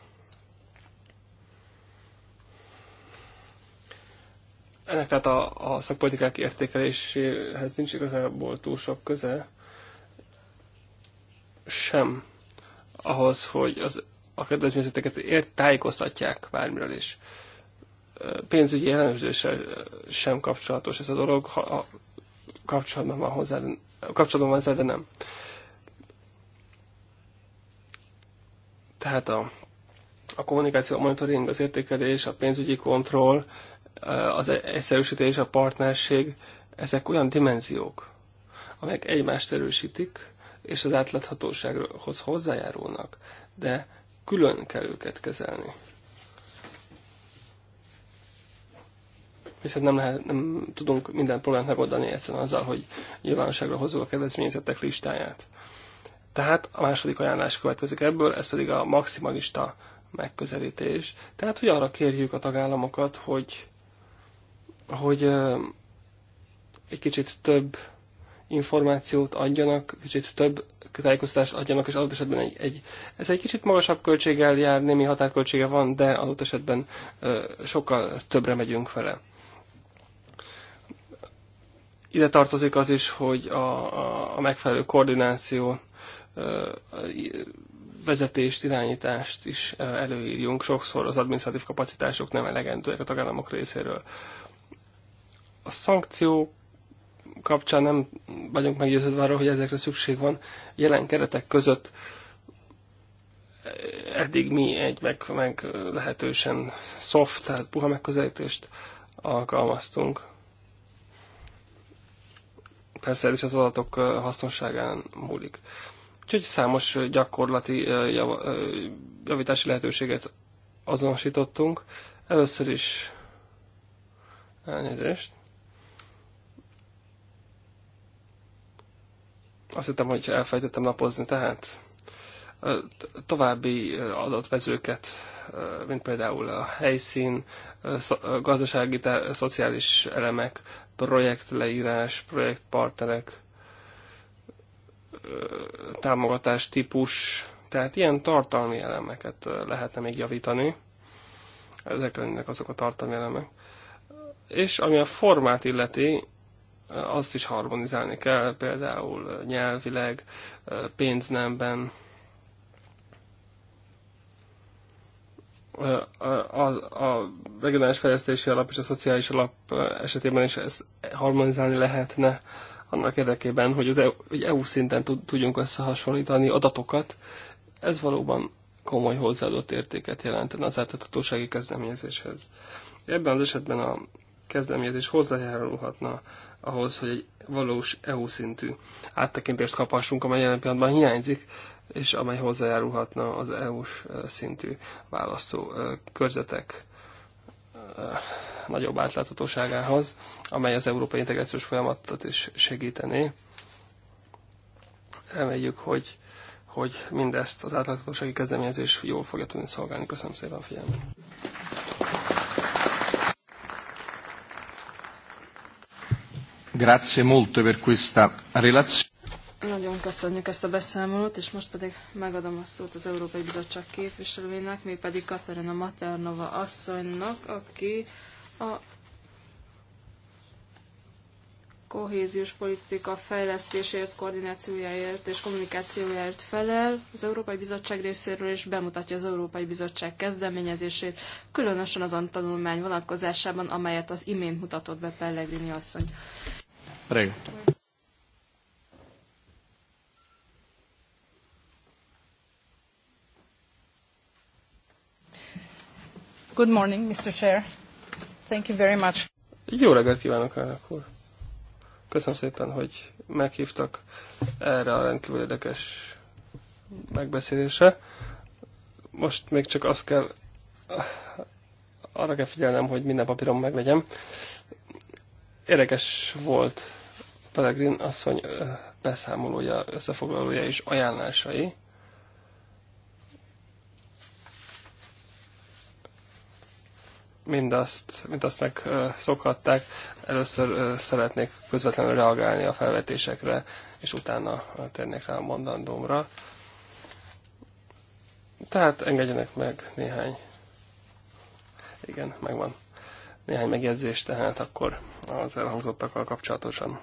Ennek tehát a, a szakpolitikák értékeléséhez nincs igazából túl sok köze, sem ahhoz, hogy az, a kedvezményezeteket ért, tájékoztatják bármiről is pénzügyi ellenőrzéssel sem kapcsolatos ez a dolog. Ha, ha kapcsolatban van hozzá, kapcsolatban van ezzel, de nem. Tehát a, a kommunikáció, a monitoring, az értékelés, a pénzügyi kontroll, eh, az egyszerűsítés, a partnerség, ezek olyan dimenziók, amelyek egymást erősítik, és az átláthatósághoz hozzájárulnak, de külön kell őket kezelni. Viszont nem, lehet, nem tudunk minden problémát megoldani egyszerűen azzal, hogy nyilvánosságra hozzuk a kedvezményezettek listáját. Tehát a második ajánlás következik ebből, ez pedig a maximalista megközelítés. Tehát, hogy arra kérjük a tagállamokat, hogy, hogy egy kicsit több információt adjanak, kicsit több tájékoztatást adjanak, és adott esetben egy, egy, ez egy kicsit magasabb költséggel jár, némi határköltsége van, de adott esetben ö, sokkal többre megyünk vele ide tartozik az is, hogy a, a megfelelő koordináció vezetést, irányítást is előírjunk. Sokszor az adminisztratív kapacitások nem elegendőek a tagállamok részéről. A szankció kapcsán nem vagyunk meggyőződve arról, hogy ezekre szükség van. Jelen keretek között eddig mi egy meg, meg lehetősen soft, tehát puha megközelítést alkalmaztunk persze is az adatok hasznosságán múlik. Úgyhogy számos gyakorlati javítási lehetőséget azonosítottunk. Először is elnézést. Azt hittem, hogy elfejtettem napozni, tehát további adatvezőket mint például a helyszín, gazdasági, szociális elemek, projektleírás, projektpartnerek, támogatás típus, tehát ilyen tartalmi elemeket lehetne még javítani. Ezek lennének azok a tartalmi elemek. És ami a formát illeti, azt is harmonizálni kell, például nyelvileg, pénznemben, a, a regionális fejlesztési alap és a szociális alap esetében is ezt harmonizálni lehetne annak érdekében, hogy az EU, hogy EU szinten tudjunk összehasonlítani adatokat. Ez valóban komoly hozzáadott értéket jelentene az átláthatósági kezdeményezéshez. Ebben az esetben a kezdeményezés hozzájárulhatna ahhoz, hogy egy valós EU szintű áttekintést kaphassunk, amely jelen pillanatban hiányzik és amely hozzájárulhatna az EU-s szintű választó körzetek nagyobb átláthatóságához, amely az európai integrációs folyamatot is segítené. Reméljük, hogy, hogy mindezt az átláthatósági kezdeményezés jól fogja tudni szolgálni. Köszönöm szépen a figyelmet! Grazie molto per questa relazione. Nagyon köszönjük ezt a beszámolót, és most pedig megadom a szót az Európai Bizottság képviselőjének, mi pedig Katarina Maternova asszonynak, aki a kohéziós politika fejlesztésért, koordinációjáért és kommunikációjáért felel az Európai Bizottság részéről, és bemutatja az Európai Bizottság kezdeményezését, különösen azon tanulmány vonatkozásában, amelyet az imént mutatott be Pellegrini asszony. Prego. Good morning, Mr. Chair. Thank you very much. Jó reggelt kívánok, elnök úr. Köszönöm szépen, hogy meghívtak erre a rendkívül érdekes megbeszélésre. Most még csak azt kell, arra kell figyelnem, hogy minden papírom meglegyen. Érdekes volt Pelegrin asszony beszámolója, összefoglalója és ajánlásai. mindazt, mindazt meg szokhatták. Először szeretnék közvetlenül reagálni a felvetésekre, és utána térnék rá a mondandómra. Tehát engedjenek meg néhány. Igen, megvan. Néhány megjegyzés tehát akkor az elhangzottakkal kapcsolatosan.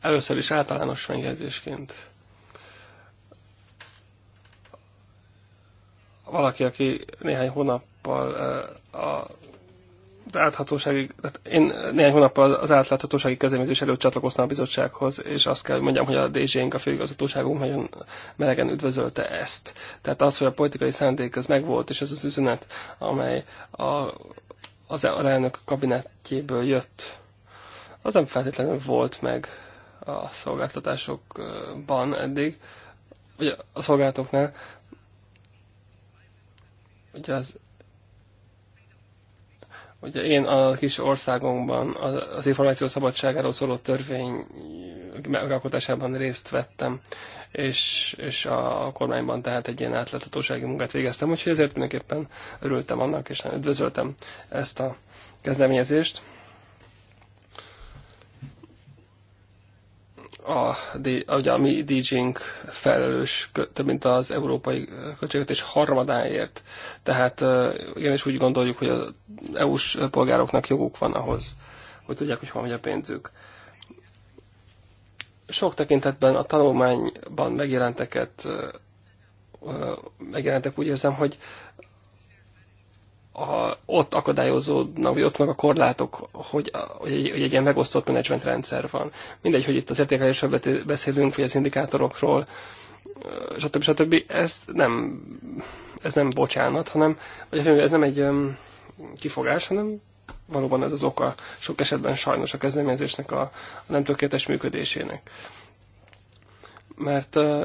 Először is általános megjegyzésként. Valaki, aki néhány hónap hónappal eh, a az átláthatósági, tehát én néhány hónappal az átláthatósági kezdeményezés előtt csatlakoztam a bizottsághoz, és azt kell, hogy mondjam, hogy a dj nk a főigazgatóságunk nagyon melegen üdvözölte ezt. Tehát az, hogy a politikai szándék az megvolt, és ez az üzenet, amely a, az elnök kabinettjéből jött, az nem feltétlenül volt meg a szolgáltatásokban eddig, vagy a szolgáltatóknál, ugye az hogy én a kis országunkban az információ szabadságáról szóló törvény megalkotásában részt vettem, és, és a kormányban tehát egy ilyen átláthatósági munkát végeztem, úgyhogy ezért mindenképpen örültem annak, és üdvözöltem ezt a kezdeményezést. a, ugye a mi DJ-nk felelős több mint az európai költségvetés harmadáért. Tehát és úgy gondoljuk, hogy az EU-s polgároknak joguk van ahhoz, hogy tudják, hogy hol megy a pénzük. Sok tekintetben a tanulmányban megjelenteket megjelentek úgy érzem, hogy a, ott akadályozódnak, vagy ott vannak a korlátok, hogy, hogy, egy, hogy egy ilyen megosztott menedzsment rendszer van. Mindegy, hogy itt az értékelésről beszélünk, vagy az indikátorokról, stb. stb. Ez nem, ez nem bocsánat, hanem vagy hát ez nem egy um, kifogás, hanem valóban ez az oka sok esetben sajnos a kezdeményezésnek a, a nem tökéletes működésének. Mert uh,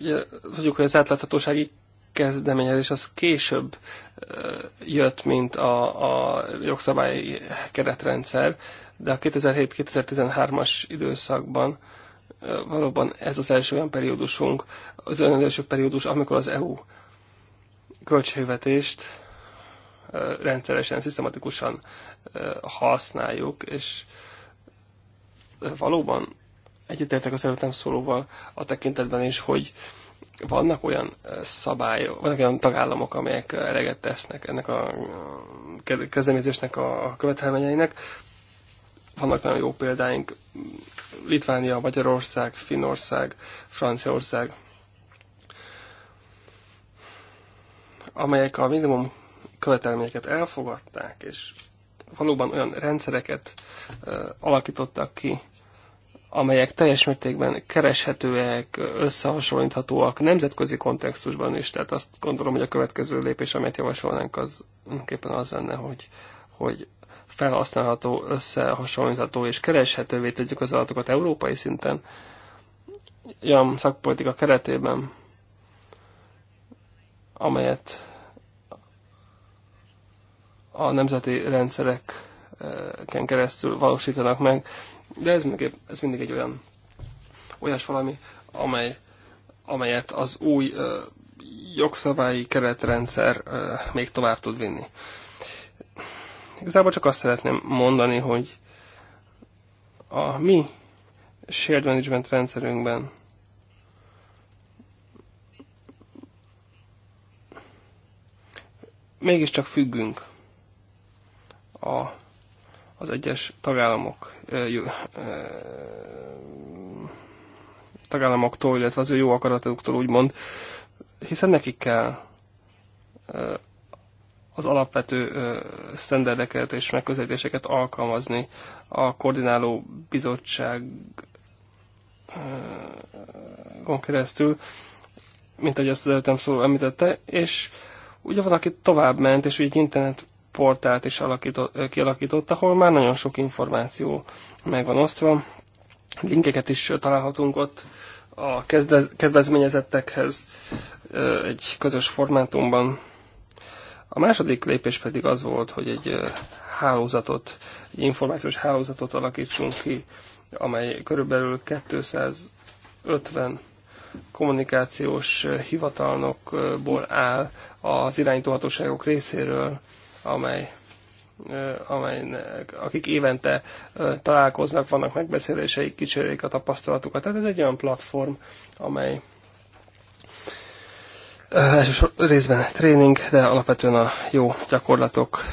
ugye tudjuk, hogy az átláthatósági kezdeményezés az később jött, mint a, a jogszabályi keretrendszer, de a 2007-2013-as időszakban valóban ez az első olyan periódusunk, az első periódus, amikor az EU költségvetést rendszeresen, szisztematikusan használjuk, és valóban egyetértek a szerintem szólóval a tekintetben is, hogy vannak olyan szabályok, vannak olyan tagállamok, amelyek eleget tesznek ennek a kezdeményezésnek a követelményeinek. Vannak nagyon jó példáink, Litvánia, Magyarország, Finnország, Franciaország, amelyek a minimum követelményeket elfogadták, és valóban olyan rendszereket alakítottak ki, amelyek teljes mértékben kereshetőek, összehasonlíthatóak nemzetközi kontextusban is. Tehát azt gondolom, hogy a következő lépés, amit javasolnánk, az képpen az lenne, hogy, hogy felhasználható, összehasonlítható és kereshetővé tegyük az adatokat európai szinten, olyan szakpolitika keretében, amelyet a nemzeti rendszereken keresztül valósítanak meg. De ez mindig, ez mindig egy olyan olyas valami, amely, amelyet az új ö, jogszabályi keretrendszer ö, még tovább tud vinni. Igazából csak azt szeretném mondani, hogy a mi shared management rendszerünkben mégiscsak függünk a az egyes tagállamok tagállamoktól, illetve az ő jó úgy úgymond, hiszen nekik kell az alapvető sztenderdeket és megközelítéseket alkalmazni. A koordináló bizottságon keresztül, mint ahogy azt az előttem szóló említette, és ugye van, aki tovább ment, és úgy internet portált is kialakított, ahol már nagyon sok információ meg van osztva. Linkeket is találhatunk ott a kedvezményezettekhez egy közös formátumban. A második lépés pedig az volt, hogy egy hálózatot, egy információs hálózatot alakítsunk ki, amely körülbelül 250 kommunikációs hivatalnokból áll az irányítóhatóságok részéről, amely amelynek, akik évente találkoznak, vannak megbeszéléseik, kicserélik a tapasztalatukat. Tehát ez egy olyan platform, amely elsősorban részben tréning, de alapvetően a jó gyakorlatok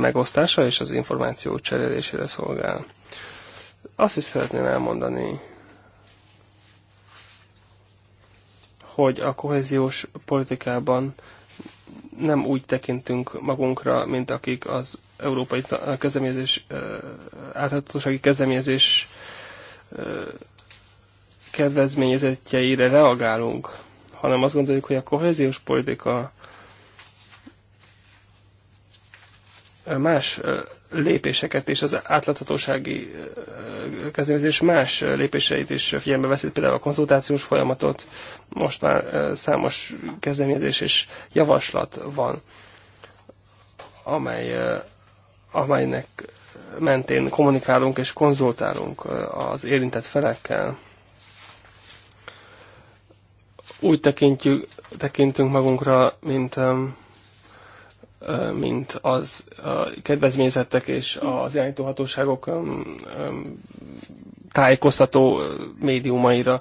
megosztása és az információ cserélésére szolgál. Azt is szeretném elmondani, hogy a kohéziós politikában nem úgy tekintünk magunkra, mint akik az európai kezdeményezés, áthatósági kezdeményezés kedvezményezetjeire reagálunk, hanem azt gondoljuk, hogy a kohéziós politika más lépéseket és az átláthatósági kezdeményezés más lépéseit is figyelembe veszi, például a konzultációs folyamatot. Most már számos kezdeményezés és javaslat van, amely, amelynek mentén kommunikálunk és konzultálunk az érintett felekkel. Úgy tekintjük, tekintünk magunkra, mint mint az a kedvezményezettek és az irányítóhatóságok tájékoztató médiumaira,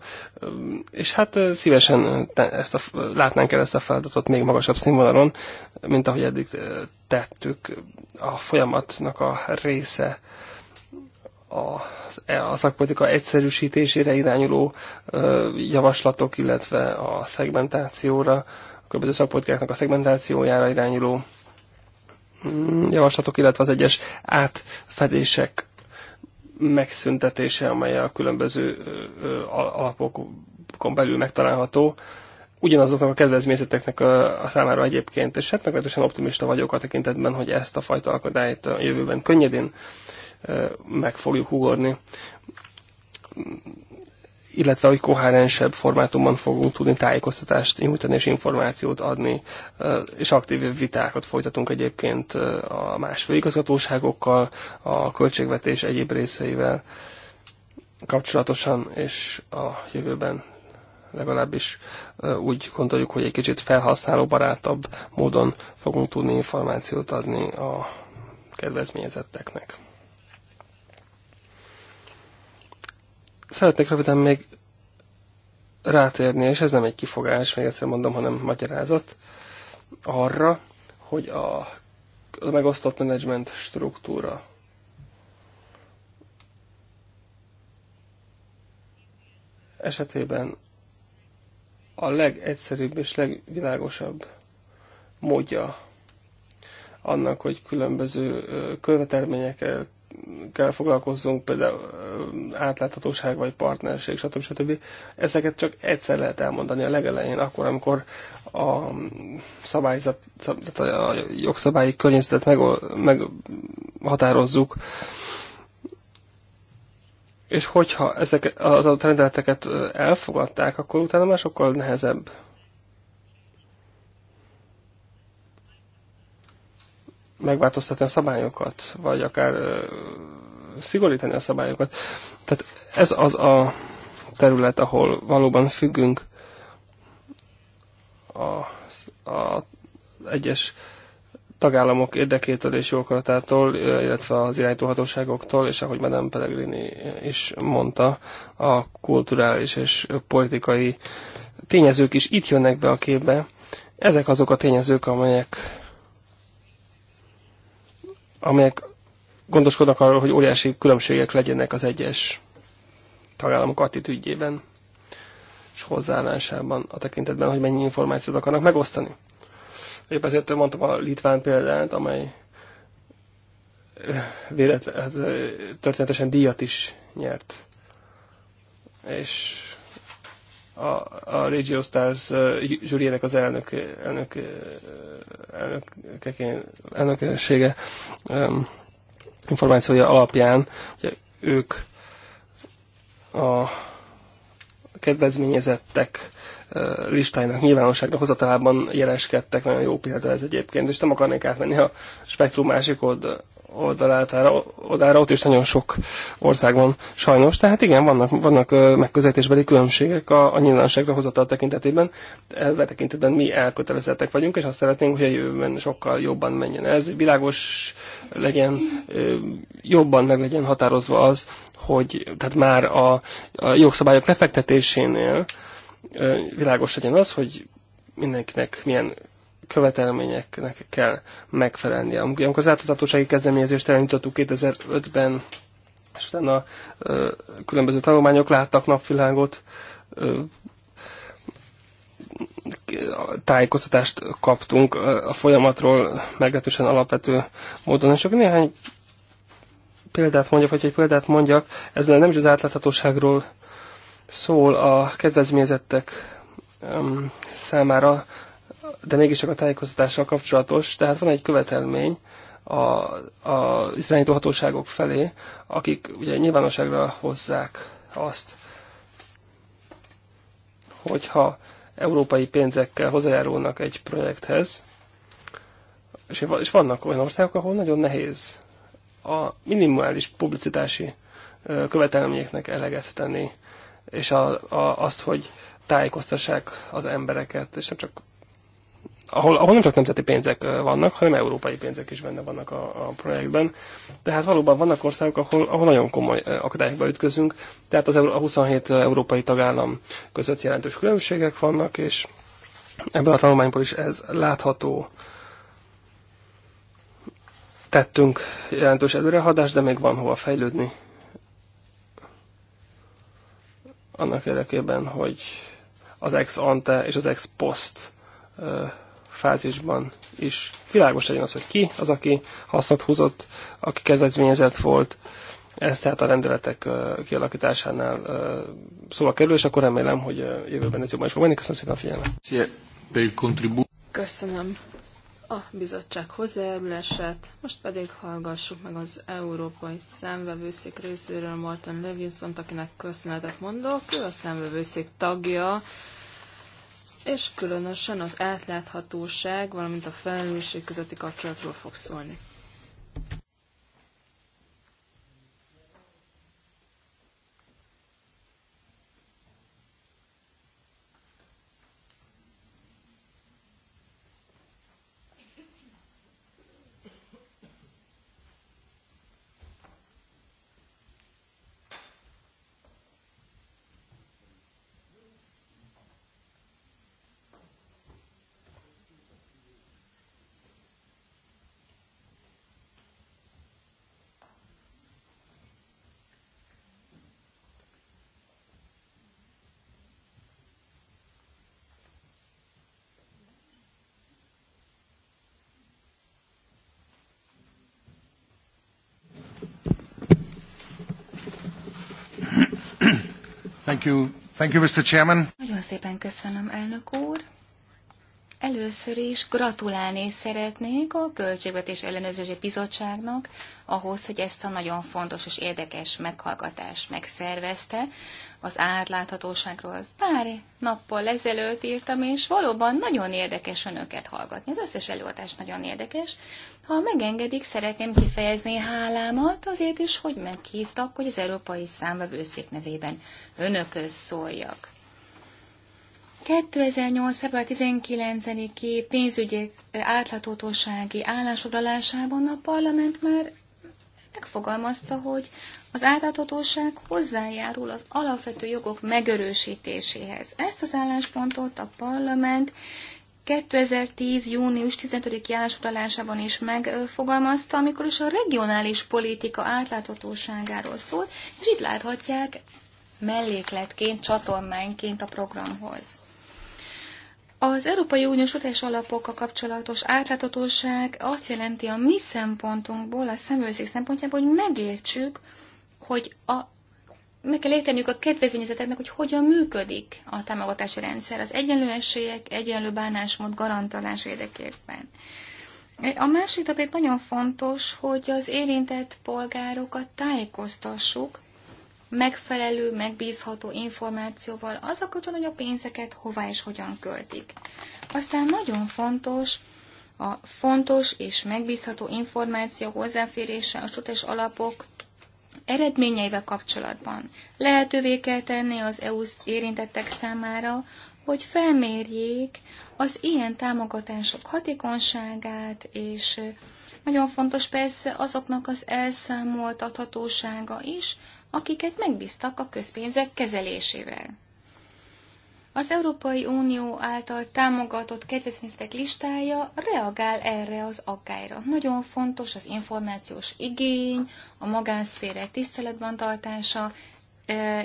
és hát szívesen ezt a, látnánk el ezt a feladatot még magasabb színvonalon, mint ahogy eddig tettük. A folyamatnak a része a, e, a szakpolitika egyszerűsítésére irányuló javaslatok, illetve a szegmentációra, a különböző szakpolitikáknak a szegmentációjára irányuló Mm, javaslatok, illetve az egyes átfedések megszüntetése, amely a különböző alapokon belül megtalálható, ugyanazoknak a kedvezményzeteknek a, a számára egyébként, és hát meglehetősen optimista vagyok a tekintetben, hogy ezt a fajta akadályt a jövőben könnyedén meg fogjuk ugorni illetve hogy koherensebb formátumban fogunk tudni tájékoztatást nyújtani és információt adni, és aktív vitákat folytatunk egyébként a más főigazgatóságokkal, a költségvetés egyéb részeivel kapcsolatosan, és a jövőben legalábbis úgy gondoljuk, hogy egy kicsit felhasználóbarátabb módon fogunk tudni információt adni a kedvezményezetteknek. Szeretnék röviden még rátérni, és ez nem egy kifogás, még egyszer mondom, hanem magyarázat, arra, hogy a, a megosztott menedzsment struktúra esetében a legegyszerűbb és legvilágosabb módja annak, hogy különböző követelményekkel kell foglalkozzunk, például átláthatóság vagy partnerség, stb. stb. Ezeket csak egyszer lehet elmondani a legelején, akkor, amikor a szabályzat, tehát a jogszabályi környezetet meg, meghatározzuk. És hogyha ezeket az adott rendeleteket elfogadták, akkor utána már sokkal nehezebb megváltoztatni a szabályokat, vagy akár ö, szigorítani a szabályokat. Tehát ez az a terület, ahol valóban függünk a, a egyes tagállamok érdekétől és jókaratától, illetve az irányítóhatóságoktól, és ahogy Madame Pellegrini is mondta, a kulturális és politikai tényezők is itt jönnek be a képbe. Ezek azok a tényezők, amelyek amelyek gondoskodnak arról, hogy óriási különbségek legyenek az egyes tagállamok attitűdjében és hozzáállásában a tekintetben, hogy mennyi információt akarnak megosztani. Épp ezért mondtam a litván példát, amely véletlen, hát, történetesen díjat is nyert. És a, a Radio Stars zsűriének az elnök, elnök, elnök elnök elnöksége um, információja alapján, hogy ők a kedvezményezettek listáinak nyilvánosságra hozatalában jeleskedtek, nagyon jó példa ez egyébként, és nem akarnék átmenni a spektrum másik old, oldalát, odára ott is nagyon sok ország van sajnos. Tehát igen, vannak, vannak megközelítésbeli különbségek a, a nyilvánosságra hozatal tekintetében. Elve tekintetben mi elkötelezettek vagyunk, és azt szeretnénk, hogy a jövőben sokkal jobban menjen ez. Világos legyen, jobban meg legyen határozva az, hogy tehát már a, a jogszabályok lefektetésénél világos legyen az, hogy mindenkinek milyen követelményeknek kell megfelelni. Amikor az átadhatósági kezdeményezést elindítottuk 2005-ben, és utána ö, különböző tanulmányok láttak napvilágot, ö, tájékoztatást kaptunk a folyamatról meglehetősen alapvető módon. És csak néhány példát mondjak, vagy egy példát mondjak, ez nem is az átláthatóságról szól a kedvezményezettek számára de mégis csak a tájékoztatással kapcsolatos. Tehát van egy követelmény a, a hatóságok felé, akik ugye nyilvánosságra hozzák azt, hogyha európai pénzekkel hozzájárulnak egy projekthez, és, és vannak olyan országok, ahol nagyon nehéz a minimális publicitási követelményeknek eleget tenni, és a, a, azt, hogy tájékoztassák az embereket, és nem csak ahol, ahol nem csak nemzeti pénzek vannak, hanem európai pénzek is benne vannak a, a projektben. Tehát valóban vannak országok, ahol, ahol nagyon komoly akadályokba ütközünk, tehát az, a 27 európai tagállam között jelentős különbségek vannak, és ebből a tanulmányból is ez látható. Tettünk jelentős előrehaladást, de még van hova fejlődni. Annak érdekében, hogy az ex ante és az ex post fázisban is világos legyen az, hogy ki az, aki hasznot húzott, aki kedvezményezett volt. Ez tehát a rendeletek kialakításánál szóval kerül, és akkor remélem, hogy jövőben ez jobban is fog menni. Köszönöm szépen a figyelmet. Köszönöm a bizottság hozzájárulását, most pedig hallgassuk meg az Európai Számvevőszék részéről Martin Levinson, akinek köszönetet mondok. Ő a számvevőszék tagja, és különösen az átláthatóság, valamint a felelősség közötti kapcsolatról fog szólni. Thank you. Thank you, Mr. Chairman. Nagyon szépen köszönöm, elnök úr. Először is gratulálni szeretnék a Költségvetés Ellenőrzési Bizottságnak ahhoz, hogy ezt a nagyon fontos és érdekes meghallgatást megszervezte. Az átláthatóságról pár nappal ezelőtt írtam, és valóban nagyon érdekes önöket hallgatni. Az összes előadás nagyon érdekes. Ha megengedik, szeretném kifejezni hálámat azért is, hogy meghívtak, hogy az Európai Számvevőszék nevében önököz szóljak. 2008. február 19-i pénzügyi átláthatósági állásfoglalásában a parlament már megfogalmazta, hogy az átláthatóság hozzájárul az alapvető jogok megerősítéséhez. Ezt az álláspontot a parlament 2010. június 15. állásfoglalásában is megfogalmazta, amikor is a regionális politika átláthatóságáról szólt, és itt láthatják mellékletként, csatornánként a programhoz. Az Európai Uniós utás alapokkal kapcsolatos átláthatóság azt jelenti a mi szempontunkból, a szemőrzék szempontjából, hogy megértsük, hogy a, meg kell értenünk a kedvezményezeteknek, hogy hogyan működik a támogatási rendszer az egyenlő esélyek, egyenlő bánásmód garantálás érdekében. A másik pedig nagyon fontos, hogy az érintett polgárokat tájékoztassuk megfelelő, megbízható információval az a kapcsolatban, hogy a pénzeket hova és hogyan költik. Aztán nagyon fontos a fontos és megbízható információ hozzáférése a struktúrás alapok eredményeivel kapcsolatban. Lehetővé kell tenni az EU érintettek számára, hogy felmérjék az ilyen támogatások hatékonyságát, és nagyon fontos persze azoknak az elszámoltathatósága is, akiket megbíztak a közpénzek kezelésével. Az Európai Unió által támogatott kedvezményzetek listája reagál erre az aggályra. Nagyon fontos az információs igény, a magánszféra tiszteletben tartása,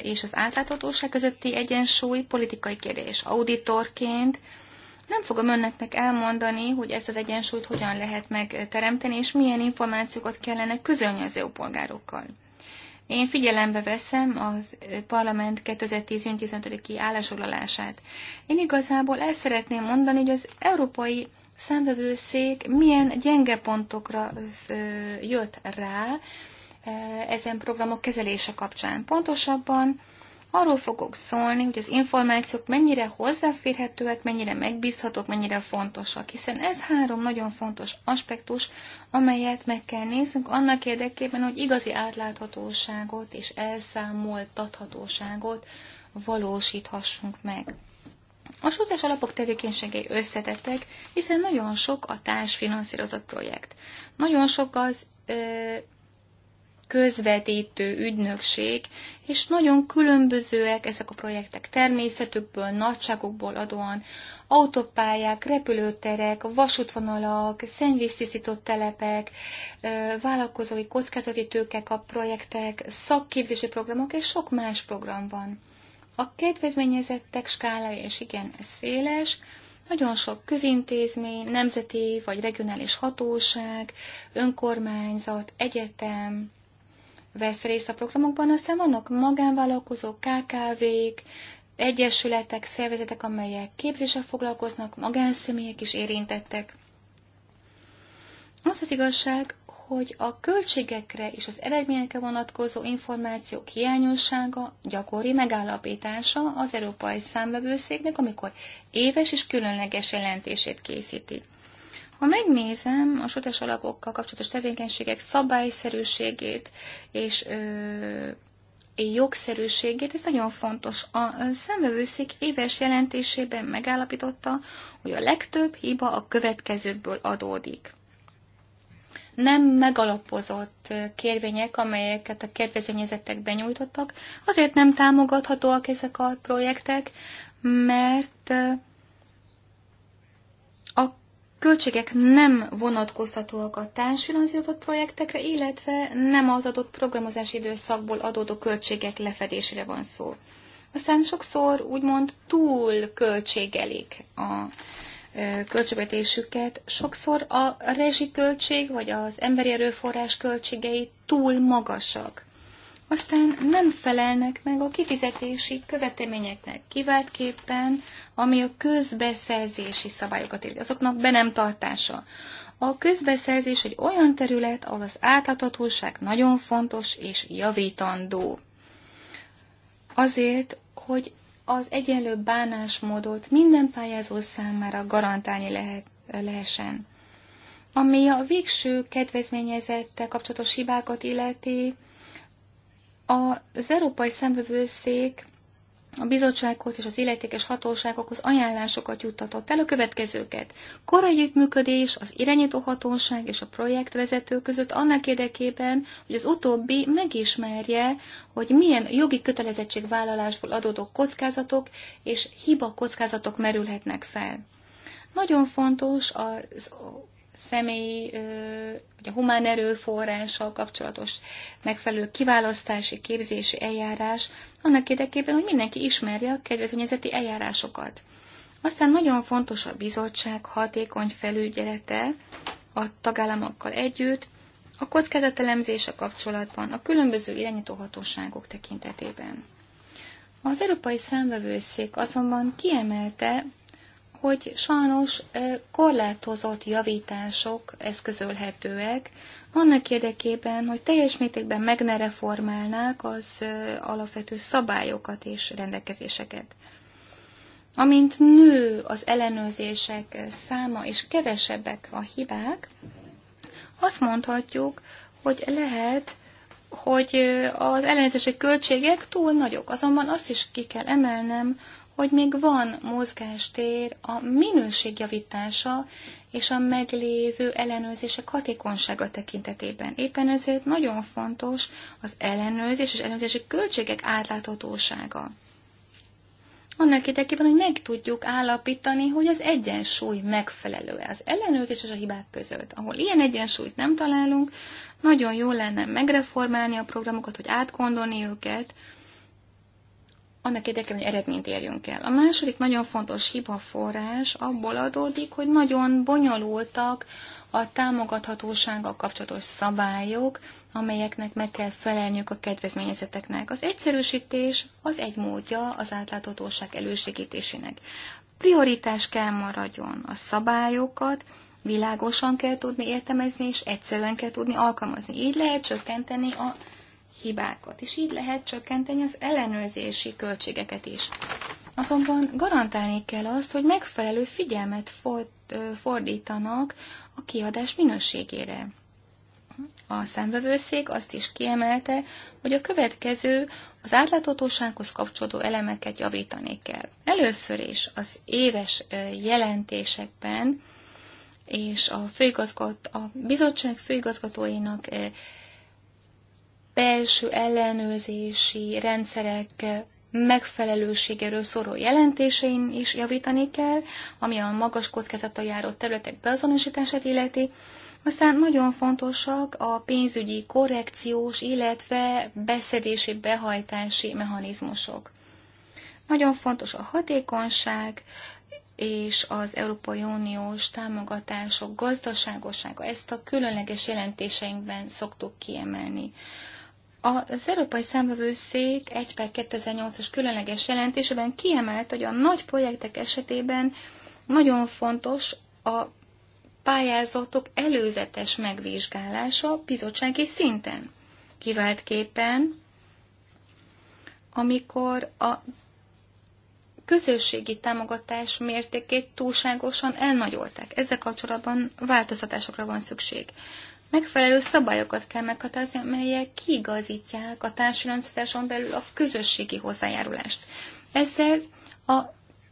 és az átláthatóság közötti egyensúly politikai kérdés. Auditorként nem fogom önneknek elmondani, hogy ezt az egyensúlyt hogyan lehet megteremteni, és milyen információkat kellene közölni az EU polgárokkal. Én figyelembe veszem az parlament 2010. 15. állásfoglalását. Én igazából el szeretném mondani, hogy az európai számvevőszék milyen gyenge pontokra jött rá ezen programok kezelése kapcsán. Pontosabban Arról fogok szólni, hogy az információk mennyire hozzáférhetőek, mennyire megbízhatók, mennyire fontosak, hiszen ez három nagyon fontos aspektus, amelyet meg kell néznünk annak érdekében, hogy igazi átláthatóságot és elszámoltathatóságot valósíthassunk meg. A súlyos alapok tevékenységei összetettek, hiszen nagyon sok a társfinanszírozott projekt. Nagyon sok az közvetítő ügynökség, és nagyon különbözőek ezek a projektek természetükből, nagyságukból adóan. Autópályák, repülőterek, vasútvonalak, szennyvíztisztított telepek, vállalkozói kockázati tőkek a projektek, szakképzési programok és sok más program van. A kedvezményezettek skálája és igen széles, nagyon sok közintézmény, nemzeti vagy regionális hatóság, önkormányzat, egyetem, vesz részt a programokban, aztán vannak magánvállalkozók, KKV-k, egyesületek, szervezetek, amelyek képzéssel foglalkoznak, magánszemélyek is érintettek. Az az igazság, hogy a költségekre és az eredményekre vonatkozó információk hiányossága gyakori megállapítása az Európai Számvevőszéknek, amikor éves és különleges jelentését készíti. Ha megnézem a sotes alapokkal kapcsolatos tevékenységek szabályszerűségét és ö, jogszerűségét, ez nagyon fontos. A szemövőszék éves jelentésében megállapította, hogy a legtöbb hiba a következőkből adódik. Nem megalapozott kérvények, amelyeket a kedvezményezettek benyújtottak, azért nem támogathatóak ezek a projektek, mert költségek nem vonatkozhatóak a társfinanszírozott projektekre, illetve nem az adott programozási időszakból adódó költségek lefedésére van szó. Aztán sokszor úgymond túl költségelik a költségvetésüket, sokszor a rezsiköltség vagy az emberi erőforrás költségei túl magasak aztán nem felelnek meg a kifizetési követelményeknek, kiváltképpen, ami a közbeszerzési szabályokat illeti, azoknak be nem tartása. A közbeszerzés egy olyan terület, ahol az átláthatóság nagyon fontos és javítandó. Azért, hogy az egyenlő bánásmódot minden pályázó számára garantálni lehet, lehessen. Ami a végső kedvezményezettel kapcsolatos hibákat illeti, az Európai Szembevőszék a bizottsághoz és az illetékes hatóságokhoz ajánlásokat juttatott el a következőket. Korai együttműködés, az irányító hatóság és a projektvezető között annak érdekében, hogy az utóbbi megismerje, hogy milyen jogi kötelezettségvállalásból adódó kockázatok és hiba kockázatok merülhetnek fel. Nagyon fontos az személy, vagy a humán erőforrással kapcsolatos megfelelő kiválasztási, képzési eljárás, annak érdekében, hogy mindenki ismerje a kedvezményezeti eljárásokat. Aztán nagyon fontos a bizottság hatékony felügyelete a tagállamokkal együtt, a kockázatelemzése kapcsolatban, a különböző irányító hatóságok tekintetében. Az Európai Számvevőszék azonban kiemelte hogy sajnos korlátozott javítások eszközölhetőek, annak érdekében, hogy teljes mértékben meg ne reformálnák az alapvető szabályokat és rendelkezéseket. Amint nő az ellenőrzések száma és kevesebbek a hibák, azt mondhatjuk, hogy lehet, hogy az ellenőrzések költségek túl nagyok. Azonban azt is ki kell emelnem, hogy még van mozgástér a minőség javítása és a meglévő ellenőrzések hatékonysága tekintetében. Éppen ezért nagyon fontos az ellenőrzés és ellenőrzési költségek átláthatósága. Annak érdekében, hogy meg tudjuk állapítani, hogy az egyensúly megfelelő-e az ellenőrzés és a hibák között. Ahol ilyen egyensúlyt nem találunk, nagyon jó lenne megreformálni a programokat, hogy átgondolni őket, annak érdekében, hogy eredményt érjünk el. A második nagyon fontos hibaforrás abból adódik, hogy nagyon bonyolultak a támogathatósággal kapcsolatos szabályok, amelyeknek meg kell felelniük a kedvezményezeteknek. Az egyszerűsítés az egy módja az átláthatóság elősegítésének. Prioritás kell maradjon a szabályokat, világosan kell tudni értelmezni, és egyszerűen kell tudni alkalmazni. Így lehet csökkenteni a hibákat, és így lehet csökkenteni az ellenőrzési költségeket is. Azonban garantálni kell azt, hogy megfelelő figyelmet fordítanak a kiadás minőségére. A szemvevőszék azt is kiemelte, hogy a következő az átláthatósághoz kapcsolódó elemeket javítani kell. Először is az éves jelentésekben és a, főigazgat, a bizottság főigazgatóinak belső ellenőrzési rendszerek megfelelőségéről szóró jelentésein is javítani kell, ami a magas kockázata járó területek beazonosítását illeti, aztán nagyon fontosak a pénzügyi korrekciós, illetve beszedési, behajtási mechanizmusok. Nagyon fontos a hatékonyság és az Európai Uniós támogatások gazdaságossága. Ezt a különleges jelentéseinkben szoktuk kiemelni. Az Európai Számvevőszék 1 per 2008-as különleges jelentésében kiemelt, hogy a nagy projektek esetében nagyon fontos a pályázatok előzetes megvizsgálása bizottsági szinten. Kiváltképpen, amikor a közösségi támogatás mértékét túlságosan elnagyolták. Ezzel kapcsolatban változtatásokra van szükség megfelelő szabályokat kell meghatározni, amelyek kiigazítják a társadalmi belül a közösségi hozzájárulást. Ezzel a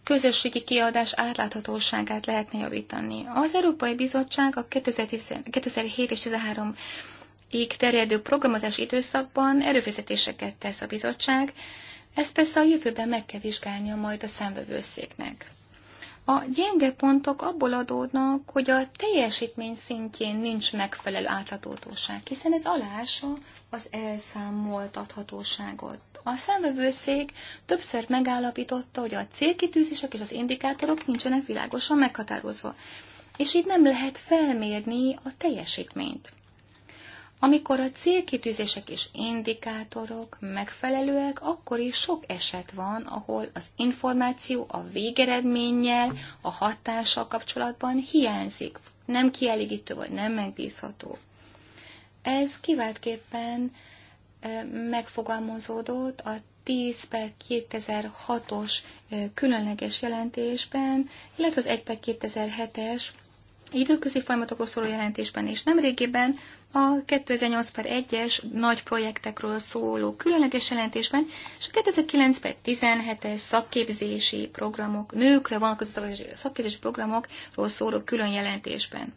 közösségi kiadás átláthatóságát lehetne javítani. Az Európai Bizottság a 2007 és 2013 ig terjedő programozás időszakban erőfeszítéseket tesz a bizottság, ezt persze a jövőben meg kell vizsgálnia majd a számvevőszéknek. A gyenge pontok abból adódnak, hogy a teljesítmény szintjén nincs megfelelő átlatótóság, hiszen ez alása az elszámoltathatóságot. A számvevőszék többször megállapította, hogy a célkitűzések és az indikátorok nincsenek világosan meghatározva, és így nem lehet felmérni a teljesítményt. Amikor a célkitűzések és indikátorok megfelelőek, akkor is sok eset van, ahol az információ a végeredménnyel, a hatással kapcsolatban hiányzik, nem kielégítő vagy nem megbízható. Ez kiváltképpen megfogalmazódott a 10 per 2006-os különleges jelentésben, illetve az 1 per 2007-es időközi folyamatokról szóló jelentésben, és nemrégiben a 2008 per 1-es nagy projektekről szóló különleges jelentésben, és a 2009 per 17-es szakképzési programok, nőkre vonatkozó szakképzési programokról szóló külön jelentésben.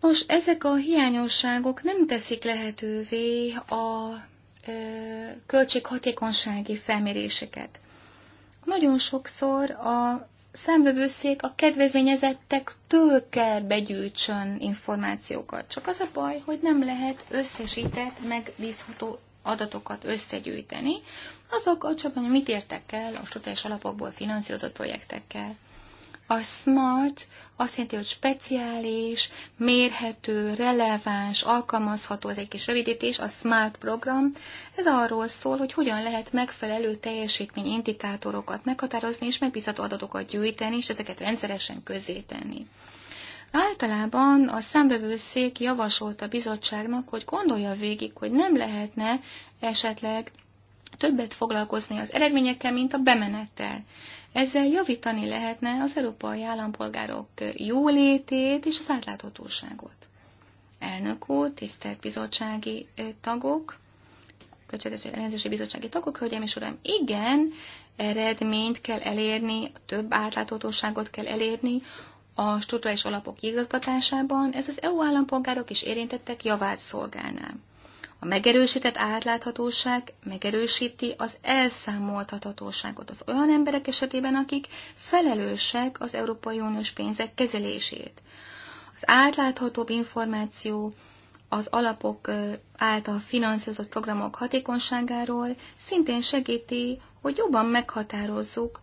Nos, ezek a hiányosságok nem teszik lehetővé a ö, e, költséghatékonysági felméréseket. Nagyon sokszor a számvevőszék a kedvezményezettektől kell begyűjtsön információkat. Csak az a baj, hogy nem lehet összesített, megbízható adatokat összegyűjteni, azok csak, hogy mit értek el a struktúrás alapokból finanszírozott projektekkel. A smart azt jelenti, hogy speciális, mérhető, releváns, alkalmazható, ez egy kis rövidítés, a smart program. Ez arról szól, hogy hogyan lehet megfelelő indikátorokat meghatározni, és megbízható adatokat gyűjteni, és ezeket rendszeresen közzétenni. Általában a számbevőszék javasolt a bizottságnak, hogy gondolja végig, hogy nem lehetne esetleg többet foglalkozni az eredményekkel, mint a bemenettel. Ezzel javítani lehetne az európai állampolgárok jólétét és az átláthatóságot. Elnök úr, tisztelt bizottsági tagok, Költségvetési ellenzési Bizottsági tagok, hölgyeim és uram, igen, eredményt kell elérni, több átláthatóságot kell elérni a struktúrális alapok igazgatásában, ez az EU állampolgárok és érintettek javát szolgálná. A megerősített átláthatóság megerősíti az elszámoltathatóságot az olyan emberek esetében, akik felelősek az Európai Uniós pénzek kezelését. Az átláthatóbb információ az alapok által finanszírozott programok hatékonyságáról szintén segíti, hogy jobban meghatározzuk,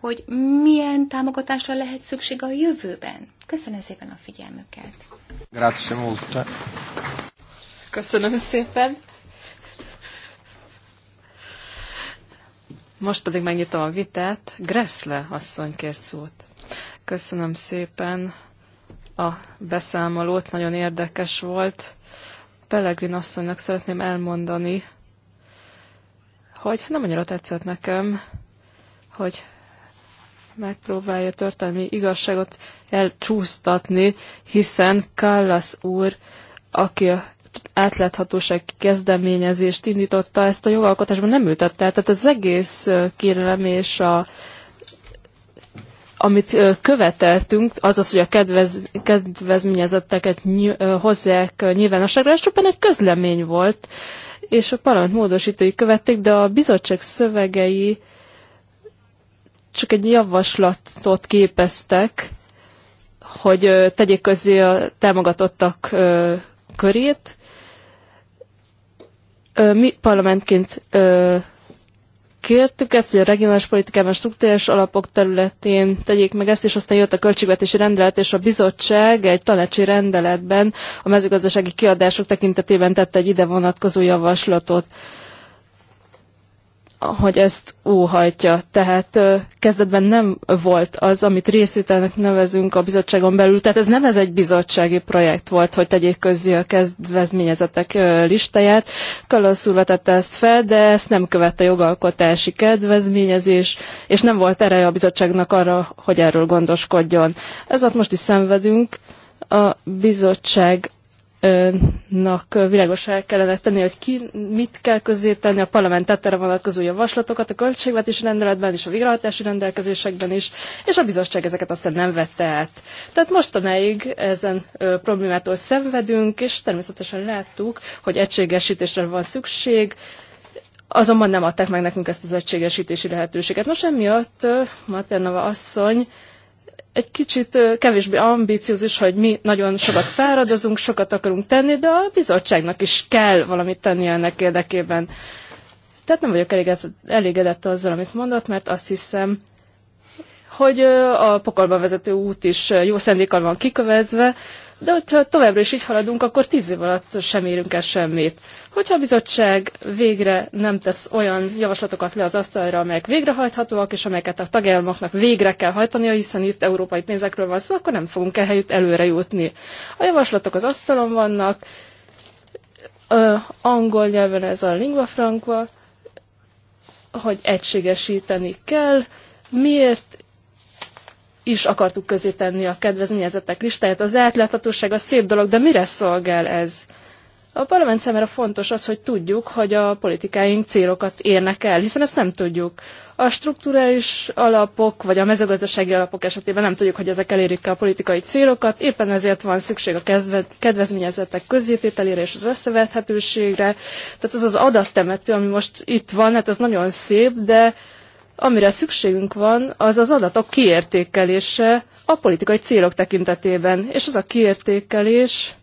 hogy milyen támogatásra lehet szükség a jövőben. Köszönöm szépen a figyelmüket! Grazie molto! Köszönöm szépen. Most pedig megnyitom a vitát. Gressle asszony kért szót. Köszönöm szépen a beszámolót, nagyon érdekes volt. Pelegrin asszonynak szeretném elmondani, hogy nem annyira tetszett nekem, hogy megpróbálja történelmi igazságot elcsúsztatni, hiszen Kallas úr, aki a átláthatóság kezdeményezést indította, ezt a jogalkotásban nem ültette el. Tehát az egész kérelem és a, amit követeltünk, az az, hogy a kedvez, kedvezményezetteket ny, hozzák nyilvánosságra, ez csupán egy közlemény volt, és a parlament módosítói követték, de a bizottság szövegei csak egy javaslatot képeztek, hogy tegyék közé a támogatottak körét, mi parlamentként kértük ezt, hogy a regionális politikában struktúrás alapok területén tegyék meg ezt, és aztán jött a költségvetési rendelet, és a bizottság egy tanácsi rendeletben a mezőgazdasági kiadások tekintetében tette egy ide vonatkozó javaslatot hogy ezt óhajtja. Tehát kezdetben nem volt az, amit részvételnek nevezünk a bizottságon belül, tehát ez nem ez egy bizottsági projekt volt, hogy tegyék közzé a kedvezményezetek listáját. Kalaszul vetette ezt fel, de ezt nem követte jogalkotási kedvezményezés, és nem volt ereje a bizottságnak arra, hogy erről gondoskodjon. Ez ott most is szenvedünk. A bizottság nak világosá kellene tenni, hogy ki mit kell közé tenni, a parlament tettere vonatkozó javaslatokat a költségvetési rendeletben és a végrehajtási rendelkezésekben is, és a bizottság ezeket aztán nem vette át. Tehát mostanáig ezen ö, problémától szenvedünk, és természetesen láttuk, hogy egységesítésre van szükség, azonban nem adták meg nekünk ezt az egységesítési lehetőséget. Nos, emiatt Maternova asszony egy kicsit kevésbé ambíciózus, hogy mi nagyon sokat fáradozunk, sokat akarunk tenni, de a bizottságnak is kell valamit tenni ennek érdekében. Tehát nem vagyok elégedett, elégedett azzal, amit mondott, mert azt hiszem, hogy a pokolba vezető út is jó szendékkal van kikövezve, de hogyha továbbra is így haladunk, akkor tíz év alatt sem érünk el semmit. Hogyha a bizottság végre nem tesz olyan javaslatokat le az asztalra, amelyek végrehajthatóak, és amelyeket a tagállamoknak végre kell hajtania, hiszen itt európai pénzekről van szó, akkor nem fogunk ehelyütt előre jutni. A javaslatok az asztalon vannak, ö, angol nyelven ez a lingua franca, hogy egységesíteni kell. Miért is akartuk közé tenni a kedvezményezettek listáját. Az átláthatóság a szép dolog, de mire szolgál ez? A parlament számára fontos az, hogy tudjuk, hogy a politikáink célokat érnek el, hiszen ezt nem tudjuk. A struktúrális alapok, vagy a mezőgazdasági alapok esetében nem tudjuk, hogy ezek elérik a politikai célokat, éppen ezért van szükség a kedvezményezettek közzétételére és az összevethetőségre. Tehát az az adattemető, ami most itt van, hát ez nagyon szép, de Amire szükségünk van, az az adatok kiértékelése a politikai célok tekintetében, és az a kiértékelés,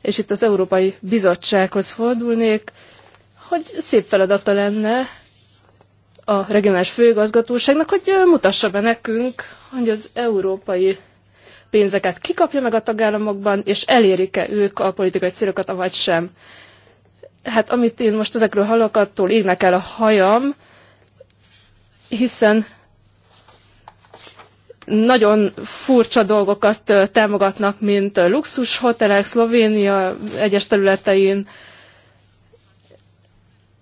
és itt az Európai Bizottsághoz fordulnék, hogy szép feladata lenne a regionális főigazgatóságnak, hogy mutassa be nekünk, hogy az európai pénzeket kikapja meg a tagállamokban, és elérik-e ők a politikai célokat, avagy sem. Hát amit én most ezekről hallok, attól égnek el a hajam, hiszen nagyon furcsa dolgokat támogatnak, mint luxus hotelek Szlovénia egyes területein,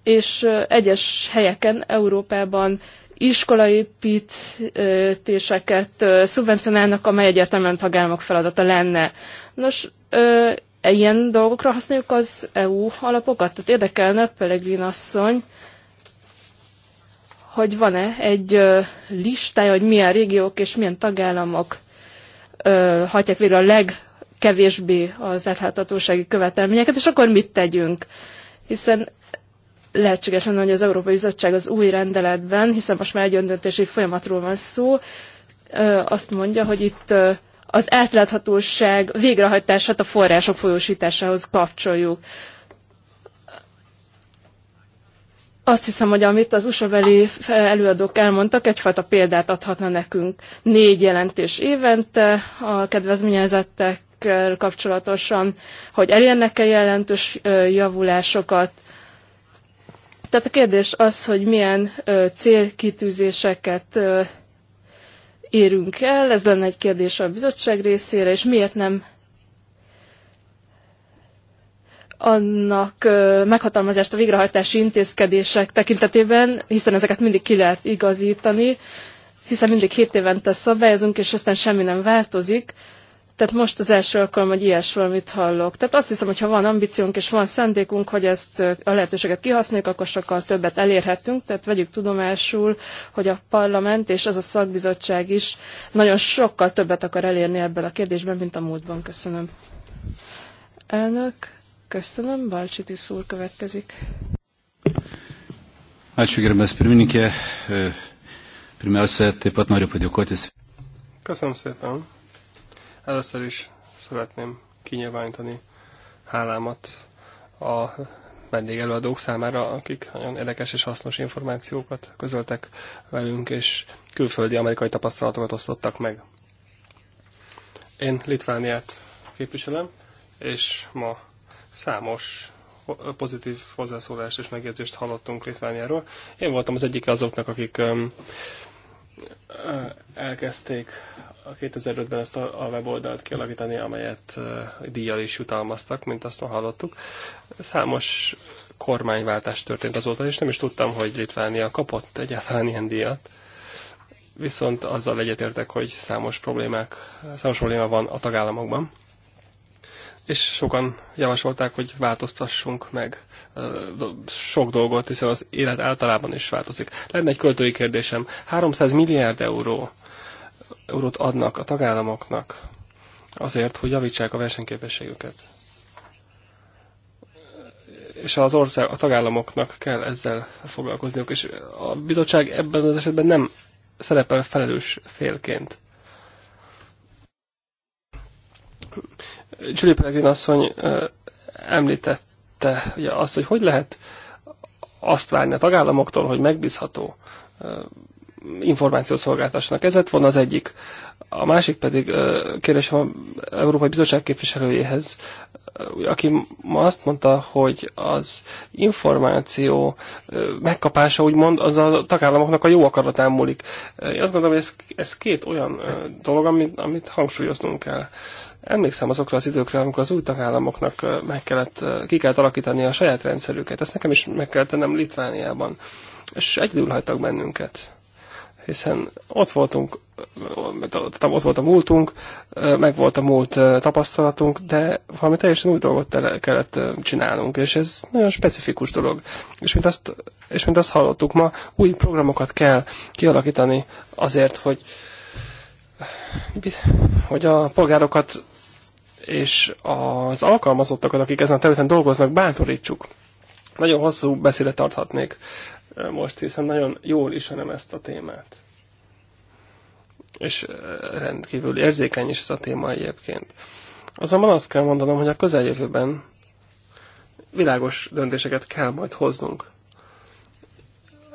és egyes helyeken Európában iskolaépítéseket szubvencionálnak, amely egyértelműen tagállamok feladata lenne. Nos, e ilyen dolgokra használjuk az EU alapokat? Tehát érdekelne, Pelegrin asszony, hogy van-e egy listája, hogy milyen régiók és milyen tagállamok hagyják végre a legkevésbé az átláthatósági követelményeket, és akkor mit tegyünk? Hiszen lehetséges lenne, hogy az Európai Bizottság az új rendeletben, hiszen most már egy öndöntési folyamatról van szó, azt mondja, hogy itt az átláthatóság végrehajtását a források folyósításához kapcsoljuk. azt hiszem, hogy amit az USA-beli előadók elmondtak, egyfajta példát adhatna nekünk. Négy jelentés évente a kedvezményezettek kapcsolatosan, hogy elérnek-e jelentős javulásokat. Tehát a kérdés az, hogy milyen célkitűzéseket érünk el, ez lenne egy kérdés a bizottság részére, és miért nem annak meghatalmazást a végrehajtási intézkedések tekintetében, hiszen ezeket mindig ki lehet igazítani, hiszen mindig 7 évente szabályozunk, és aztán semmi nem változik. Tehát most az első alkalom, hogy ilyesvalamit hallok. Tehát azt hiszem, hogy ha van ambíciónk és van szándékunk, hogy ezt a lehetőséget kihasználjuk, akkor sokkal többet elérhetünk. Tehát vegyük tudomásul, hogy a parlament és az a szakbizottság is nagyon sokkal többet akar elérni ebben a kérdésben, mint a múltban. Köszönöm. Elnök. Köszönöm, Balcsitis úr következik. Ačiū, gerbiamas pirmininkė. E, pirmiausia, taip pat noriu padėkoti. Köszönöm szépen. Először is szeretném kinyilvánítani hálámat a vendégelőadók számára, akik nagyon érdekes és hasznos információkat közöltek velünk, és külföldi amerikai tapasztalatokat osztottak meg. Én Litvániát képviselem, és ma Számos pozitív hozzászólást és megjegyzést hallottunk Litvániáról. Én voltam az egyik azoknak, akik elkezdték a 2005-ben ezt a weboldalt kialakítani, amelyet díjjal is jutalmaztak, mint azt ma hallottuk. Számos kormányváltás történt azóta, és nem is tudtam, hogy Litvánia kapott egyáltalán ilyen díjat. Viszont azzal egyetértek, hogy számos problémák, számos probléma van a tagállamokban és sokan javasolták, hogy változtassunk meg sok dolgot, hiszen az élet általában is változik. Lenne egy költői kérdésem. 300 milliárd euró, eurót adnak a tagállamoknak azért, hogy javítsák a versenyképességüket. És az ország, a tagállamoknak kell ezzel foglalkozniuk, és a bizottság ebben az esetben nem szerepel felelős félként. Julie Pellegrin asszony említette ugye azt, hogy hogy lehet azt várni a tagállamoktól, hogy megbízható információszolgáltassanak. Ez lett volna az egyik. A másik pedig kérdésem a Európai Bizottság képviselőjéhez, aki ma azt mondta, hogy az információ megkapása, úgymond, az a tagállamoknak a jó akaratán múlik. Én azt gondolom, hogy ez, ez két olyan dolog, amit, amit hangsúlyoznunk kell. Emlékszem azokra az időkre, amikor az új tagállamoknak meg kellett, ki kellett alakítani a saját rendszerüket. Ezt nekem is meg kellett tennem Litvániában. És egyedül hagytak bennünket. Hiszen ott voltunk, ott volt a múltunk, meg volt a múlt tapasztalatunk, de valami teljesen új dolgot kellett csinálnunk, és ez nagyon specifikus dolog. És mint azt, és mint azt hallottuk ma, új programokat kell kialakítani azért, hogy hogy a polgárokat és az alkalmazottakat, akik ezen a területen dolgoznak, bántorítsuk. Nagyon hosszú beszédet tarthatnék most, hiszen nagyon jól ismerem ezt a témát. És rendkívül érzékeny is ez a téma egyébként. Azonban azt kell mondanom, hogy a közeljövőben világos döntéseket kell majd hoznunk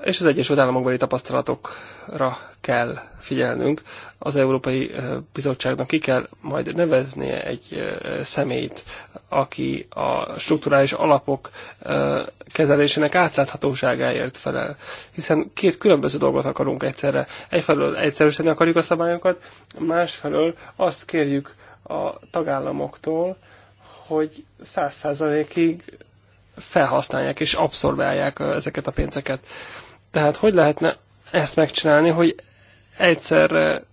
és az Egyesült Államokbeli tapasztalatokra kell figyelnünk. Az Európai Bizottságnak ki kell majd neveznie egy személyt, aki a strukturális alapok kezelésének átláthatóságáért felel. Hiszen két különböző dolgot akarunk egyszerre. Egyfelől egyszerűsíteni akarjuk a szabályokat, másfelől azt kérjük a tagállamoktól, hogy száz százalékig felhasználják és abszorbálják ezeket a pénzeket. Tehát hogy lehetne ezt megcsinálni, hogy egyszerre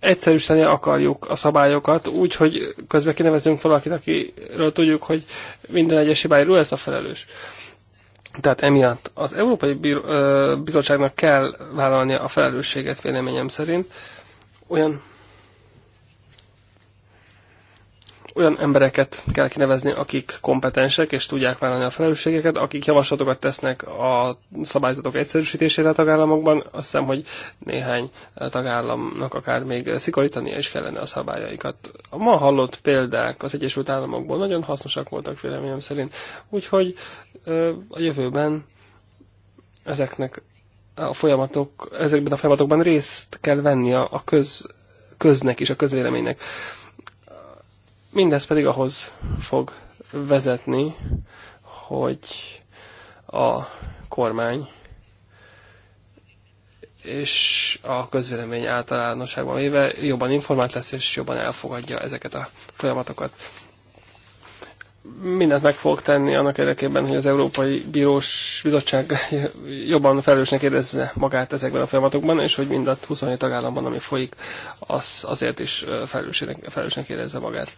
egyszerűsíteni akarjuk a szabályokat, úgy, hogy közben kinevezünk valakit, akiről tudjuk, hogy minden egyes hibáiról ez a felelős. Tehát emiatt az Európai Bizottságnak kell vállalnia a felelősséget véleményem szerint olyan olyan embereket kell kinevezni, akik kompetensek és tudják vállalni a felelősségeket, akik javaslatokat tesznek a szabályzatok egyszerűsítésére a tagállamokban. Azt hiszem, hogy néhány tagállamnak akár még szigorítania is kellene a szabályaikat. A ma hallott példák az Egyesült Államokból nagyon hasznosak voltak véleményem szerint, úgyhogy a jövőben ezeknek a folyamatok, ezekben a folyamatokban részt kell venni a, a köz, köznek és a közvéleménynek. Mindez pedig ahhoz fog vezetni, hogy a kormány és a közvélemény általánosságban éve jobban informált lesz, és jobban elfogadja ezeket a folyamatokat mindent meg fog tenni annak érdekében, hogy az Európai Bírós Bizottság jobban felelősnek érezze magát ezekben a folyamatokban, és hogy mind a 27 tagállamban, ami folyik, az azért is felelősnek, felelősnek érezze magát.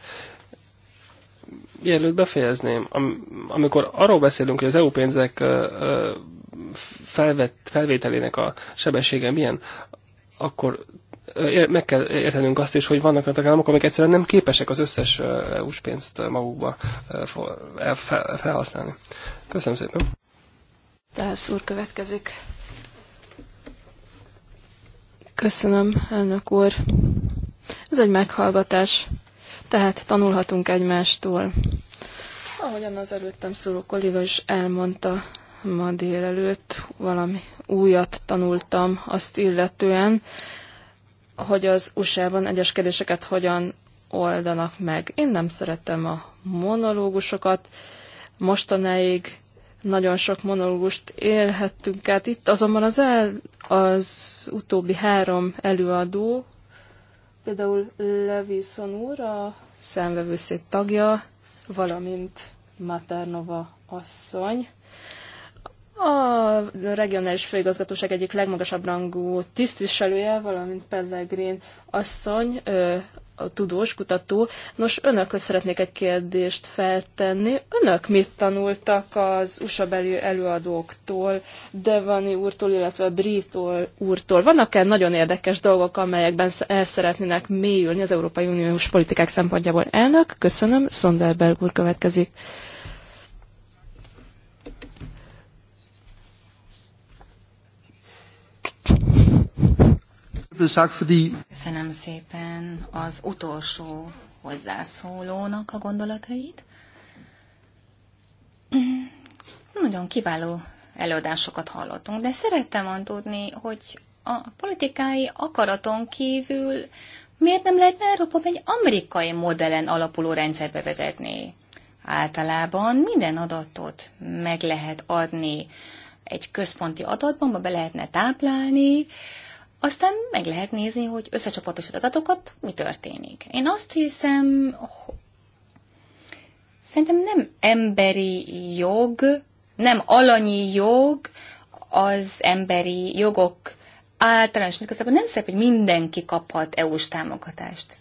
Mielőtt befejezném, am, amikor arról beszélünk, hogy az EU pénzek felvet, felvételének a sebessége milyen, akkor meg kell értenünk azt is, hogy vannak olyan tagállamok, amik egyszerűen nem képesek az összes EU-s pénzt magukba felhasználni. Köszönöm szépen. Tehát szúr következik. Köszönöm, elnök úr. Ez egy meghallgatás, tehát tanulhatunk egymástól. Ahogyan az előttem szóló kolléga is elmondta ma délelőtt, valami újat tanultam azt illetően, hogy az USA-ban egyes kérdéseket hogyan oldanak meg. Én nem szeretem a monológusokat. Mostanáig nagyon sok monológust élhettünk át. Itt azonban az, el, az utóbbi három előadó, például Levison úr, a szemvevőszék tagja, valamint Maternova asszony, a regionális főigazgatóság egyik legmagasabb rangú tisztviselője, valamint Pellegrin asszony, a tudós, kutató. Nos, önökhöz szeretnék egy kérdést feltenni. Önök mit tanultak az USA beli előadóktól, Devani úrtól, illetve Britól úrtól? Vannak-e nagyon érdekes dolgok, amelyekben el szeretnének mélyülni az Európai Uniós politikák szempontjából? Elnök, köszönöm. Sonderberg úr következik. Köszönöm szépen az utolsó hozzászólónak a gondolatait. Nagyon kiváló előadásokat hallottunk, de szerettem van tudni, hogy a politikai akaraton kívül miért nem lehetne Európa egy amerikai modellen alapuló rendszerbe vezetni? Általában minden adatot meg lehet adni egy központi adatban, be lehetne táplálni, aztán meg lehet nézni, hogy összecsapatosod adatokat, mi történik. Én azt hiszem, szerintem nem emberi jog, nem alanyi jog az emberi jogok általános igazából nem szép, hogy mindenki kaphat EU-s támogatást.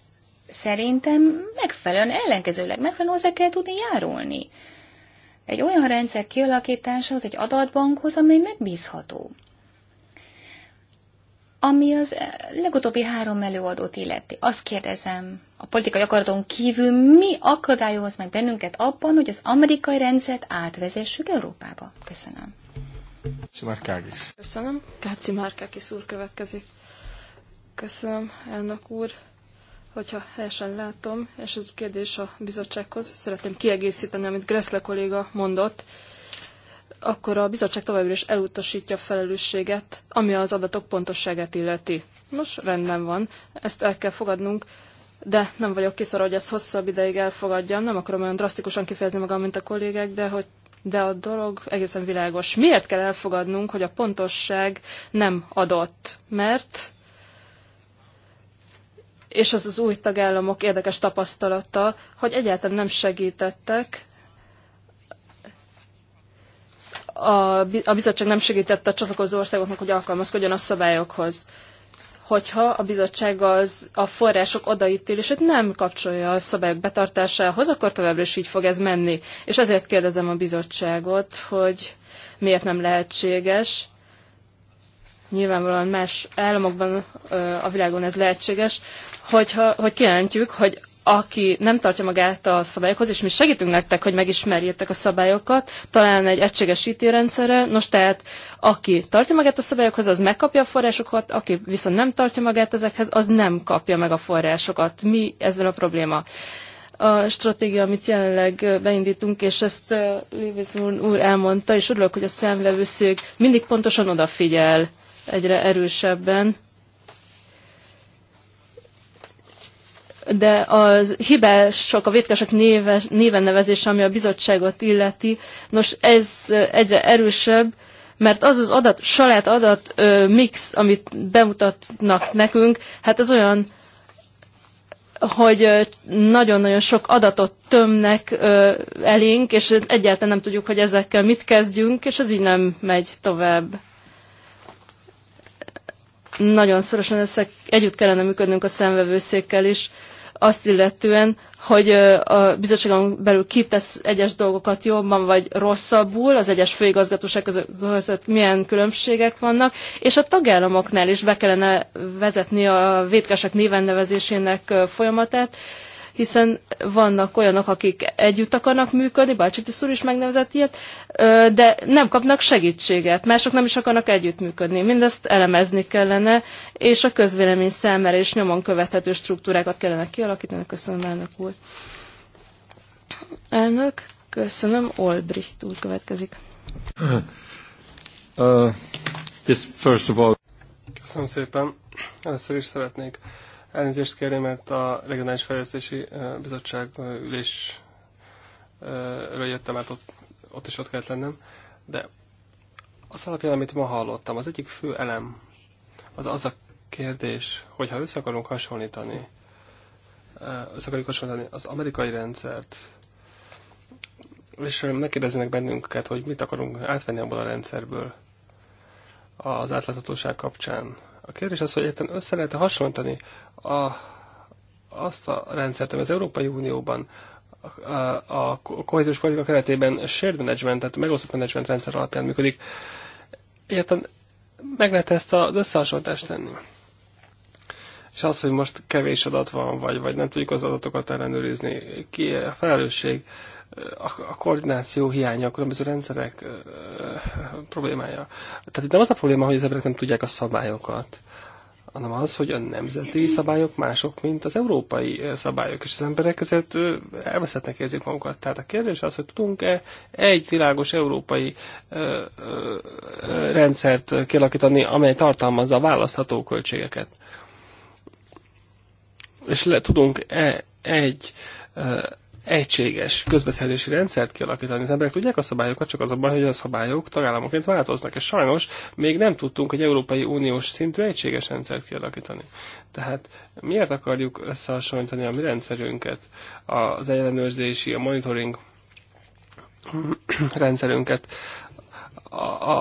Szerintem megfelelően, ellenkezőleg megfelelően hozzá kell tudni járulni. Egy olyan rendszer kialakítása az egy adatbankhoz, amely megbízható. Ami az eh, legutóbbi három előadót illeti, azt kérdezem, a politikai akaraton kívül mi akadályoz meg bennünket abban, hogy az amerikai rendszert átvezessük Európába? Köszönöm. Cimárkágis. Köszönöm. Káci Márkákis úr következik. Köszönöm, elnök úr. Hogyha helyesen látom, és ez a kérdés a bizottsághoz, szeretném kiegészíteni, amit Greszle kolléga mondott akkor a bizottság továbbra is elutasítja a felelősséget, ami az adatok pontosságát illeti. Nos, rendben van, ezt el kell fogadnunk, de nem vagyok kiszor, hogy ezt hosszabb ideig elfogadjam, nem akarom olyan drasztikusan kifejezni magam, mint a kollégek, de hogy de a dolog egészen világos. Miért kell elfogadnunk, hogy a pontosság nem adott? Mert és az az új tagállamok érdekes tapasztalata, hogy egyáltalán nem segítettek a, a bizottság nem segítette a csatlakozó országoknak, hogy alkalmazkodjon a szabályokhoz hogyha a bizottság az, a források odaítélését nem kapcsolja a szabályok betartásához, akkor továbbra is így fog ez menni. És ezért kérdezem a bizottságot, hogy miért nem lehetséges. Nyilvánvalóan más államokban a világon ez lehetséges, hogyha, hogy kijelentjük, hogy aki nem tartja magát a szabályokhoz, és mi segítünk nektek, hogy megismerjétek a szabályokat, talán egy egységes rendszerrel. Nos, tehát aki tartja magát a szabályokhoz, az megkapja a forrásokat, aki viszont nem tartja magát ezekhez, az nem kapja meg a forrásokat. Mi ezzel a probléma? a stratégia, amit jelenleg beindítunk, és ezt Léviz úr elmondta, és örülök, hogy a számvevőszék mindig pontosan odafigyel egyre erősebben de a hibások, a vétkesek néve, néven nevezése, ami a bizottságot illeti, nos ez egyre erősebb, mert az az adat, saját adat ö, mix, amit bemutatnak nekünk, hát ez olyan, hogy nagyon-nagyon sok adatot tömnek ö, elénk, és egyáltalán nem tudjuk, hogy ezekkel mit kezdjünk, és ez így nem megy tovább nagyon szorosan össze, együtt kellene működnünk a szemvevőszékkel is, azt illetően, hogy a bizottságon belül tesz egyes dolgokat jobban vagy rosszabbul, az egyes főigazgatóság között milyen különbségek vannak, és a tagállamoknál is be kellene vezetni a védkesek névennevezésének folyamatát, hiszen vannak olyanok, akik együtt akarnak működni, Balcsitis úr is megnevezett ilyet, de nem kapnak segítséget, mások nem is akarnak együttműködni. Mindezt elemezni kellene, és a közvélemény számára is nyomon követhető struktúrákat kellene kialakítani. Köszönöm, elnök úr. Elnök, köszönöm. Olbricht úr következik. Uh, first of all... Köszönöm szépen. Először is szeretnék Elnézést kérem, mert a Regionális Fejlesztési Bizottság ülésről jöttem, mert hát ott, ott is ott kellett lennem. De az alapján, amit ma hallottam, az egyik fő elem az az a kérdés, hogy ha össze akarunk hasonlítani, össze akarjuk hasonlítani az amerikai rendszert, és megkérdeznek bennünket, hogy mit akarunk átvenni abból a rendszerből az átláthatóság kapcsán, a kérdés az, hogy egyetlen össze lehet -e hasonlítani a, azt a rendszert, ami az Európai Unióban a, a kohéziós politika keretében shared management, tehát megosztott management rendszer alapján működik. egyetlen meg lehet ezt az összehasonlítást tenni. És az, hogy most kevés adat van, vagy, vagy nem tudjuk az adatokat ellenőrizni, ki a felelősség, a, koordináció hiánya, a különböző rendszerek problémája. Tehát itt nem az a probléma, hogy az emberek nem tudják a szabályokat, hanem az, hogy a nemzeti szabályok mások, mint az európai szabályok, és az emberek ezért elveszettnek érzik magukat. Tehát a kérdés az, hogy tudunk-e egy világos európai rendszert kialakítani, amely tartalmazza a választható költségeket. És le tudunk-e egy egységes közbeszerzési rendszert kialakítani. Az emberek tudják a szabályokat, csak az a baj, hogy a szabályok tagállamoként változnak, és sajnos még nem tudtunk egy Európai Uniós szintű egységes rendszert kialakítani. Tehát miért akarjuk összehasonlítani a mi rendszerünket, az ellenőrzési, a monitoring *clears throat* rendszerünket,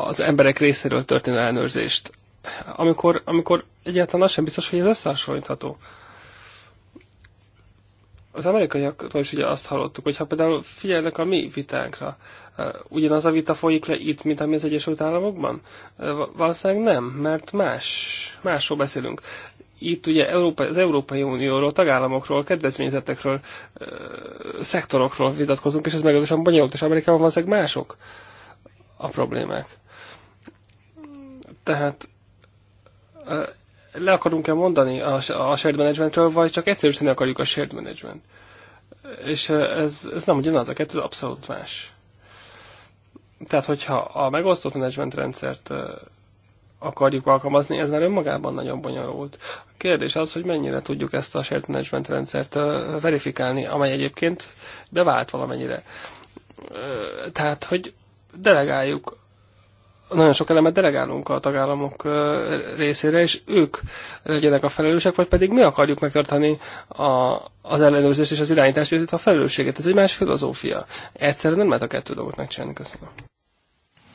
az emberek részéről történő ellenőrzést, amikor, amikor egyáltalán az sem biztos, hogy ez összehasonlítható az amerikaiaktól is ugye azt hallottuk, hogy ha például figyelnek a mi vitánkra, eh, ugyanaz a vita folyik le itt, mint ami az Egyesült Államokban? Eh, valószínűleg nem, mert más, másról beszélünk. Itt ugye Európa, az Európai Unióról, tagállamokról, kedvezményezettekről, eh, szektorokról vitatkozunk, és ez meglehetősen bonyolult, és Amerikában valószínűleg mások a problémák. Tehát le akarunk-e mondani a, a shared managementről, vagy csak egyszerűsíteni akarjuk a shared management. És ez, ez nem ugyanaz, a kettő abszolút más. Tehát, hogyha a megosztott management rendszert akarjuk alkalmazni, ez már önmagában nagyon bonyolult. A kérdés az, hogy mennyire tudjuk ezt a shared management rendszert verifikálni, amely egyébként bevált valamennyire. Tehát, hogy delegáljuk nagyon sok elemet delegálunk a tagállamok részére, és ők legyenek a felelősek, vagy pedig mi akarjuk megtartani a, az ellenőrzést és az irányítást, illetve a felelősséget. Ez egy más filozófia. Egyszerűen nem lehet a kettő dolgot megcsinálni. Köszönöm.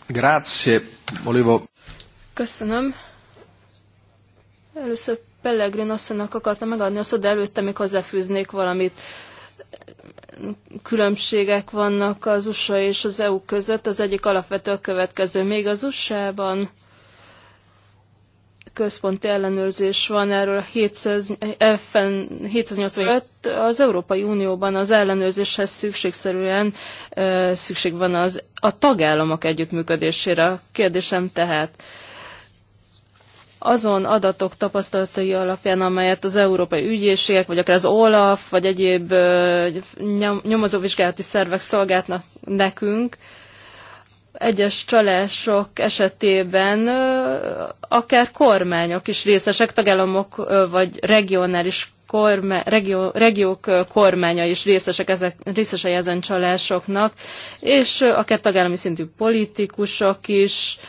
Grazie, Olivo. Köszönöm. Először Pellegrin asszonynak akartam megadni a szó, de előtte még hozzáfűznék valamit. Uh, különbségek vannak az USA és az EU között. Az egyik alapvető a következő. Még az USA-ban központi ellenőrzés van erről a 785. Az Európai Unióban az ellenőrzéshez szükségszerűen szükség van az, a tagállamok együttműködésére. Kérdésem tehát, azon adatok tapasztalatai alapján, amelyet az európai ügyészségek, vagy akár az OLAF, vagy egyéb nyomozóvizsgálati szervek szolgáltnak nekünk, egyes csalások esetében akár kormányok is részesek, tagállamok vagy regionális kormány, regió, regiók kormánya is részesek ezek, részesei ezen csalásoknak, és akár tagállami szintű politikusok is,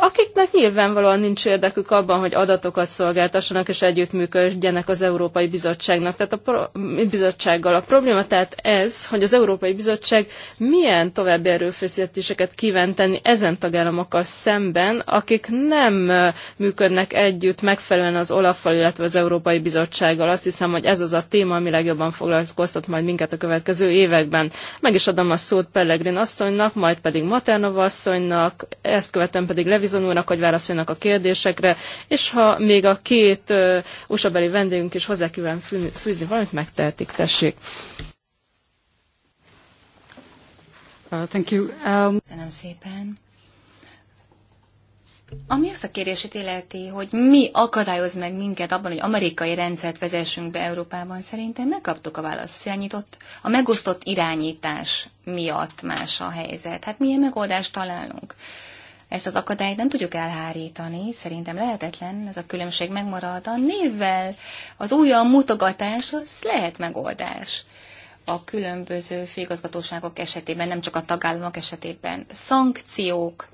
akiknek nyilvánvalóan nincs érdekük abban, hogy adatokat szolgáltassanak és együttműködjenek az Európai Bizottságnak, tehát a pro- bizottsággal. A probléma tehát ez, hogy az Európai Bizottság milyen további erőfeszítéseket kíván tenni ezen tagállamokkal szemben, akik nem működnek együtt megfelelően az olaf illetve az Európai Bizottsággal. Azt hiszem, hogy ez az a téma, ami legjobban foglalkoztat majd minket a következő években. Meg is adom a szót Pellegrin asszonynak, majd pedig Maternova asszonynak, ezt követően pedig Levi Horizon úrnak, hogy válaszoljanak a kérdésekre, és ha még a két usa vendégünk is hozzá kíván fűzni valamit, megtehetik, tessék. Uh, thank you. Um... Köszönöm szépen. Ami azt a kérdését illeti, hogy mi akadályoz meg minket abban, hogy amerikai rendszert vezessünk be Európában, szerintem megkaptuk a választ. Irányított, a megosztott irányítás miatt más a helyzet. Hát milyen megoldást találunk? Ezt az akadályt nem tudjuk elhárítani, szerintem lehetetlen, ez a különbség megmarad. A névvel az újabb mutogatás, az lehet megoldás a különböző főigazgatóságok esetében, nem csak a tagállamok esetében. Szankciók,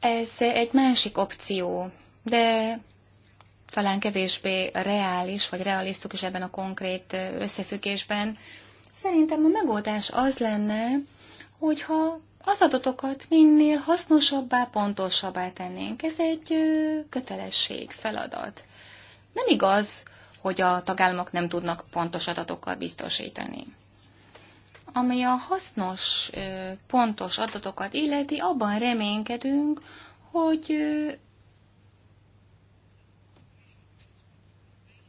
ez egy másik opció, de talán kevésbé reális, vagy realisztikus is ebben a konkrét összefüggésben. Szerintem a megoldás az lenne, hogyha az adatokat minél hasznosabbá, pontosabbá tennénk. Ez egy kötelesség, feladat. Nem igaz, hogy a tagállamok nem tudnak pontos adatokkal biztosítani. Ami a hasznos, pontos adatokat illeti, abban reménykedünk, hogy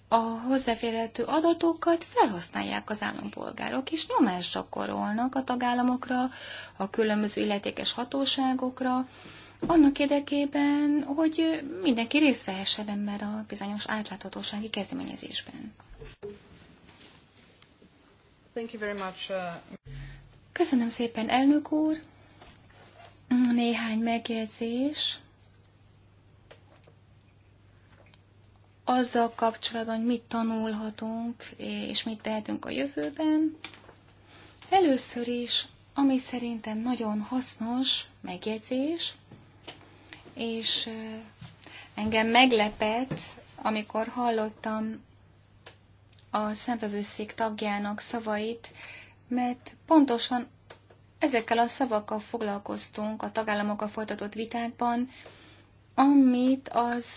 a hozzáférhető adatokat felhasználják az állampolgárok, és nyomást gyakorolnak a tagállamokra, a különböző illetékes hatóságokra, annak érdekében, hogy mindenki részt vehessen ember a bizonyos átláthatósági kezdeményezésben. Thank you very much. Uh, Köszönöm szépen, elnök úr! Néhány megjegyzés azzal kapcsolatban, hogy mit tanulhatunk, és mit tehetünk a jövőben. Először is, ami szerintem nagyon hasznos megjegyzés, és engem meglepett, amikor hallottam a szembevőszék tagjának szavait, mert pontosan ezekkel a szavakkal foglalkoztunk a tagállamokkal folytatott vitákban, amit az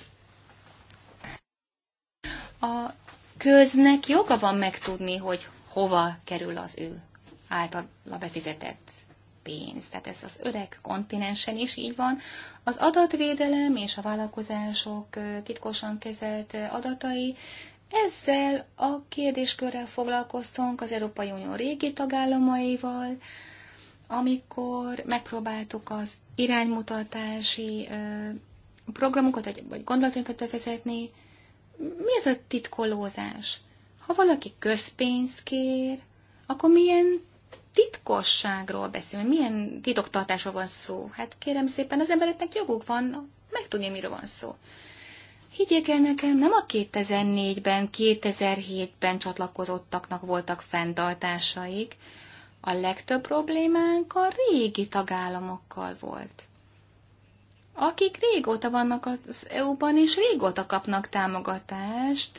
a köznek joga van megtudni, hogy hova kerül az ő általa befizetett pénz. Tehát ez az öreg kontinensen is így van. Az adatvédelem és a vállalkozások titkosan kezelt adatai, ezzel a kérdéskörrel foglalkoztunk az Európai Unió régi tagállamaival, amikor megpróbáltuk az iránymutatási programokat vagy gondolatunkat bevezetni, mi ez a titkolózás? Ha valaki közpénzt kér, akkor milyen titkosságról beszélünk, milyen titoktartásról van szó? Hát kérem szépen, az embereknek joguk van, meg tudja, miről van szó. Higgyék el nekem, nem a 2004-ben, 2007-ben csatlakozottaknak voltak fenntartásaik. A legtöbb problémánk a régi tagállamokkal volt akik régóta vannak az EU-ban, és régóta kapnak támogatást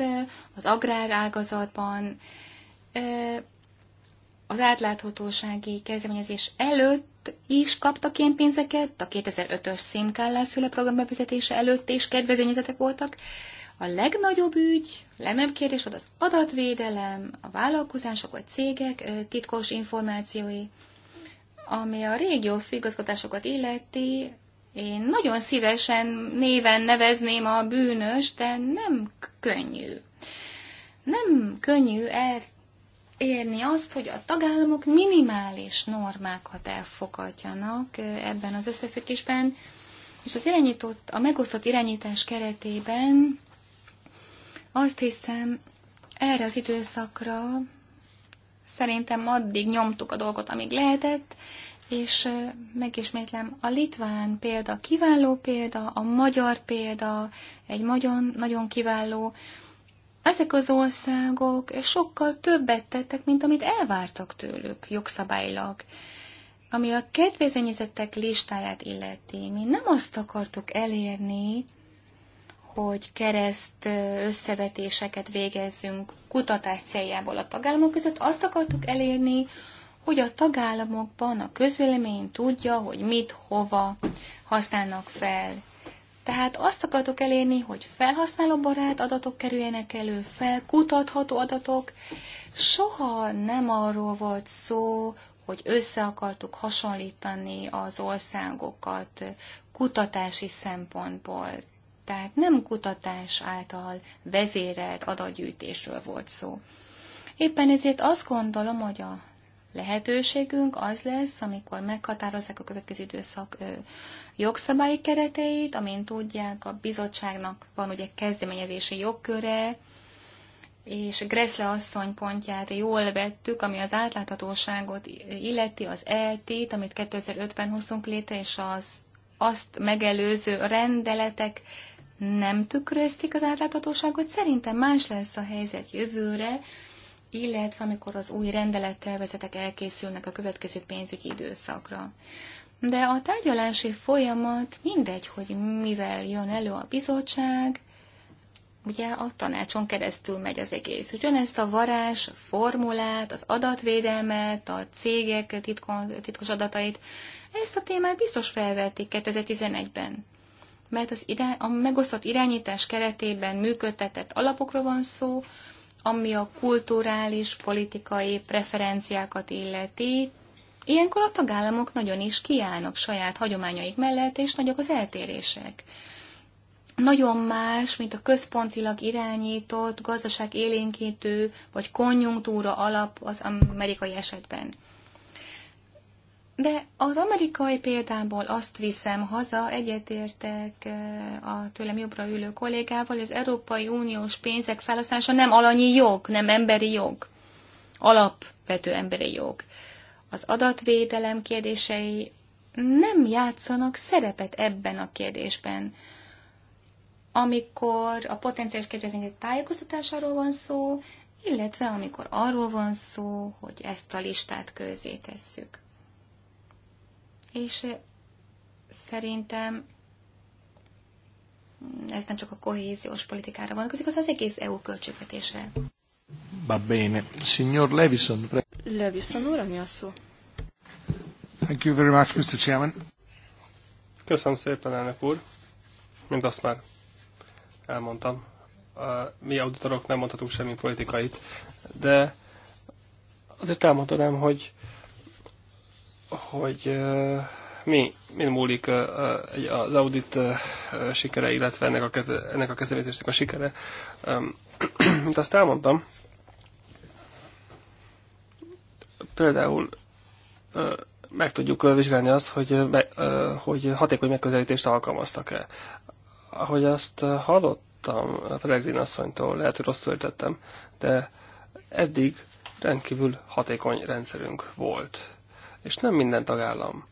az agrárágazatban, az átláthatósági kezdeményezés előtt is kaptak ilyen pénzeket, a 2005-ös szimkállásféle program bevezetése előtt is kedvezményezetek voltak. A legnagyobb ügy, a legnagyobb kérdés volt az adatvédelem, a vállalkozások vagy cégek titkos információi, ami a régió főigazgatásokat illeti, én nagyon szívesen néven nevezném a bűnös, de nem könnyű. Nem könnyű elérni azt, hogy a tagállamok minimális normákat elfogadjanak eh, ebben az összefüggésben, és az irányított, a megosztott irányítás keretében azt hiszem, erre az időszakra szerintem addig nyomtuk a dolgot, amíg lehetett, és megismétlem, a litván példa kiváló példa, a magyar példa egy nagyon, nagyon kiváló. Ezek az országok sokkal többet tettek, mint amit elvártak tőlük jogszabálylag. Ami a kedvezményezettek listáját illeti, mi nem azt akartuk elérni, hogy kereszt összevetéseket végezzünk kutatás céljából a tagállamok között, azt akartuk elérni, hogy a tagállamokban a közvélemény tudja, hogy mit, hova használnak fel. Tehát azt akartok elérni, hogy felhasználóbarát adatok kerüljenek elő, felkutatható adatok. Soha nem arról volt szó, hogy össze akartuk hasonlítani az országokat kutatási szempontból. Tehát nem kutatás által vezérelt adatgyűjtésről volt szó. Éppen ezért azt gondolom, hogy a lehetőségünk az lesz, amikor meghatározzák a következő időszak jogszabályi kereteit, amint tudják, a bizottságnak van ugye kezdeményezési jogköre, és Greszle asszony pontját jól vettük, ami az átláthatóságot illeti, az eltét, t amit 2005-ben hozunk létre, és az azt megelőző rendeletek nem tükrözték az átláthatóságot. Szerintem más lesz a helyzet jövőre, illetve amikor az új rendelettervezetek elkészülnek a következő pénzügyi időszakra. De a tárgyalási folyamat mindegy, hogy mivel jön elő a bizottság, ugye a tanácson keresztül megy az egész. Ugyanezt a varázs formulát, az adatvédelmet, a cégek titkos adatait, ezt a témát biztos felvették 2011-ben. Mert az irány, a megosztott irányítás keretében működtetett alapokról van szó, ami a kulturális, politikai preferenciákat illeti, ilyenkor a tagállamok nagyon is kiállnak saját hagyományaik mellett, és nagyok az eltérések. Nagyon más, mint a központilag irányított, gazdaság élénkítő vagy konjunktúra alap az amerikai esetben. De az amerikai példából azt viszem haza, egyetértek eh, a tőlem jobbra ülő kollégával, hogy az Európai Uniós pénzek felhasználása nem alanyi jog, nem emberi jog. Alapvető emberi jog. Az adatvédelem kérdései nem játszanak szerepet ebben a kérdésben. Amikor a potenciális kedvezmények tájékoztatásáról van szó, illetve amikor arról van szó, hogy ezt a listát közzétesszük. És eh, szerintem ez nem csak a kohéziós politikára vonatkozik, az az egész EU költségvetésre. Va bene. Signor Levison, pre- Levison úr, mi a szó? Thank you very much, Mr. Chairman. Köszönöm szépen, elnök úr. Mint azt már elmondtam, mi auditorok nem mondhatunk semmi politikait, de azért elmondanám, hogy hogy mi, mi múlik az audit sikere, illetve ennek a, keze, ennek a kezelésnek a sikere. *clears throat* Mint azt elmondtam, például meg tudjuk vizsgálni azt, hogy, hogy hatékony megközelítést alkalmaztak-e. Ahogy azt hallottam Peregrin asszonytól, lehet, hogy rosszul értettem, de eddig rendkívül hatékony rendszerünk volt és nem minden tagállam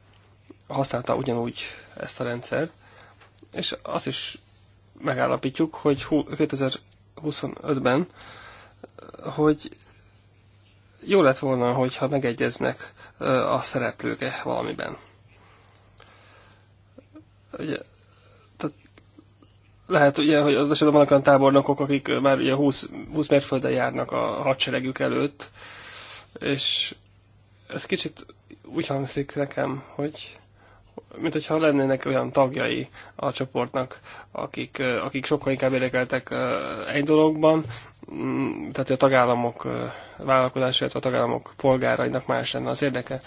használta ugyanúgy ezt a rendszert, és azt is megállapítjuk, hogy 2025-ben, hogy jó lett volna, hogyha megegyeznek a szereplők -e valamiben. Ugye, tehát lehet ugye, hogy az esetben vannak olyan tábornokok, akik már ugye 20, 20 mérföldre járnak a hadseregük előtt, és ez kicsit úgy hangzik nekem, hogy mint hogyha lennének olyan tagjai a csoportnak, akik, akik sokkal inkább érdekeltek egy dologban, mm, tehát a tagállamok vállalkozása, illetve a tagállamok polgárainak más lenne az érdeke.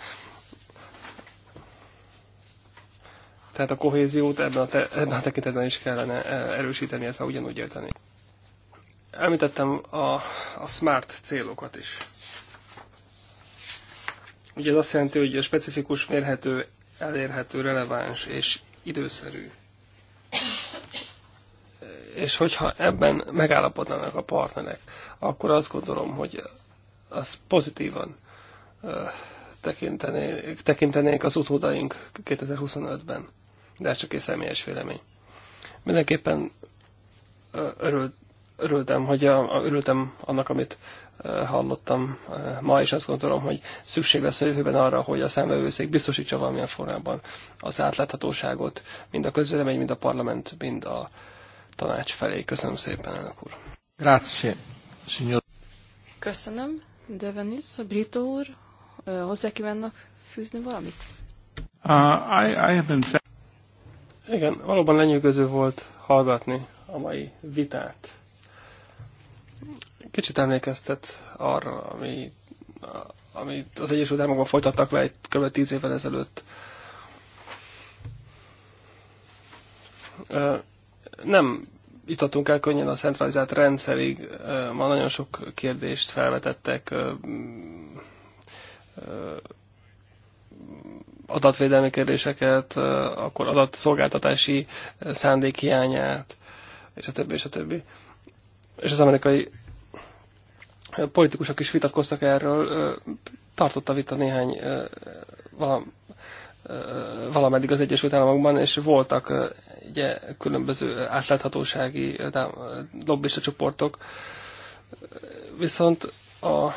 Tehát a kohéziót ebben a, te, ebben a tekintetben is kellene erősíteni, illetve ugyanúgy érteni. Elmítettem a, a smart célokat is. Ugye ez azt jelenti, hogy a specifikus, mérhető, elérhető, releváns és időszerű. És hogyha ebben megállapodnának a partnerek, akkor azt gondolom, hogy az pozitívan tekintenék, tekintenék az utódaink 2025-ben. De csak egy személyes vélemény. Mindenképpen örül, örültem, hogy a, örültem annak, amit Eh, hallottam eh, ma, és azt gondolom, hogy szükség lesz a jövőben arra, hogy a szemvevőszék biztosítsa valamilyen formában az átláthatóságot, mind a közvélemény, mind a parlament, mind a tanács felé. Köszönöm szépen, elnök úr. Grazie, signor. Köszönöm, Devenis, Brito úr. Eh, hozzá kívánnak fűzni valamit? Uh, I, I have been... Igen, valóban lenyűgöző volt hallgatni a mai vitát kicsit emlékeztet arra, ami, amit az Egyesült Államokban folytattak le egy kb. tíz évvel ezelőtt. Nem jutottunk el könnyen a centralizált rendszerig. Ma nagyon sok kérdést felvetettek adatvédelmi kérdéseket, akkor adatszolgáltatási szándék hiányát, és a többi, és a többi és az amerikai politikusok is vitatkoztak erről, tartott a vita néhány valameddig az Egyesült Államokban, és voltak ugye, különböző átláthatósági lobbista csoportok, viszont a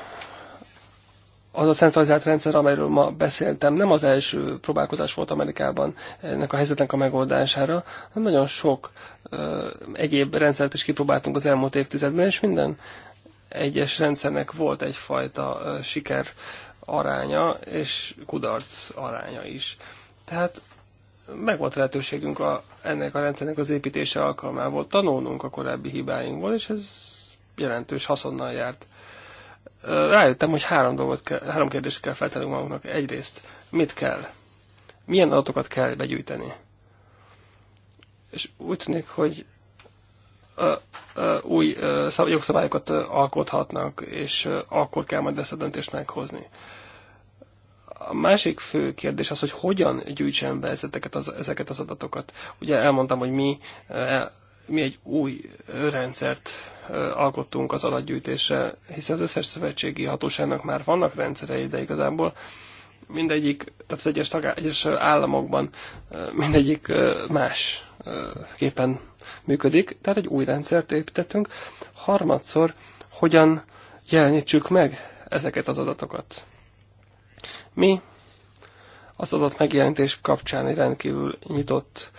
az a centralizált rendszer, amelyről ma beszéltem, nem az első próbálkozás volt Amerikában ennek a helyzetnek a megoldására, hanem nagyon sok ö, egyéb rendszert is kipróbáltunk az elmúlt évtizedben, és minden egyes rendszernek volt egyfajta ö, siker aránya, és kudarc aránya is. Tehát meg volt lehetőségünk a, ennek a rendszernek az építése alkalmával tanulnunk a korábbi hibáinkból, és ez jelentős haszonnal járt rájöttem, hogy három, dolgot kell, három kérdést kell feltennünk magunknak. Egyrészt, mit kell? Milyen adatokat kell begyűjteni? És úgy tűnik, hogy ö, ö, új ö, jogszabályokat alkothatnak, és akkor kell majd ezt a döntést meghozni. A másik fő kérdés az, hogy hogyan gyűjtsen be ezeket az, ezeket az adatokat. Ugye elmondtam, hogy mi mi egy új rendszert alkottunk az adatgyűjtésre, hiszen az összes szövetségi hatóságnak már vannak rendszerei, de igazából mindegyik, tehát az egyes, tagá, egyes államokban mindegyik más képen működik, tehát egy új rendszert építettünk. Harmadszor, hogyan jelenítsük meg ezeket az adatokat. Mi az adat megjelentés kapcsán egy rendkívül nyitott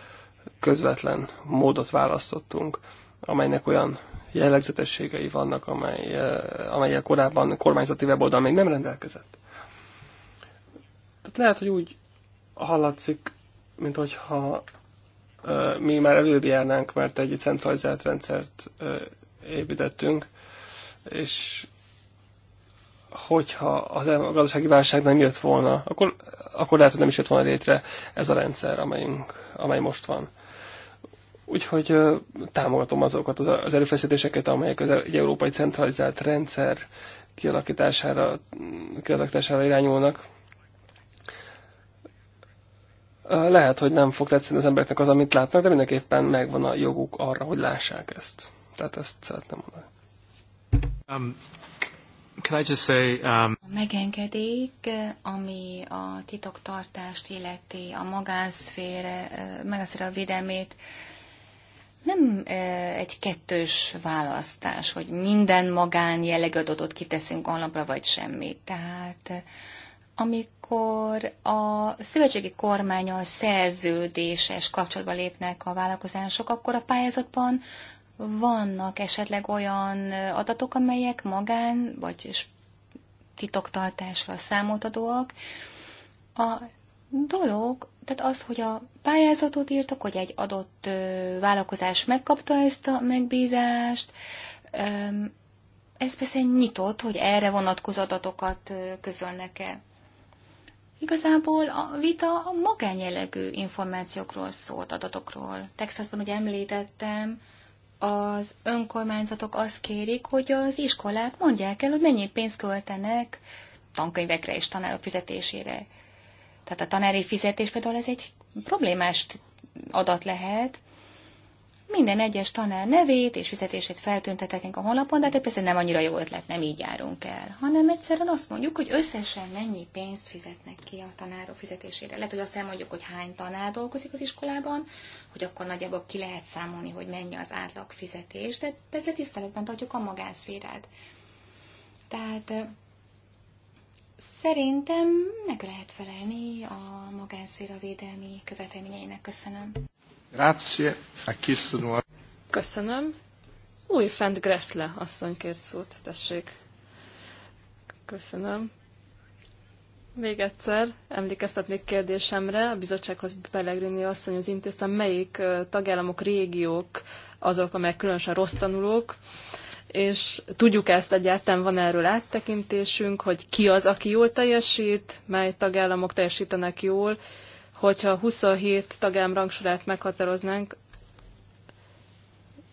közvetlen módot választottunk, amelynek olyan jellegzetességei vannak, amely, eh, amelyek korábban kormányzati weboldal még nem rendelkezett. Tehát lehet, hogy úgy hallatszik, mint hogyha eh, mi már előbb járnánk, mert egy centralizált rendszert eh, építettünk, és hogyha az a gazdasági válság nem jött volna, akkor, akkor lehet, hogy nem is jött volna létre ez a rendszer, amelyünk, amely most van. Úgyhogy támogatom azokat az erőfeszítéseket, amelyek egy európai centralizált rendszer kialakítására, kialakítására irányulnak. Lehet, hogy nem fog tetszeni az embereknek az, amit látnak, de mindenképpen megvan a joguk arra, hogy lássák ezt. Tehát ezt szeretném mondani. Um, can I just say, um... A megengedék, ami a titoktartást illeti, a magánszféra, magánszféra védelmét, nem e, egy kettős választás, hogy minden magán jellegű adatot kiteszünk alapra vagy semmit. Tehát amikor a szövetségi kormány a szerződéses kapcsolatba lépnek a vállalkozások, akkor a pályázatban vannak esetleg olyan adatok, amelyek magán vagy titoktartásra számot adóak. A dolog, tehát az, hogy a pályázatot írtak, hogy egy adott vállalkozás megkapta ezt a megbízást, ez persze nyitott, hogy erre vonatkozó adatokat közölnek-e. Igazából a vita a magányjellegű információkról szólt, adatokról. Texasban ugye említettem, az önkormányzatok azt kérik, hogy az iskolák mondják el, hogy mennyi pénzt költenek tankönyvekre és tanárok fizetésére. Tehát a tanári fizetés például ez egy problémás adat lehet. Minden egyes tanár nevét és fizetését feltüntetetnénk a honlapon, de hát persze nem annyira jó ötlet, nem így járunk el, hanem egyszerűen azt mondjuk, hogy összesen mennyi pénzt fizetnek ki a tanárok fizetésére. Lehet, hogy azt elmondjuk, hogy hány tanár dolgozik az iskolában, hogy akkor nagyjából ki lehet számolni, hogy mennyi az átlag fizetés, de persze tiszteletben tartjuk a magánszférát. Tehát Szerintem meg lehet felelni a magánszféra védelmi követelményeinek. Köszönöm. Grazie. Köszönöm. Új fent Gressle asszony kért szót, tessék. Köszönöm. Még egyszer emlékeztetnék kérdésemre, a bizottsághoz Pellegrini asszony az intéztem, melyik tagállamok, régiók azok, amelyek különösen rossz tanulók és tudjuk ezt egyáltalán, van erről áttekintésünk, hogy ki az, aki jól teljesít, mely tagállamok teljesítenek jól. Hogyha 27 tagállam rangsorát meghatároznánk,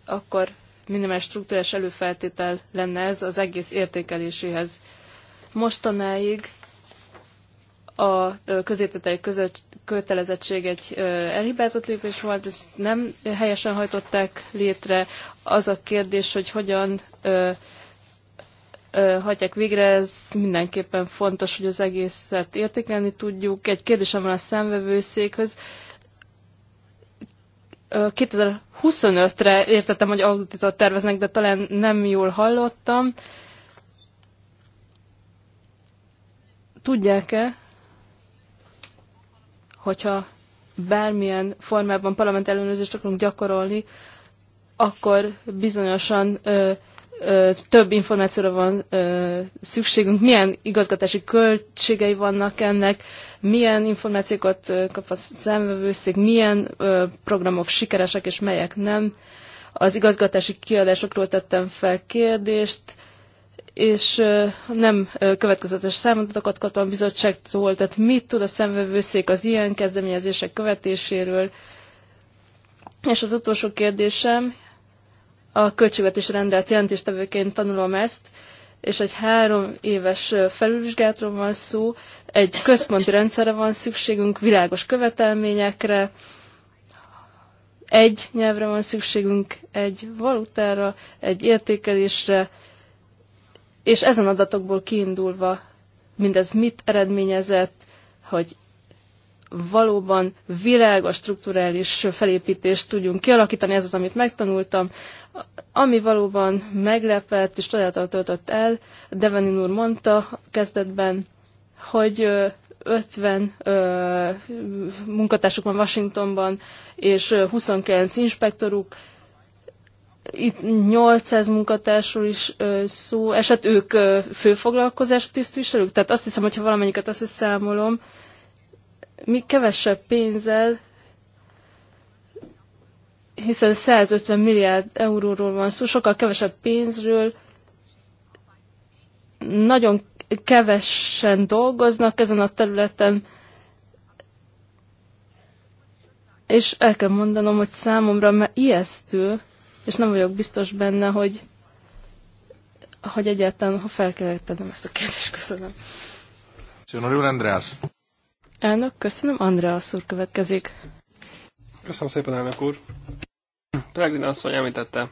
akkor minimális struktúrás előfeltétel lenne ez az egész értékeléséhez. Mostanáig a közétételi között, kötelezettség egy elhibázott lépés volt, ezt nem helyesen hajtották létre. Az a kérdés, hogy hogyan hagyják végre, ez mindenképpen fontos, hogy az egészet értékelni tudjuk. Egy kérdésem van a számvevőszékhöz. 2025-re értettem, hogy auditot terveznek, de talán nem jól hallottam. Tudják-e, hogyha bármilyen formában parlament ellenőrzést akarunk gyakorolni, akkor bizonyosan ö, ö, több információra van ö, szükségünk, milyen igazgatási költségei vannak ennek, milyen információkat ö, kap a szemvevőszék, milyen ö, programok sikeresek és melyek nem. Az igazgatási kiadásokról tettem fel kérdést, és nem következetes számadatokat kaptam a bizottságtól, tehát mit tud a szemvevőszék az ilyen kezdeményezések követéséről. És az utolsó kérdésem, a költségvetés rendelt jelentéstevőként tanulom ezt, és egy három éves felülvizsgálatról van szó, egy központi rendszerre van szükségünk, világos követelményekre, egy nyelvre van szükségünk, egy valutára, egy értékelésre, és ezen adatokból kiindulva mindez mit eredményezett, hogy valóban világos strukturális felépítést tudjunk kialakítani, ez az, amit megtanultam, ami valóban meglepett és csodáltal töltött el, Devenin úr mondta kezdetben, hogy 50 ö, munkatársuk van Washingtonban, és 29 inspektoruk, itt 800 munkatársról is szó esett, ők főfoglalkozás tisztviselők, tehát azt hiszem, hogyha valamennyiket azt számolom, mi kevesebb pénzzel hiszen 150 milliárd euróról van szó, sokkal kevesebb pénzről, nagyon kevesen dolgoznak ezen a területen, és el kell mondanom, hogy számomra már ijesztő, és nem vagyok biztos benne, hogy, hogy egyáltalán, ha fel kell tennem ezt a kérdést, köszönöm. Szönörül András. Elnök, köszönöm. András úr következik. Köszönöm szépen, elnök úr. Peregrin asszony említette,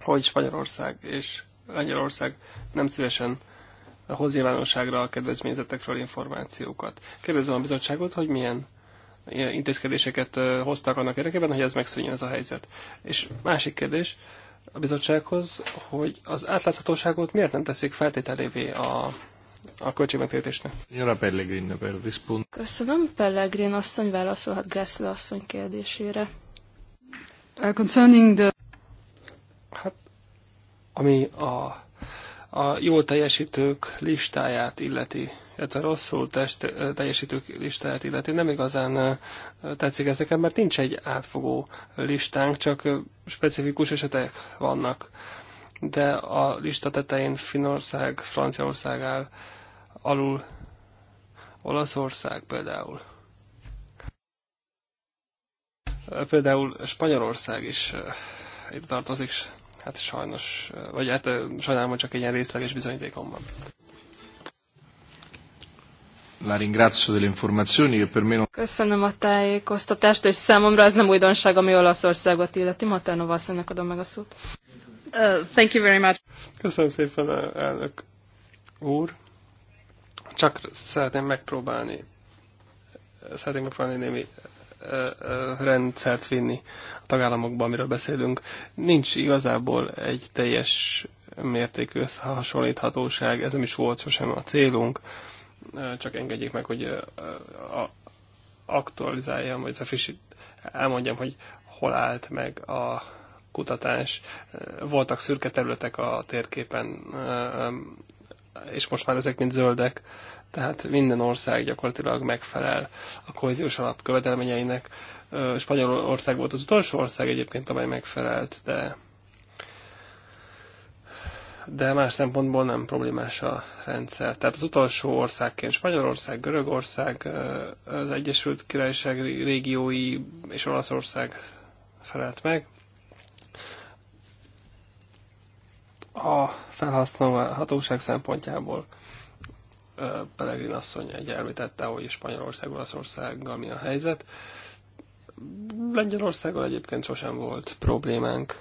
hogy Spanyolország és Lengyelország nem szívesen hoz nyilvánosságra a kedvezményezetekről információkat. Kérdezem a bizottságot, hogy milyen intézkedéseket hoztak annak érdekében, hogy ez megszűnjön ez a helyzet. És másik kérdés a bizottsághoz, hogy az átláthatóságot miért nem teszik feltételévé a, a költségvetésnek? Jön a Pellegrin, Köszönöm, Pellegrin asszony válaszolhat Gressle asszony kérdésére. Uh, concerning the... Hát, ami a, a jól teljesítők listáját illeti, illetve rosszul test, teljesítők listáját illeti nem igazán tetszik ez nekem, mert nincs egy átfogó listánk, csak specifikus esetek vannak. De a lista tetején Finország, Franciaország áll, alul Olaszország például. Például Spanyolország is itt tartozik, hát sajnos, vagy hát sajnálom, hogy csak egy ilyen részleges bizonyítékom van. Köszönöm a tájékoztatást, és számomra ez nem újdonság, ami Olaszországot illeti. Matánova asszonynak adom meg a szót. Uh, thank you very much. Köszönöm szépen, elnök úr. Csak szeretném megpróbálni, szeretném megpróbálni némi rendszert vinni a tagállamokba, amiről beszélünk. Nincs igazából egy teljes mértékű összehasonlíthatóság, ez nem is volt sosem a célunk csak engedjék meg, hogy a, aktualizáljam, vagy frissít, elmondjam, hogy hol állt meg a kutatás. Voltak szürke területek a térképen, és most már ezek mind zöldek, tehát minden ország gyakorlatilag megfelel a kohéziós alap követelményeinek. Spanyolország volt az utolsó ország egyébként, amely megfelelt, de de más szempontból nem problémás a rendszer. Tehát az utolsó országként Spanyolország, Görögország, az Egyesült Királyság régiói és Olaszország felelt meg. A felhasználhatóság szempontjából Pelegrin asszony egy elvitette, hogy Spanyolország, Olaszországgal mi a helyzet. Lengyelországgal egyébként sosem volt problémánk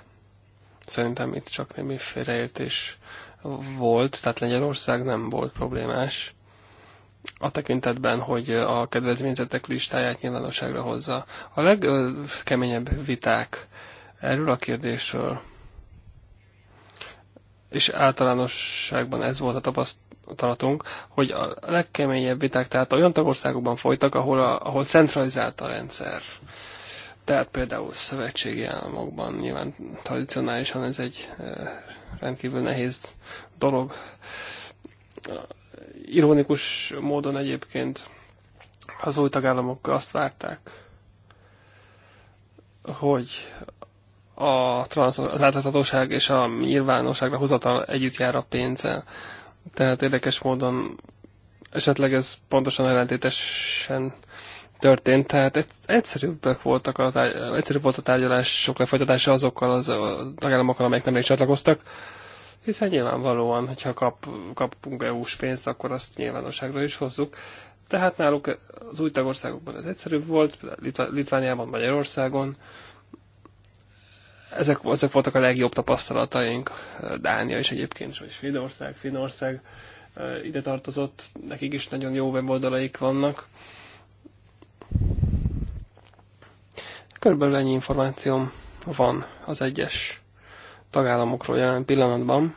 Szerintem itt csak némi félreértés volt, tehát Lengyelország nem volt problémás a tekintetben, hogy a kedvezményzetek listáját nyilvánosságra hozza. A legkeményebb viták erről a kérdésről, és általánosságban ez volt a tapasztalatunk, hogy a legkeményebb viták, tehát olyan tagországokban folytak, ahol, a, ahol centralizált a rendszer. Tehát például szövetségi államokban nyilván tradicionálisan ez egy eh, rendkívül nehéz dolog. Ironikus módon egyébként az új tagállamok azt várták, hogy a transz, az átláthatóság és a nyilvánosságra hozatal együtt jár a pénzzel. Tehát érdekes módon esetleg ez pontosan ellentétesen történt, tehát egyszerűbbek voltak a, tárgy, egyszerűbb volt a tárgyalások lefolytatása azokkal az tagállamokkal, amelyek nemrég csatlakoztak, hiszen nyilvánvalóan, hogyha kap, kapunk EU-s pénzt, akkor azt nyilvánosságra is hozzuk. Tehát náluk az új tagországokban ez egyszerűbb volt, Litv- Litvániában, Magyarországon. Ezek, ezek voltak a legjobb tapasztalataink, Dánia is egyébként, vagy Svédország, Finnország eh, ide tartozott, nekik is nagyon jó weboldalaik vannak. Körülbelül ennyi információm van az egyes tagállamokról jelen pillanatban.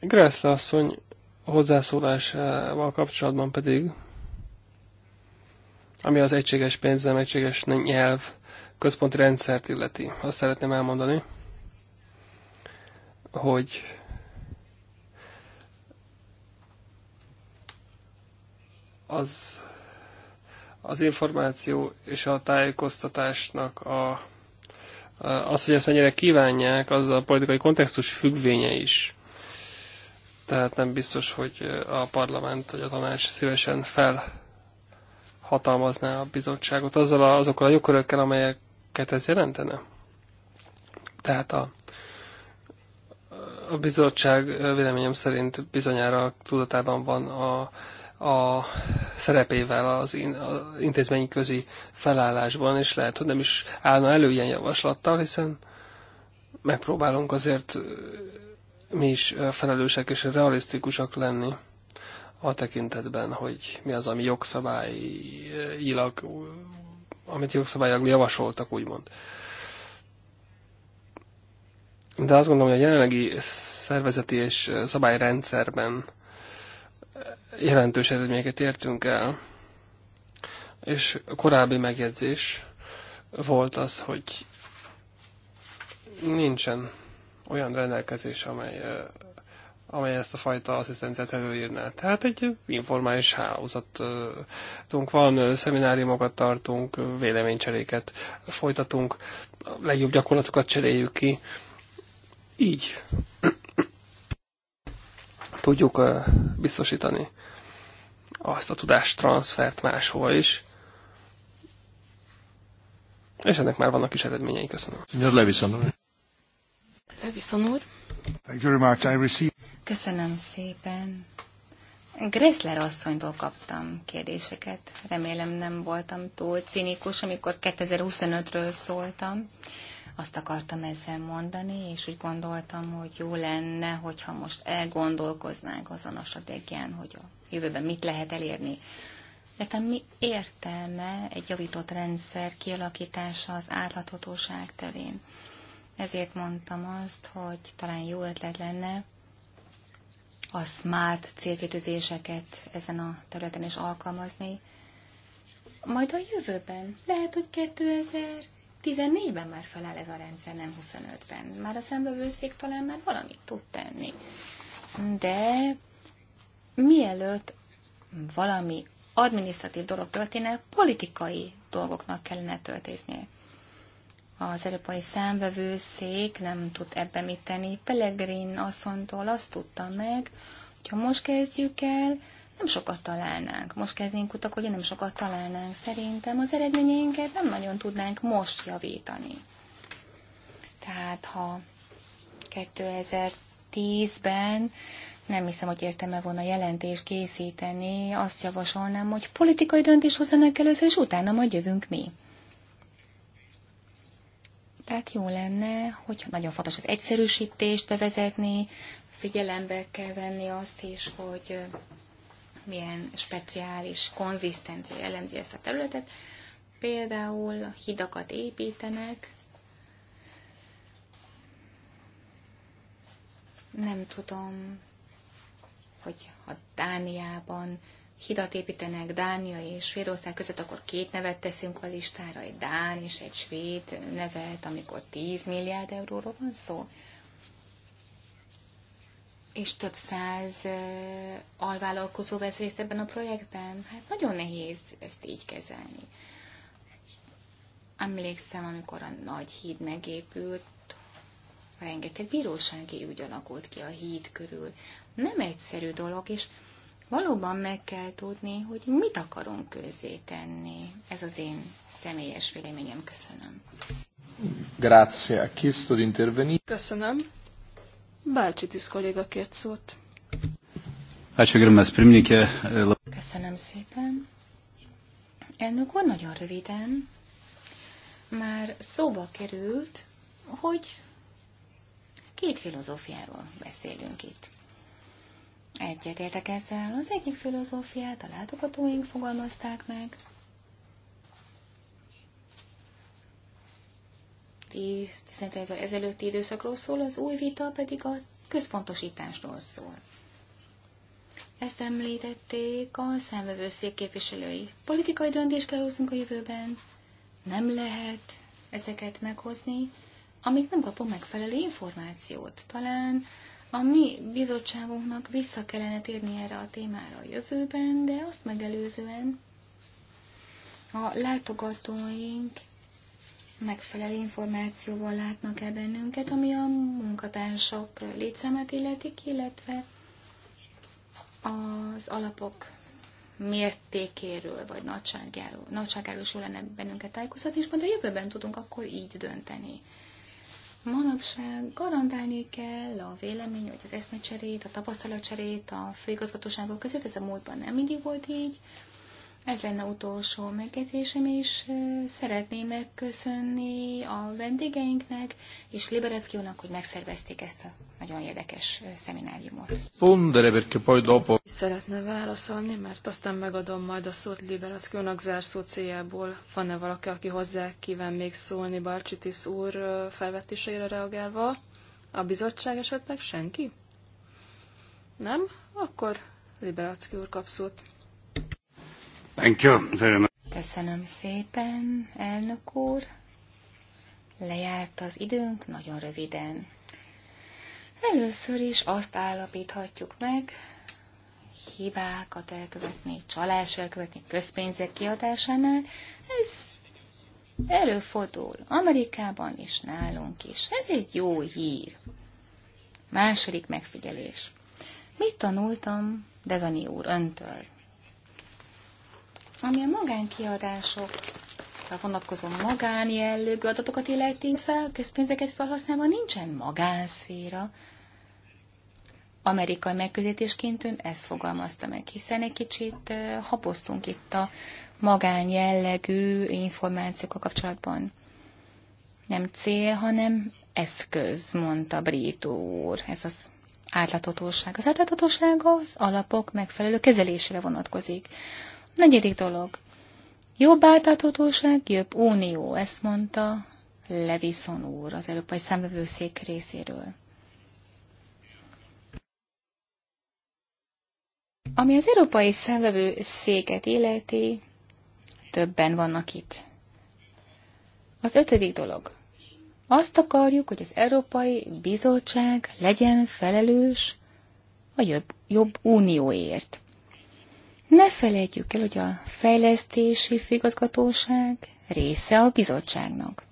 Gressle asszony hozzászólásával kapcsolatban pedig, ami az egységes pénzem, egységes nyelv központi rendszert illeti. Azt szeretném elmondani, hogy az az információ és a tájékoztatásnak a, az, hogy ezt mennyire kívánják, az a politikai kontextus függvénye is. Tehát nem biztos, hogy a parlament vagy a tanács szívesen felhatalmazná a bizottságot azzal a, azokkal a jogkörökkel, amelyeket ez jelentene. Tehát a, a bizottság véleményem szerint bizonyára tudatában van a, a szerepével az, intézményi közi felállásban, és lehet, hogy nem is állna elő ilyen javaslattal, hiszen megpróbálunk azért mi is felelősek és realisztikusak lenni a tekintetben, hogy mi az, ami jogszabályilag, amit jogszabályilag javasoltak, úgymond. De azt gondolom, hogy a jelenlegi szervezeti és szabályrendszerben jelentős eredményeket értünk el. És a korábbi megjegyzés volt az, hogy nincsen olyan rendelkezés, amely, eh, amely ezt a fajta asszisztenciát előírná. Tehát egy informális hálózatunk van, szemináriumokat tartunk, véleménycseréket folytatunk, a legjobb gyakorlatokat cseréljük ki. Így tudjuk eh, biztosítani azt a tudást transfert máshova is. És ennek már vannak is eredményei, köszönöm. Signor Levison úr. Levison úr. Thank you very much. I received... Köszönöm szépen. Gressler asszonytól kaptam kérdéseket. Remélem nem voltam túl cinikus, amikor 2025-ről szóltam. Azt akartam ezzel mondani, és úgy gondoltam, hogy jó lenne, hogyha most elgondolkoznánk azon a stratégián, hogy a jövőben mit lehet elérni. Értem, mi értelme egy javított rendszer kialakítása az átláthatóság terén? Ezért mondtam azt, hogy talán jó ötlet lenne a smart célkötőzéseket ezen a területen is alkalmazni. Majd a jövőben, lehet, hogy 2014-ben már feláll ez a rendszer, nem 25-ben. Már a szembevőszék talán már valamit tud tenni. De mielőtt valami adminisztratív dolog történne, politikai dolgoknak kellene történnie. Az Európai Számvevőszék nem tud ebben mit tenni. Pellegrin asszonytól azt tudta meg, hogy ha most kezdjük el, nem sokat találnánk. Most kezdnénk hogy nem sokat találnánk. Szerintem az eredményeinket nem nagyon tudnánk most javítani. Tehát ha 2010-ben nem hiszem, hogy értem, meg volna jelentést készíteni, azt javasolnám, hogy politikai döntés hozzanak először, és utána majd jövünk mi. Tehát jó lenne, hogy nagyon fontos az egyszerűsítést bevezetni, figyelembe kell venni azt is, hogy milyen speciális konzisztencia jellemzi ezt a területet. Például hidakat építenek, nem tudom, hogy ha Dániában hidat építenek Dánia és Svédország között, akkor két nevet teszünk a listára, egy Dán és egy Svéd nevet, amikor 10 milliárd euróról van szó. És több száz alvállalkozó vesz részt ebben a projektben. Hát nagyon nehéz ezt így kezelni. Emlékszem, amikor a nagy híd megépült, rengeteg bírósági ügy alakult ki a híd körül. Nem egyszerű dolog, és valóban meg kell tudni, hogy mit akarunk közzé tenni. Ez az én személyes véleményem. Köszönöm. Grazie. Chiesto tud intervenire. Köszönöm. Bácsi tisz kolléga kért szót. Köszönöm szépen. Elnök úr, nagyon röviden. Már szóba került, hogy Két filozófiáról beszélünk itt. értek ezzel. Az egyik filozófiát a látogatóink fogalmazták meg. Tíz, tizenkettővel ezelőtti időszakról szól, az új vita pedig a központosításról szól. Ezt említették a számvevőszék képviselői. Politikai döntést kell hozzunk a jövőben. Nem lehet ezeket meghozni, amíg nem kapom megfelelő információt. Talán a mi bizottságunknak vissza kellene térni erre a témára a jövőben, de azt megelőzően a látogatóink megfelelő információval látnak el bennünket, ami a munkatársak létszámát illetik, illetve az alapok mértékéről, vagy nagyságáról, nagyságáról is lenne bennünket tájékoztatni, és majd a jövőben tudunk akkor így dönteni. Manapság garantálni kell a vélemény, hogy az eszmecserét, a tapasztalatcserét a főigazgatóságok között, ez a múltban nem mindig volt így. Ez lenne utolsó megjegyzésem, és szeretném megköszönni a vendégeinknek és Liberecki hogy megszervezték ezt a nagyon érdekes szemináriumot. Szeretne válaszolni, mert aztán megadom majd a szót Liberecki zárszó céljából. Van-e valaki, aki hozzá kíván még szólni Barcsitis úr felvetéseire reagálva? A bizottság esetleg senki? Nem? Akkor Liberacki úr kap szót. Thank you very much. Köszönöm szépen, elnök úr. Lejárt az időnk nagyon röviden. Először is azt állapíthatjuk meg, hibákat elkövetni, csalás elkövetni közpénzek kiadásánál, ez előfordul Amerikában is, nálunk is. Ez egy jó hír. Második megfigyelés. Mit tanultam Devani úr öntől? Ami a magánkiadásokra vonatkozó magánjellegű adatokat illeti fel, közpénzeket felhasználva nincsen magánszféra. Amerikai megközelítésként ön ezt fogalmazta meg, hiszen egy kicsit haposztunk itt a magánjellegű a kapcsolatban. Nem cél, hanem eszköz, mondta Brit úr. Ez az átláthatóság. Az átláthatóság az alapok megfelelő kezelésére vonatkozik. Negyedik dolog. Jobb átláthatóság, jobb unió, ezt mondta Levison úr az Európai Számvevőszék részéről. Ami az Európai Számvevőszéket illeti, többen vannak itt. Az ötödik dolog. Azt akarjuk, hogy az Európai Bizottság legyen felelős a jobb, jobb unióért. Ne felejtjük el, hogy a fejlesztési főigazgatóság része a bizottságnak.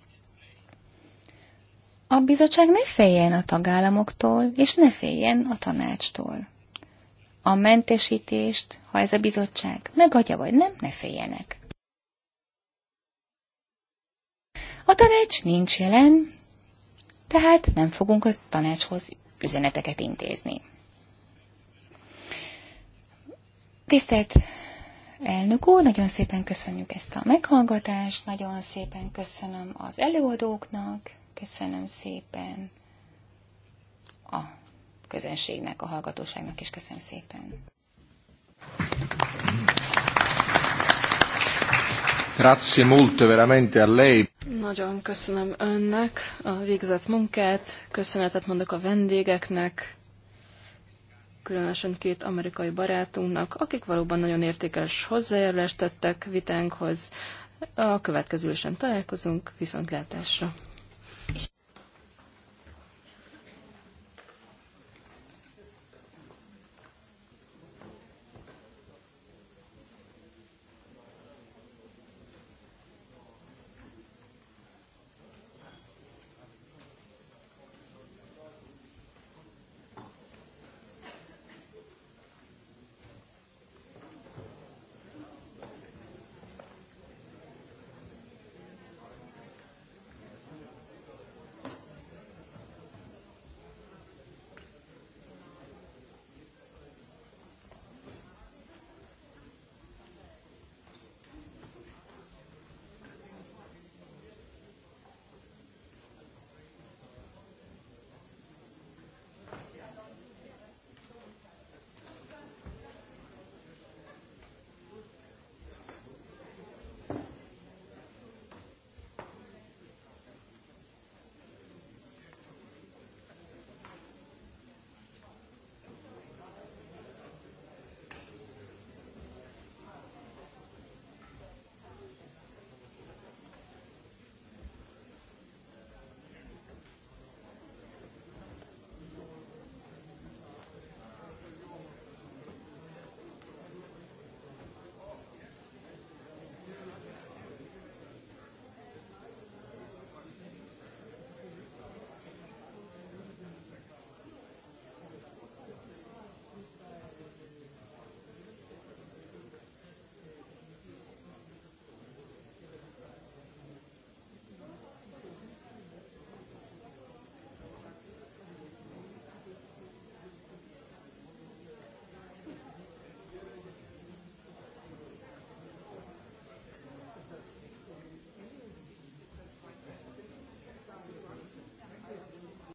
A bizottság ne féljen a tagállamoktól, és ne féljen a tanácstól. A mentesítést, ha ez a bizottság megadja vagy nem, ne féljenek. A tanács nincs jelen, tehát nem fogunk a tanácshoz üzeneteket intézni. Tisztelt elnök úr, nagyon szépen köszönjük ezt a meghallgatást, nagyon szépen köszönöm az előadóknak, köszönöm szépen a közönségnek, a hallgatóságnak is köszönöm szépen. Grazie molto veramente a lei. Nagyon köszönöm önnek a végzett munkát, köszönetet mondok a vendégeknek, különösen két amerikai barátunknak, akik valóban nagyon értékes hozzájárulást tettek vitánkhoz. A következő találkozunk, viszontlátásra!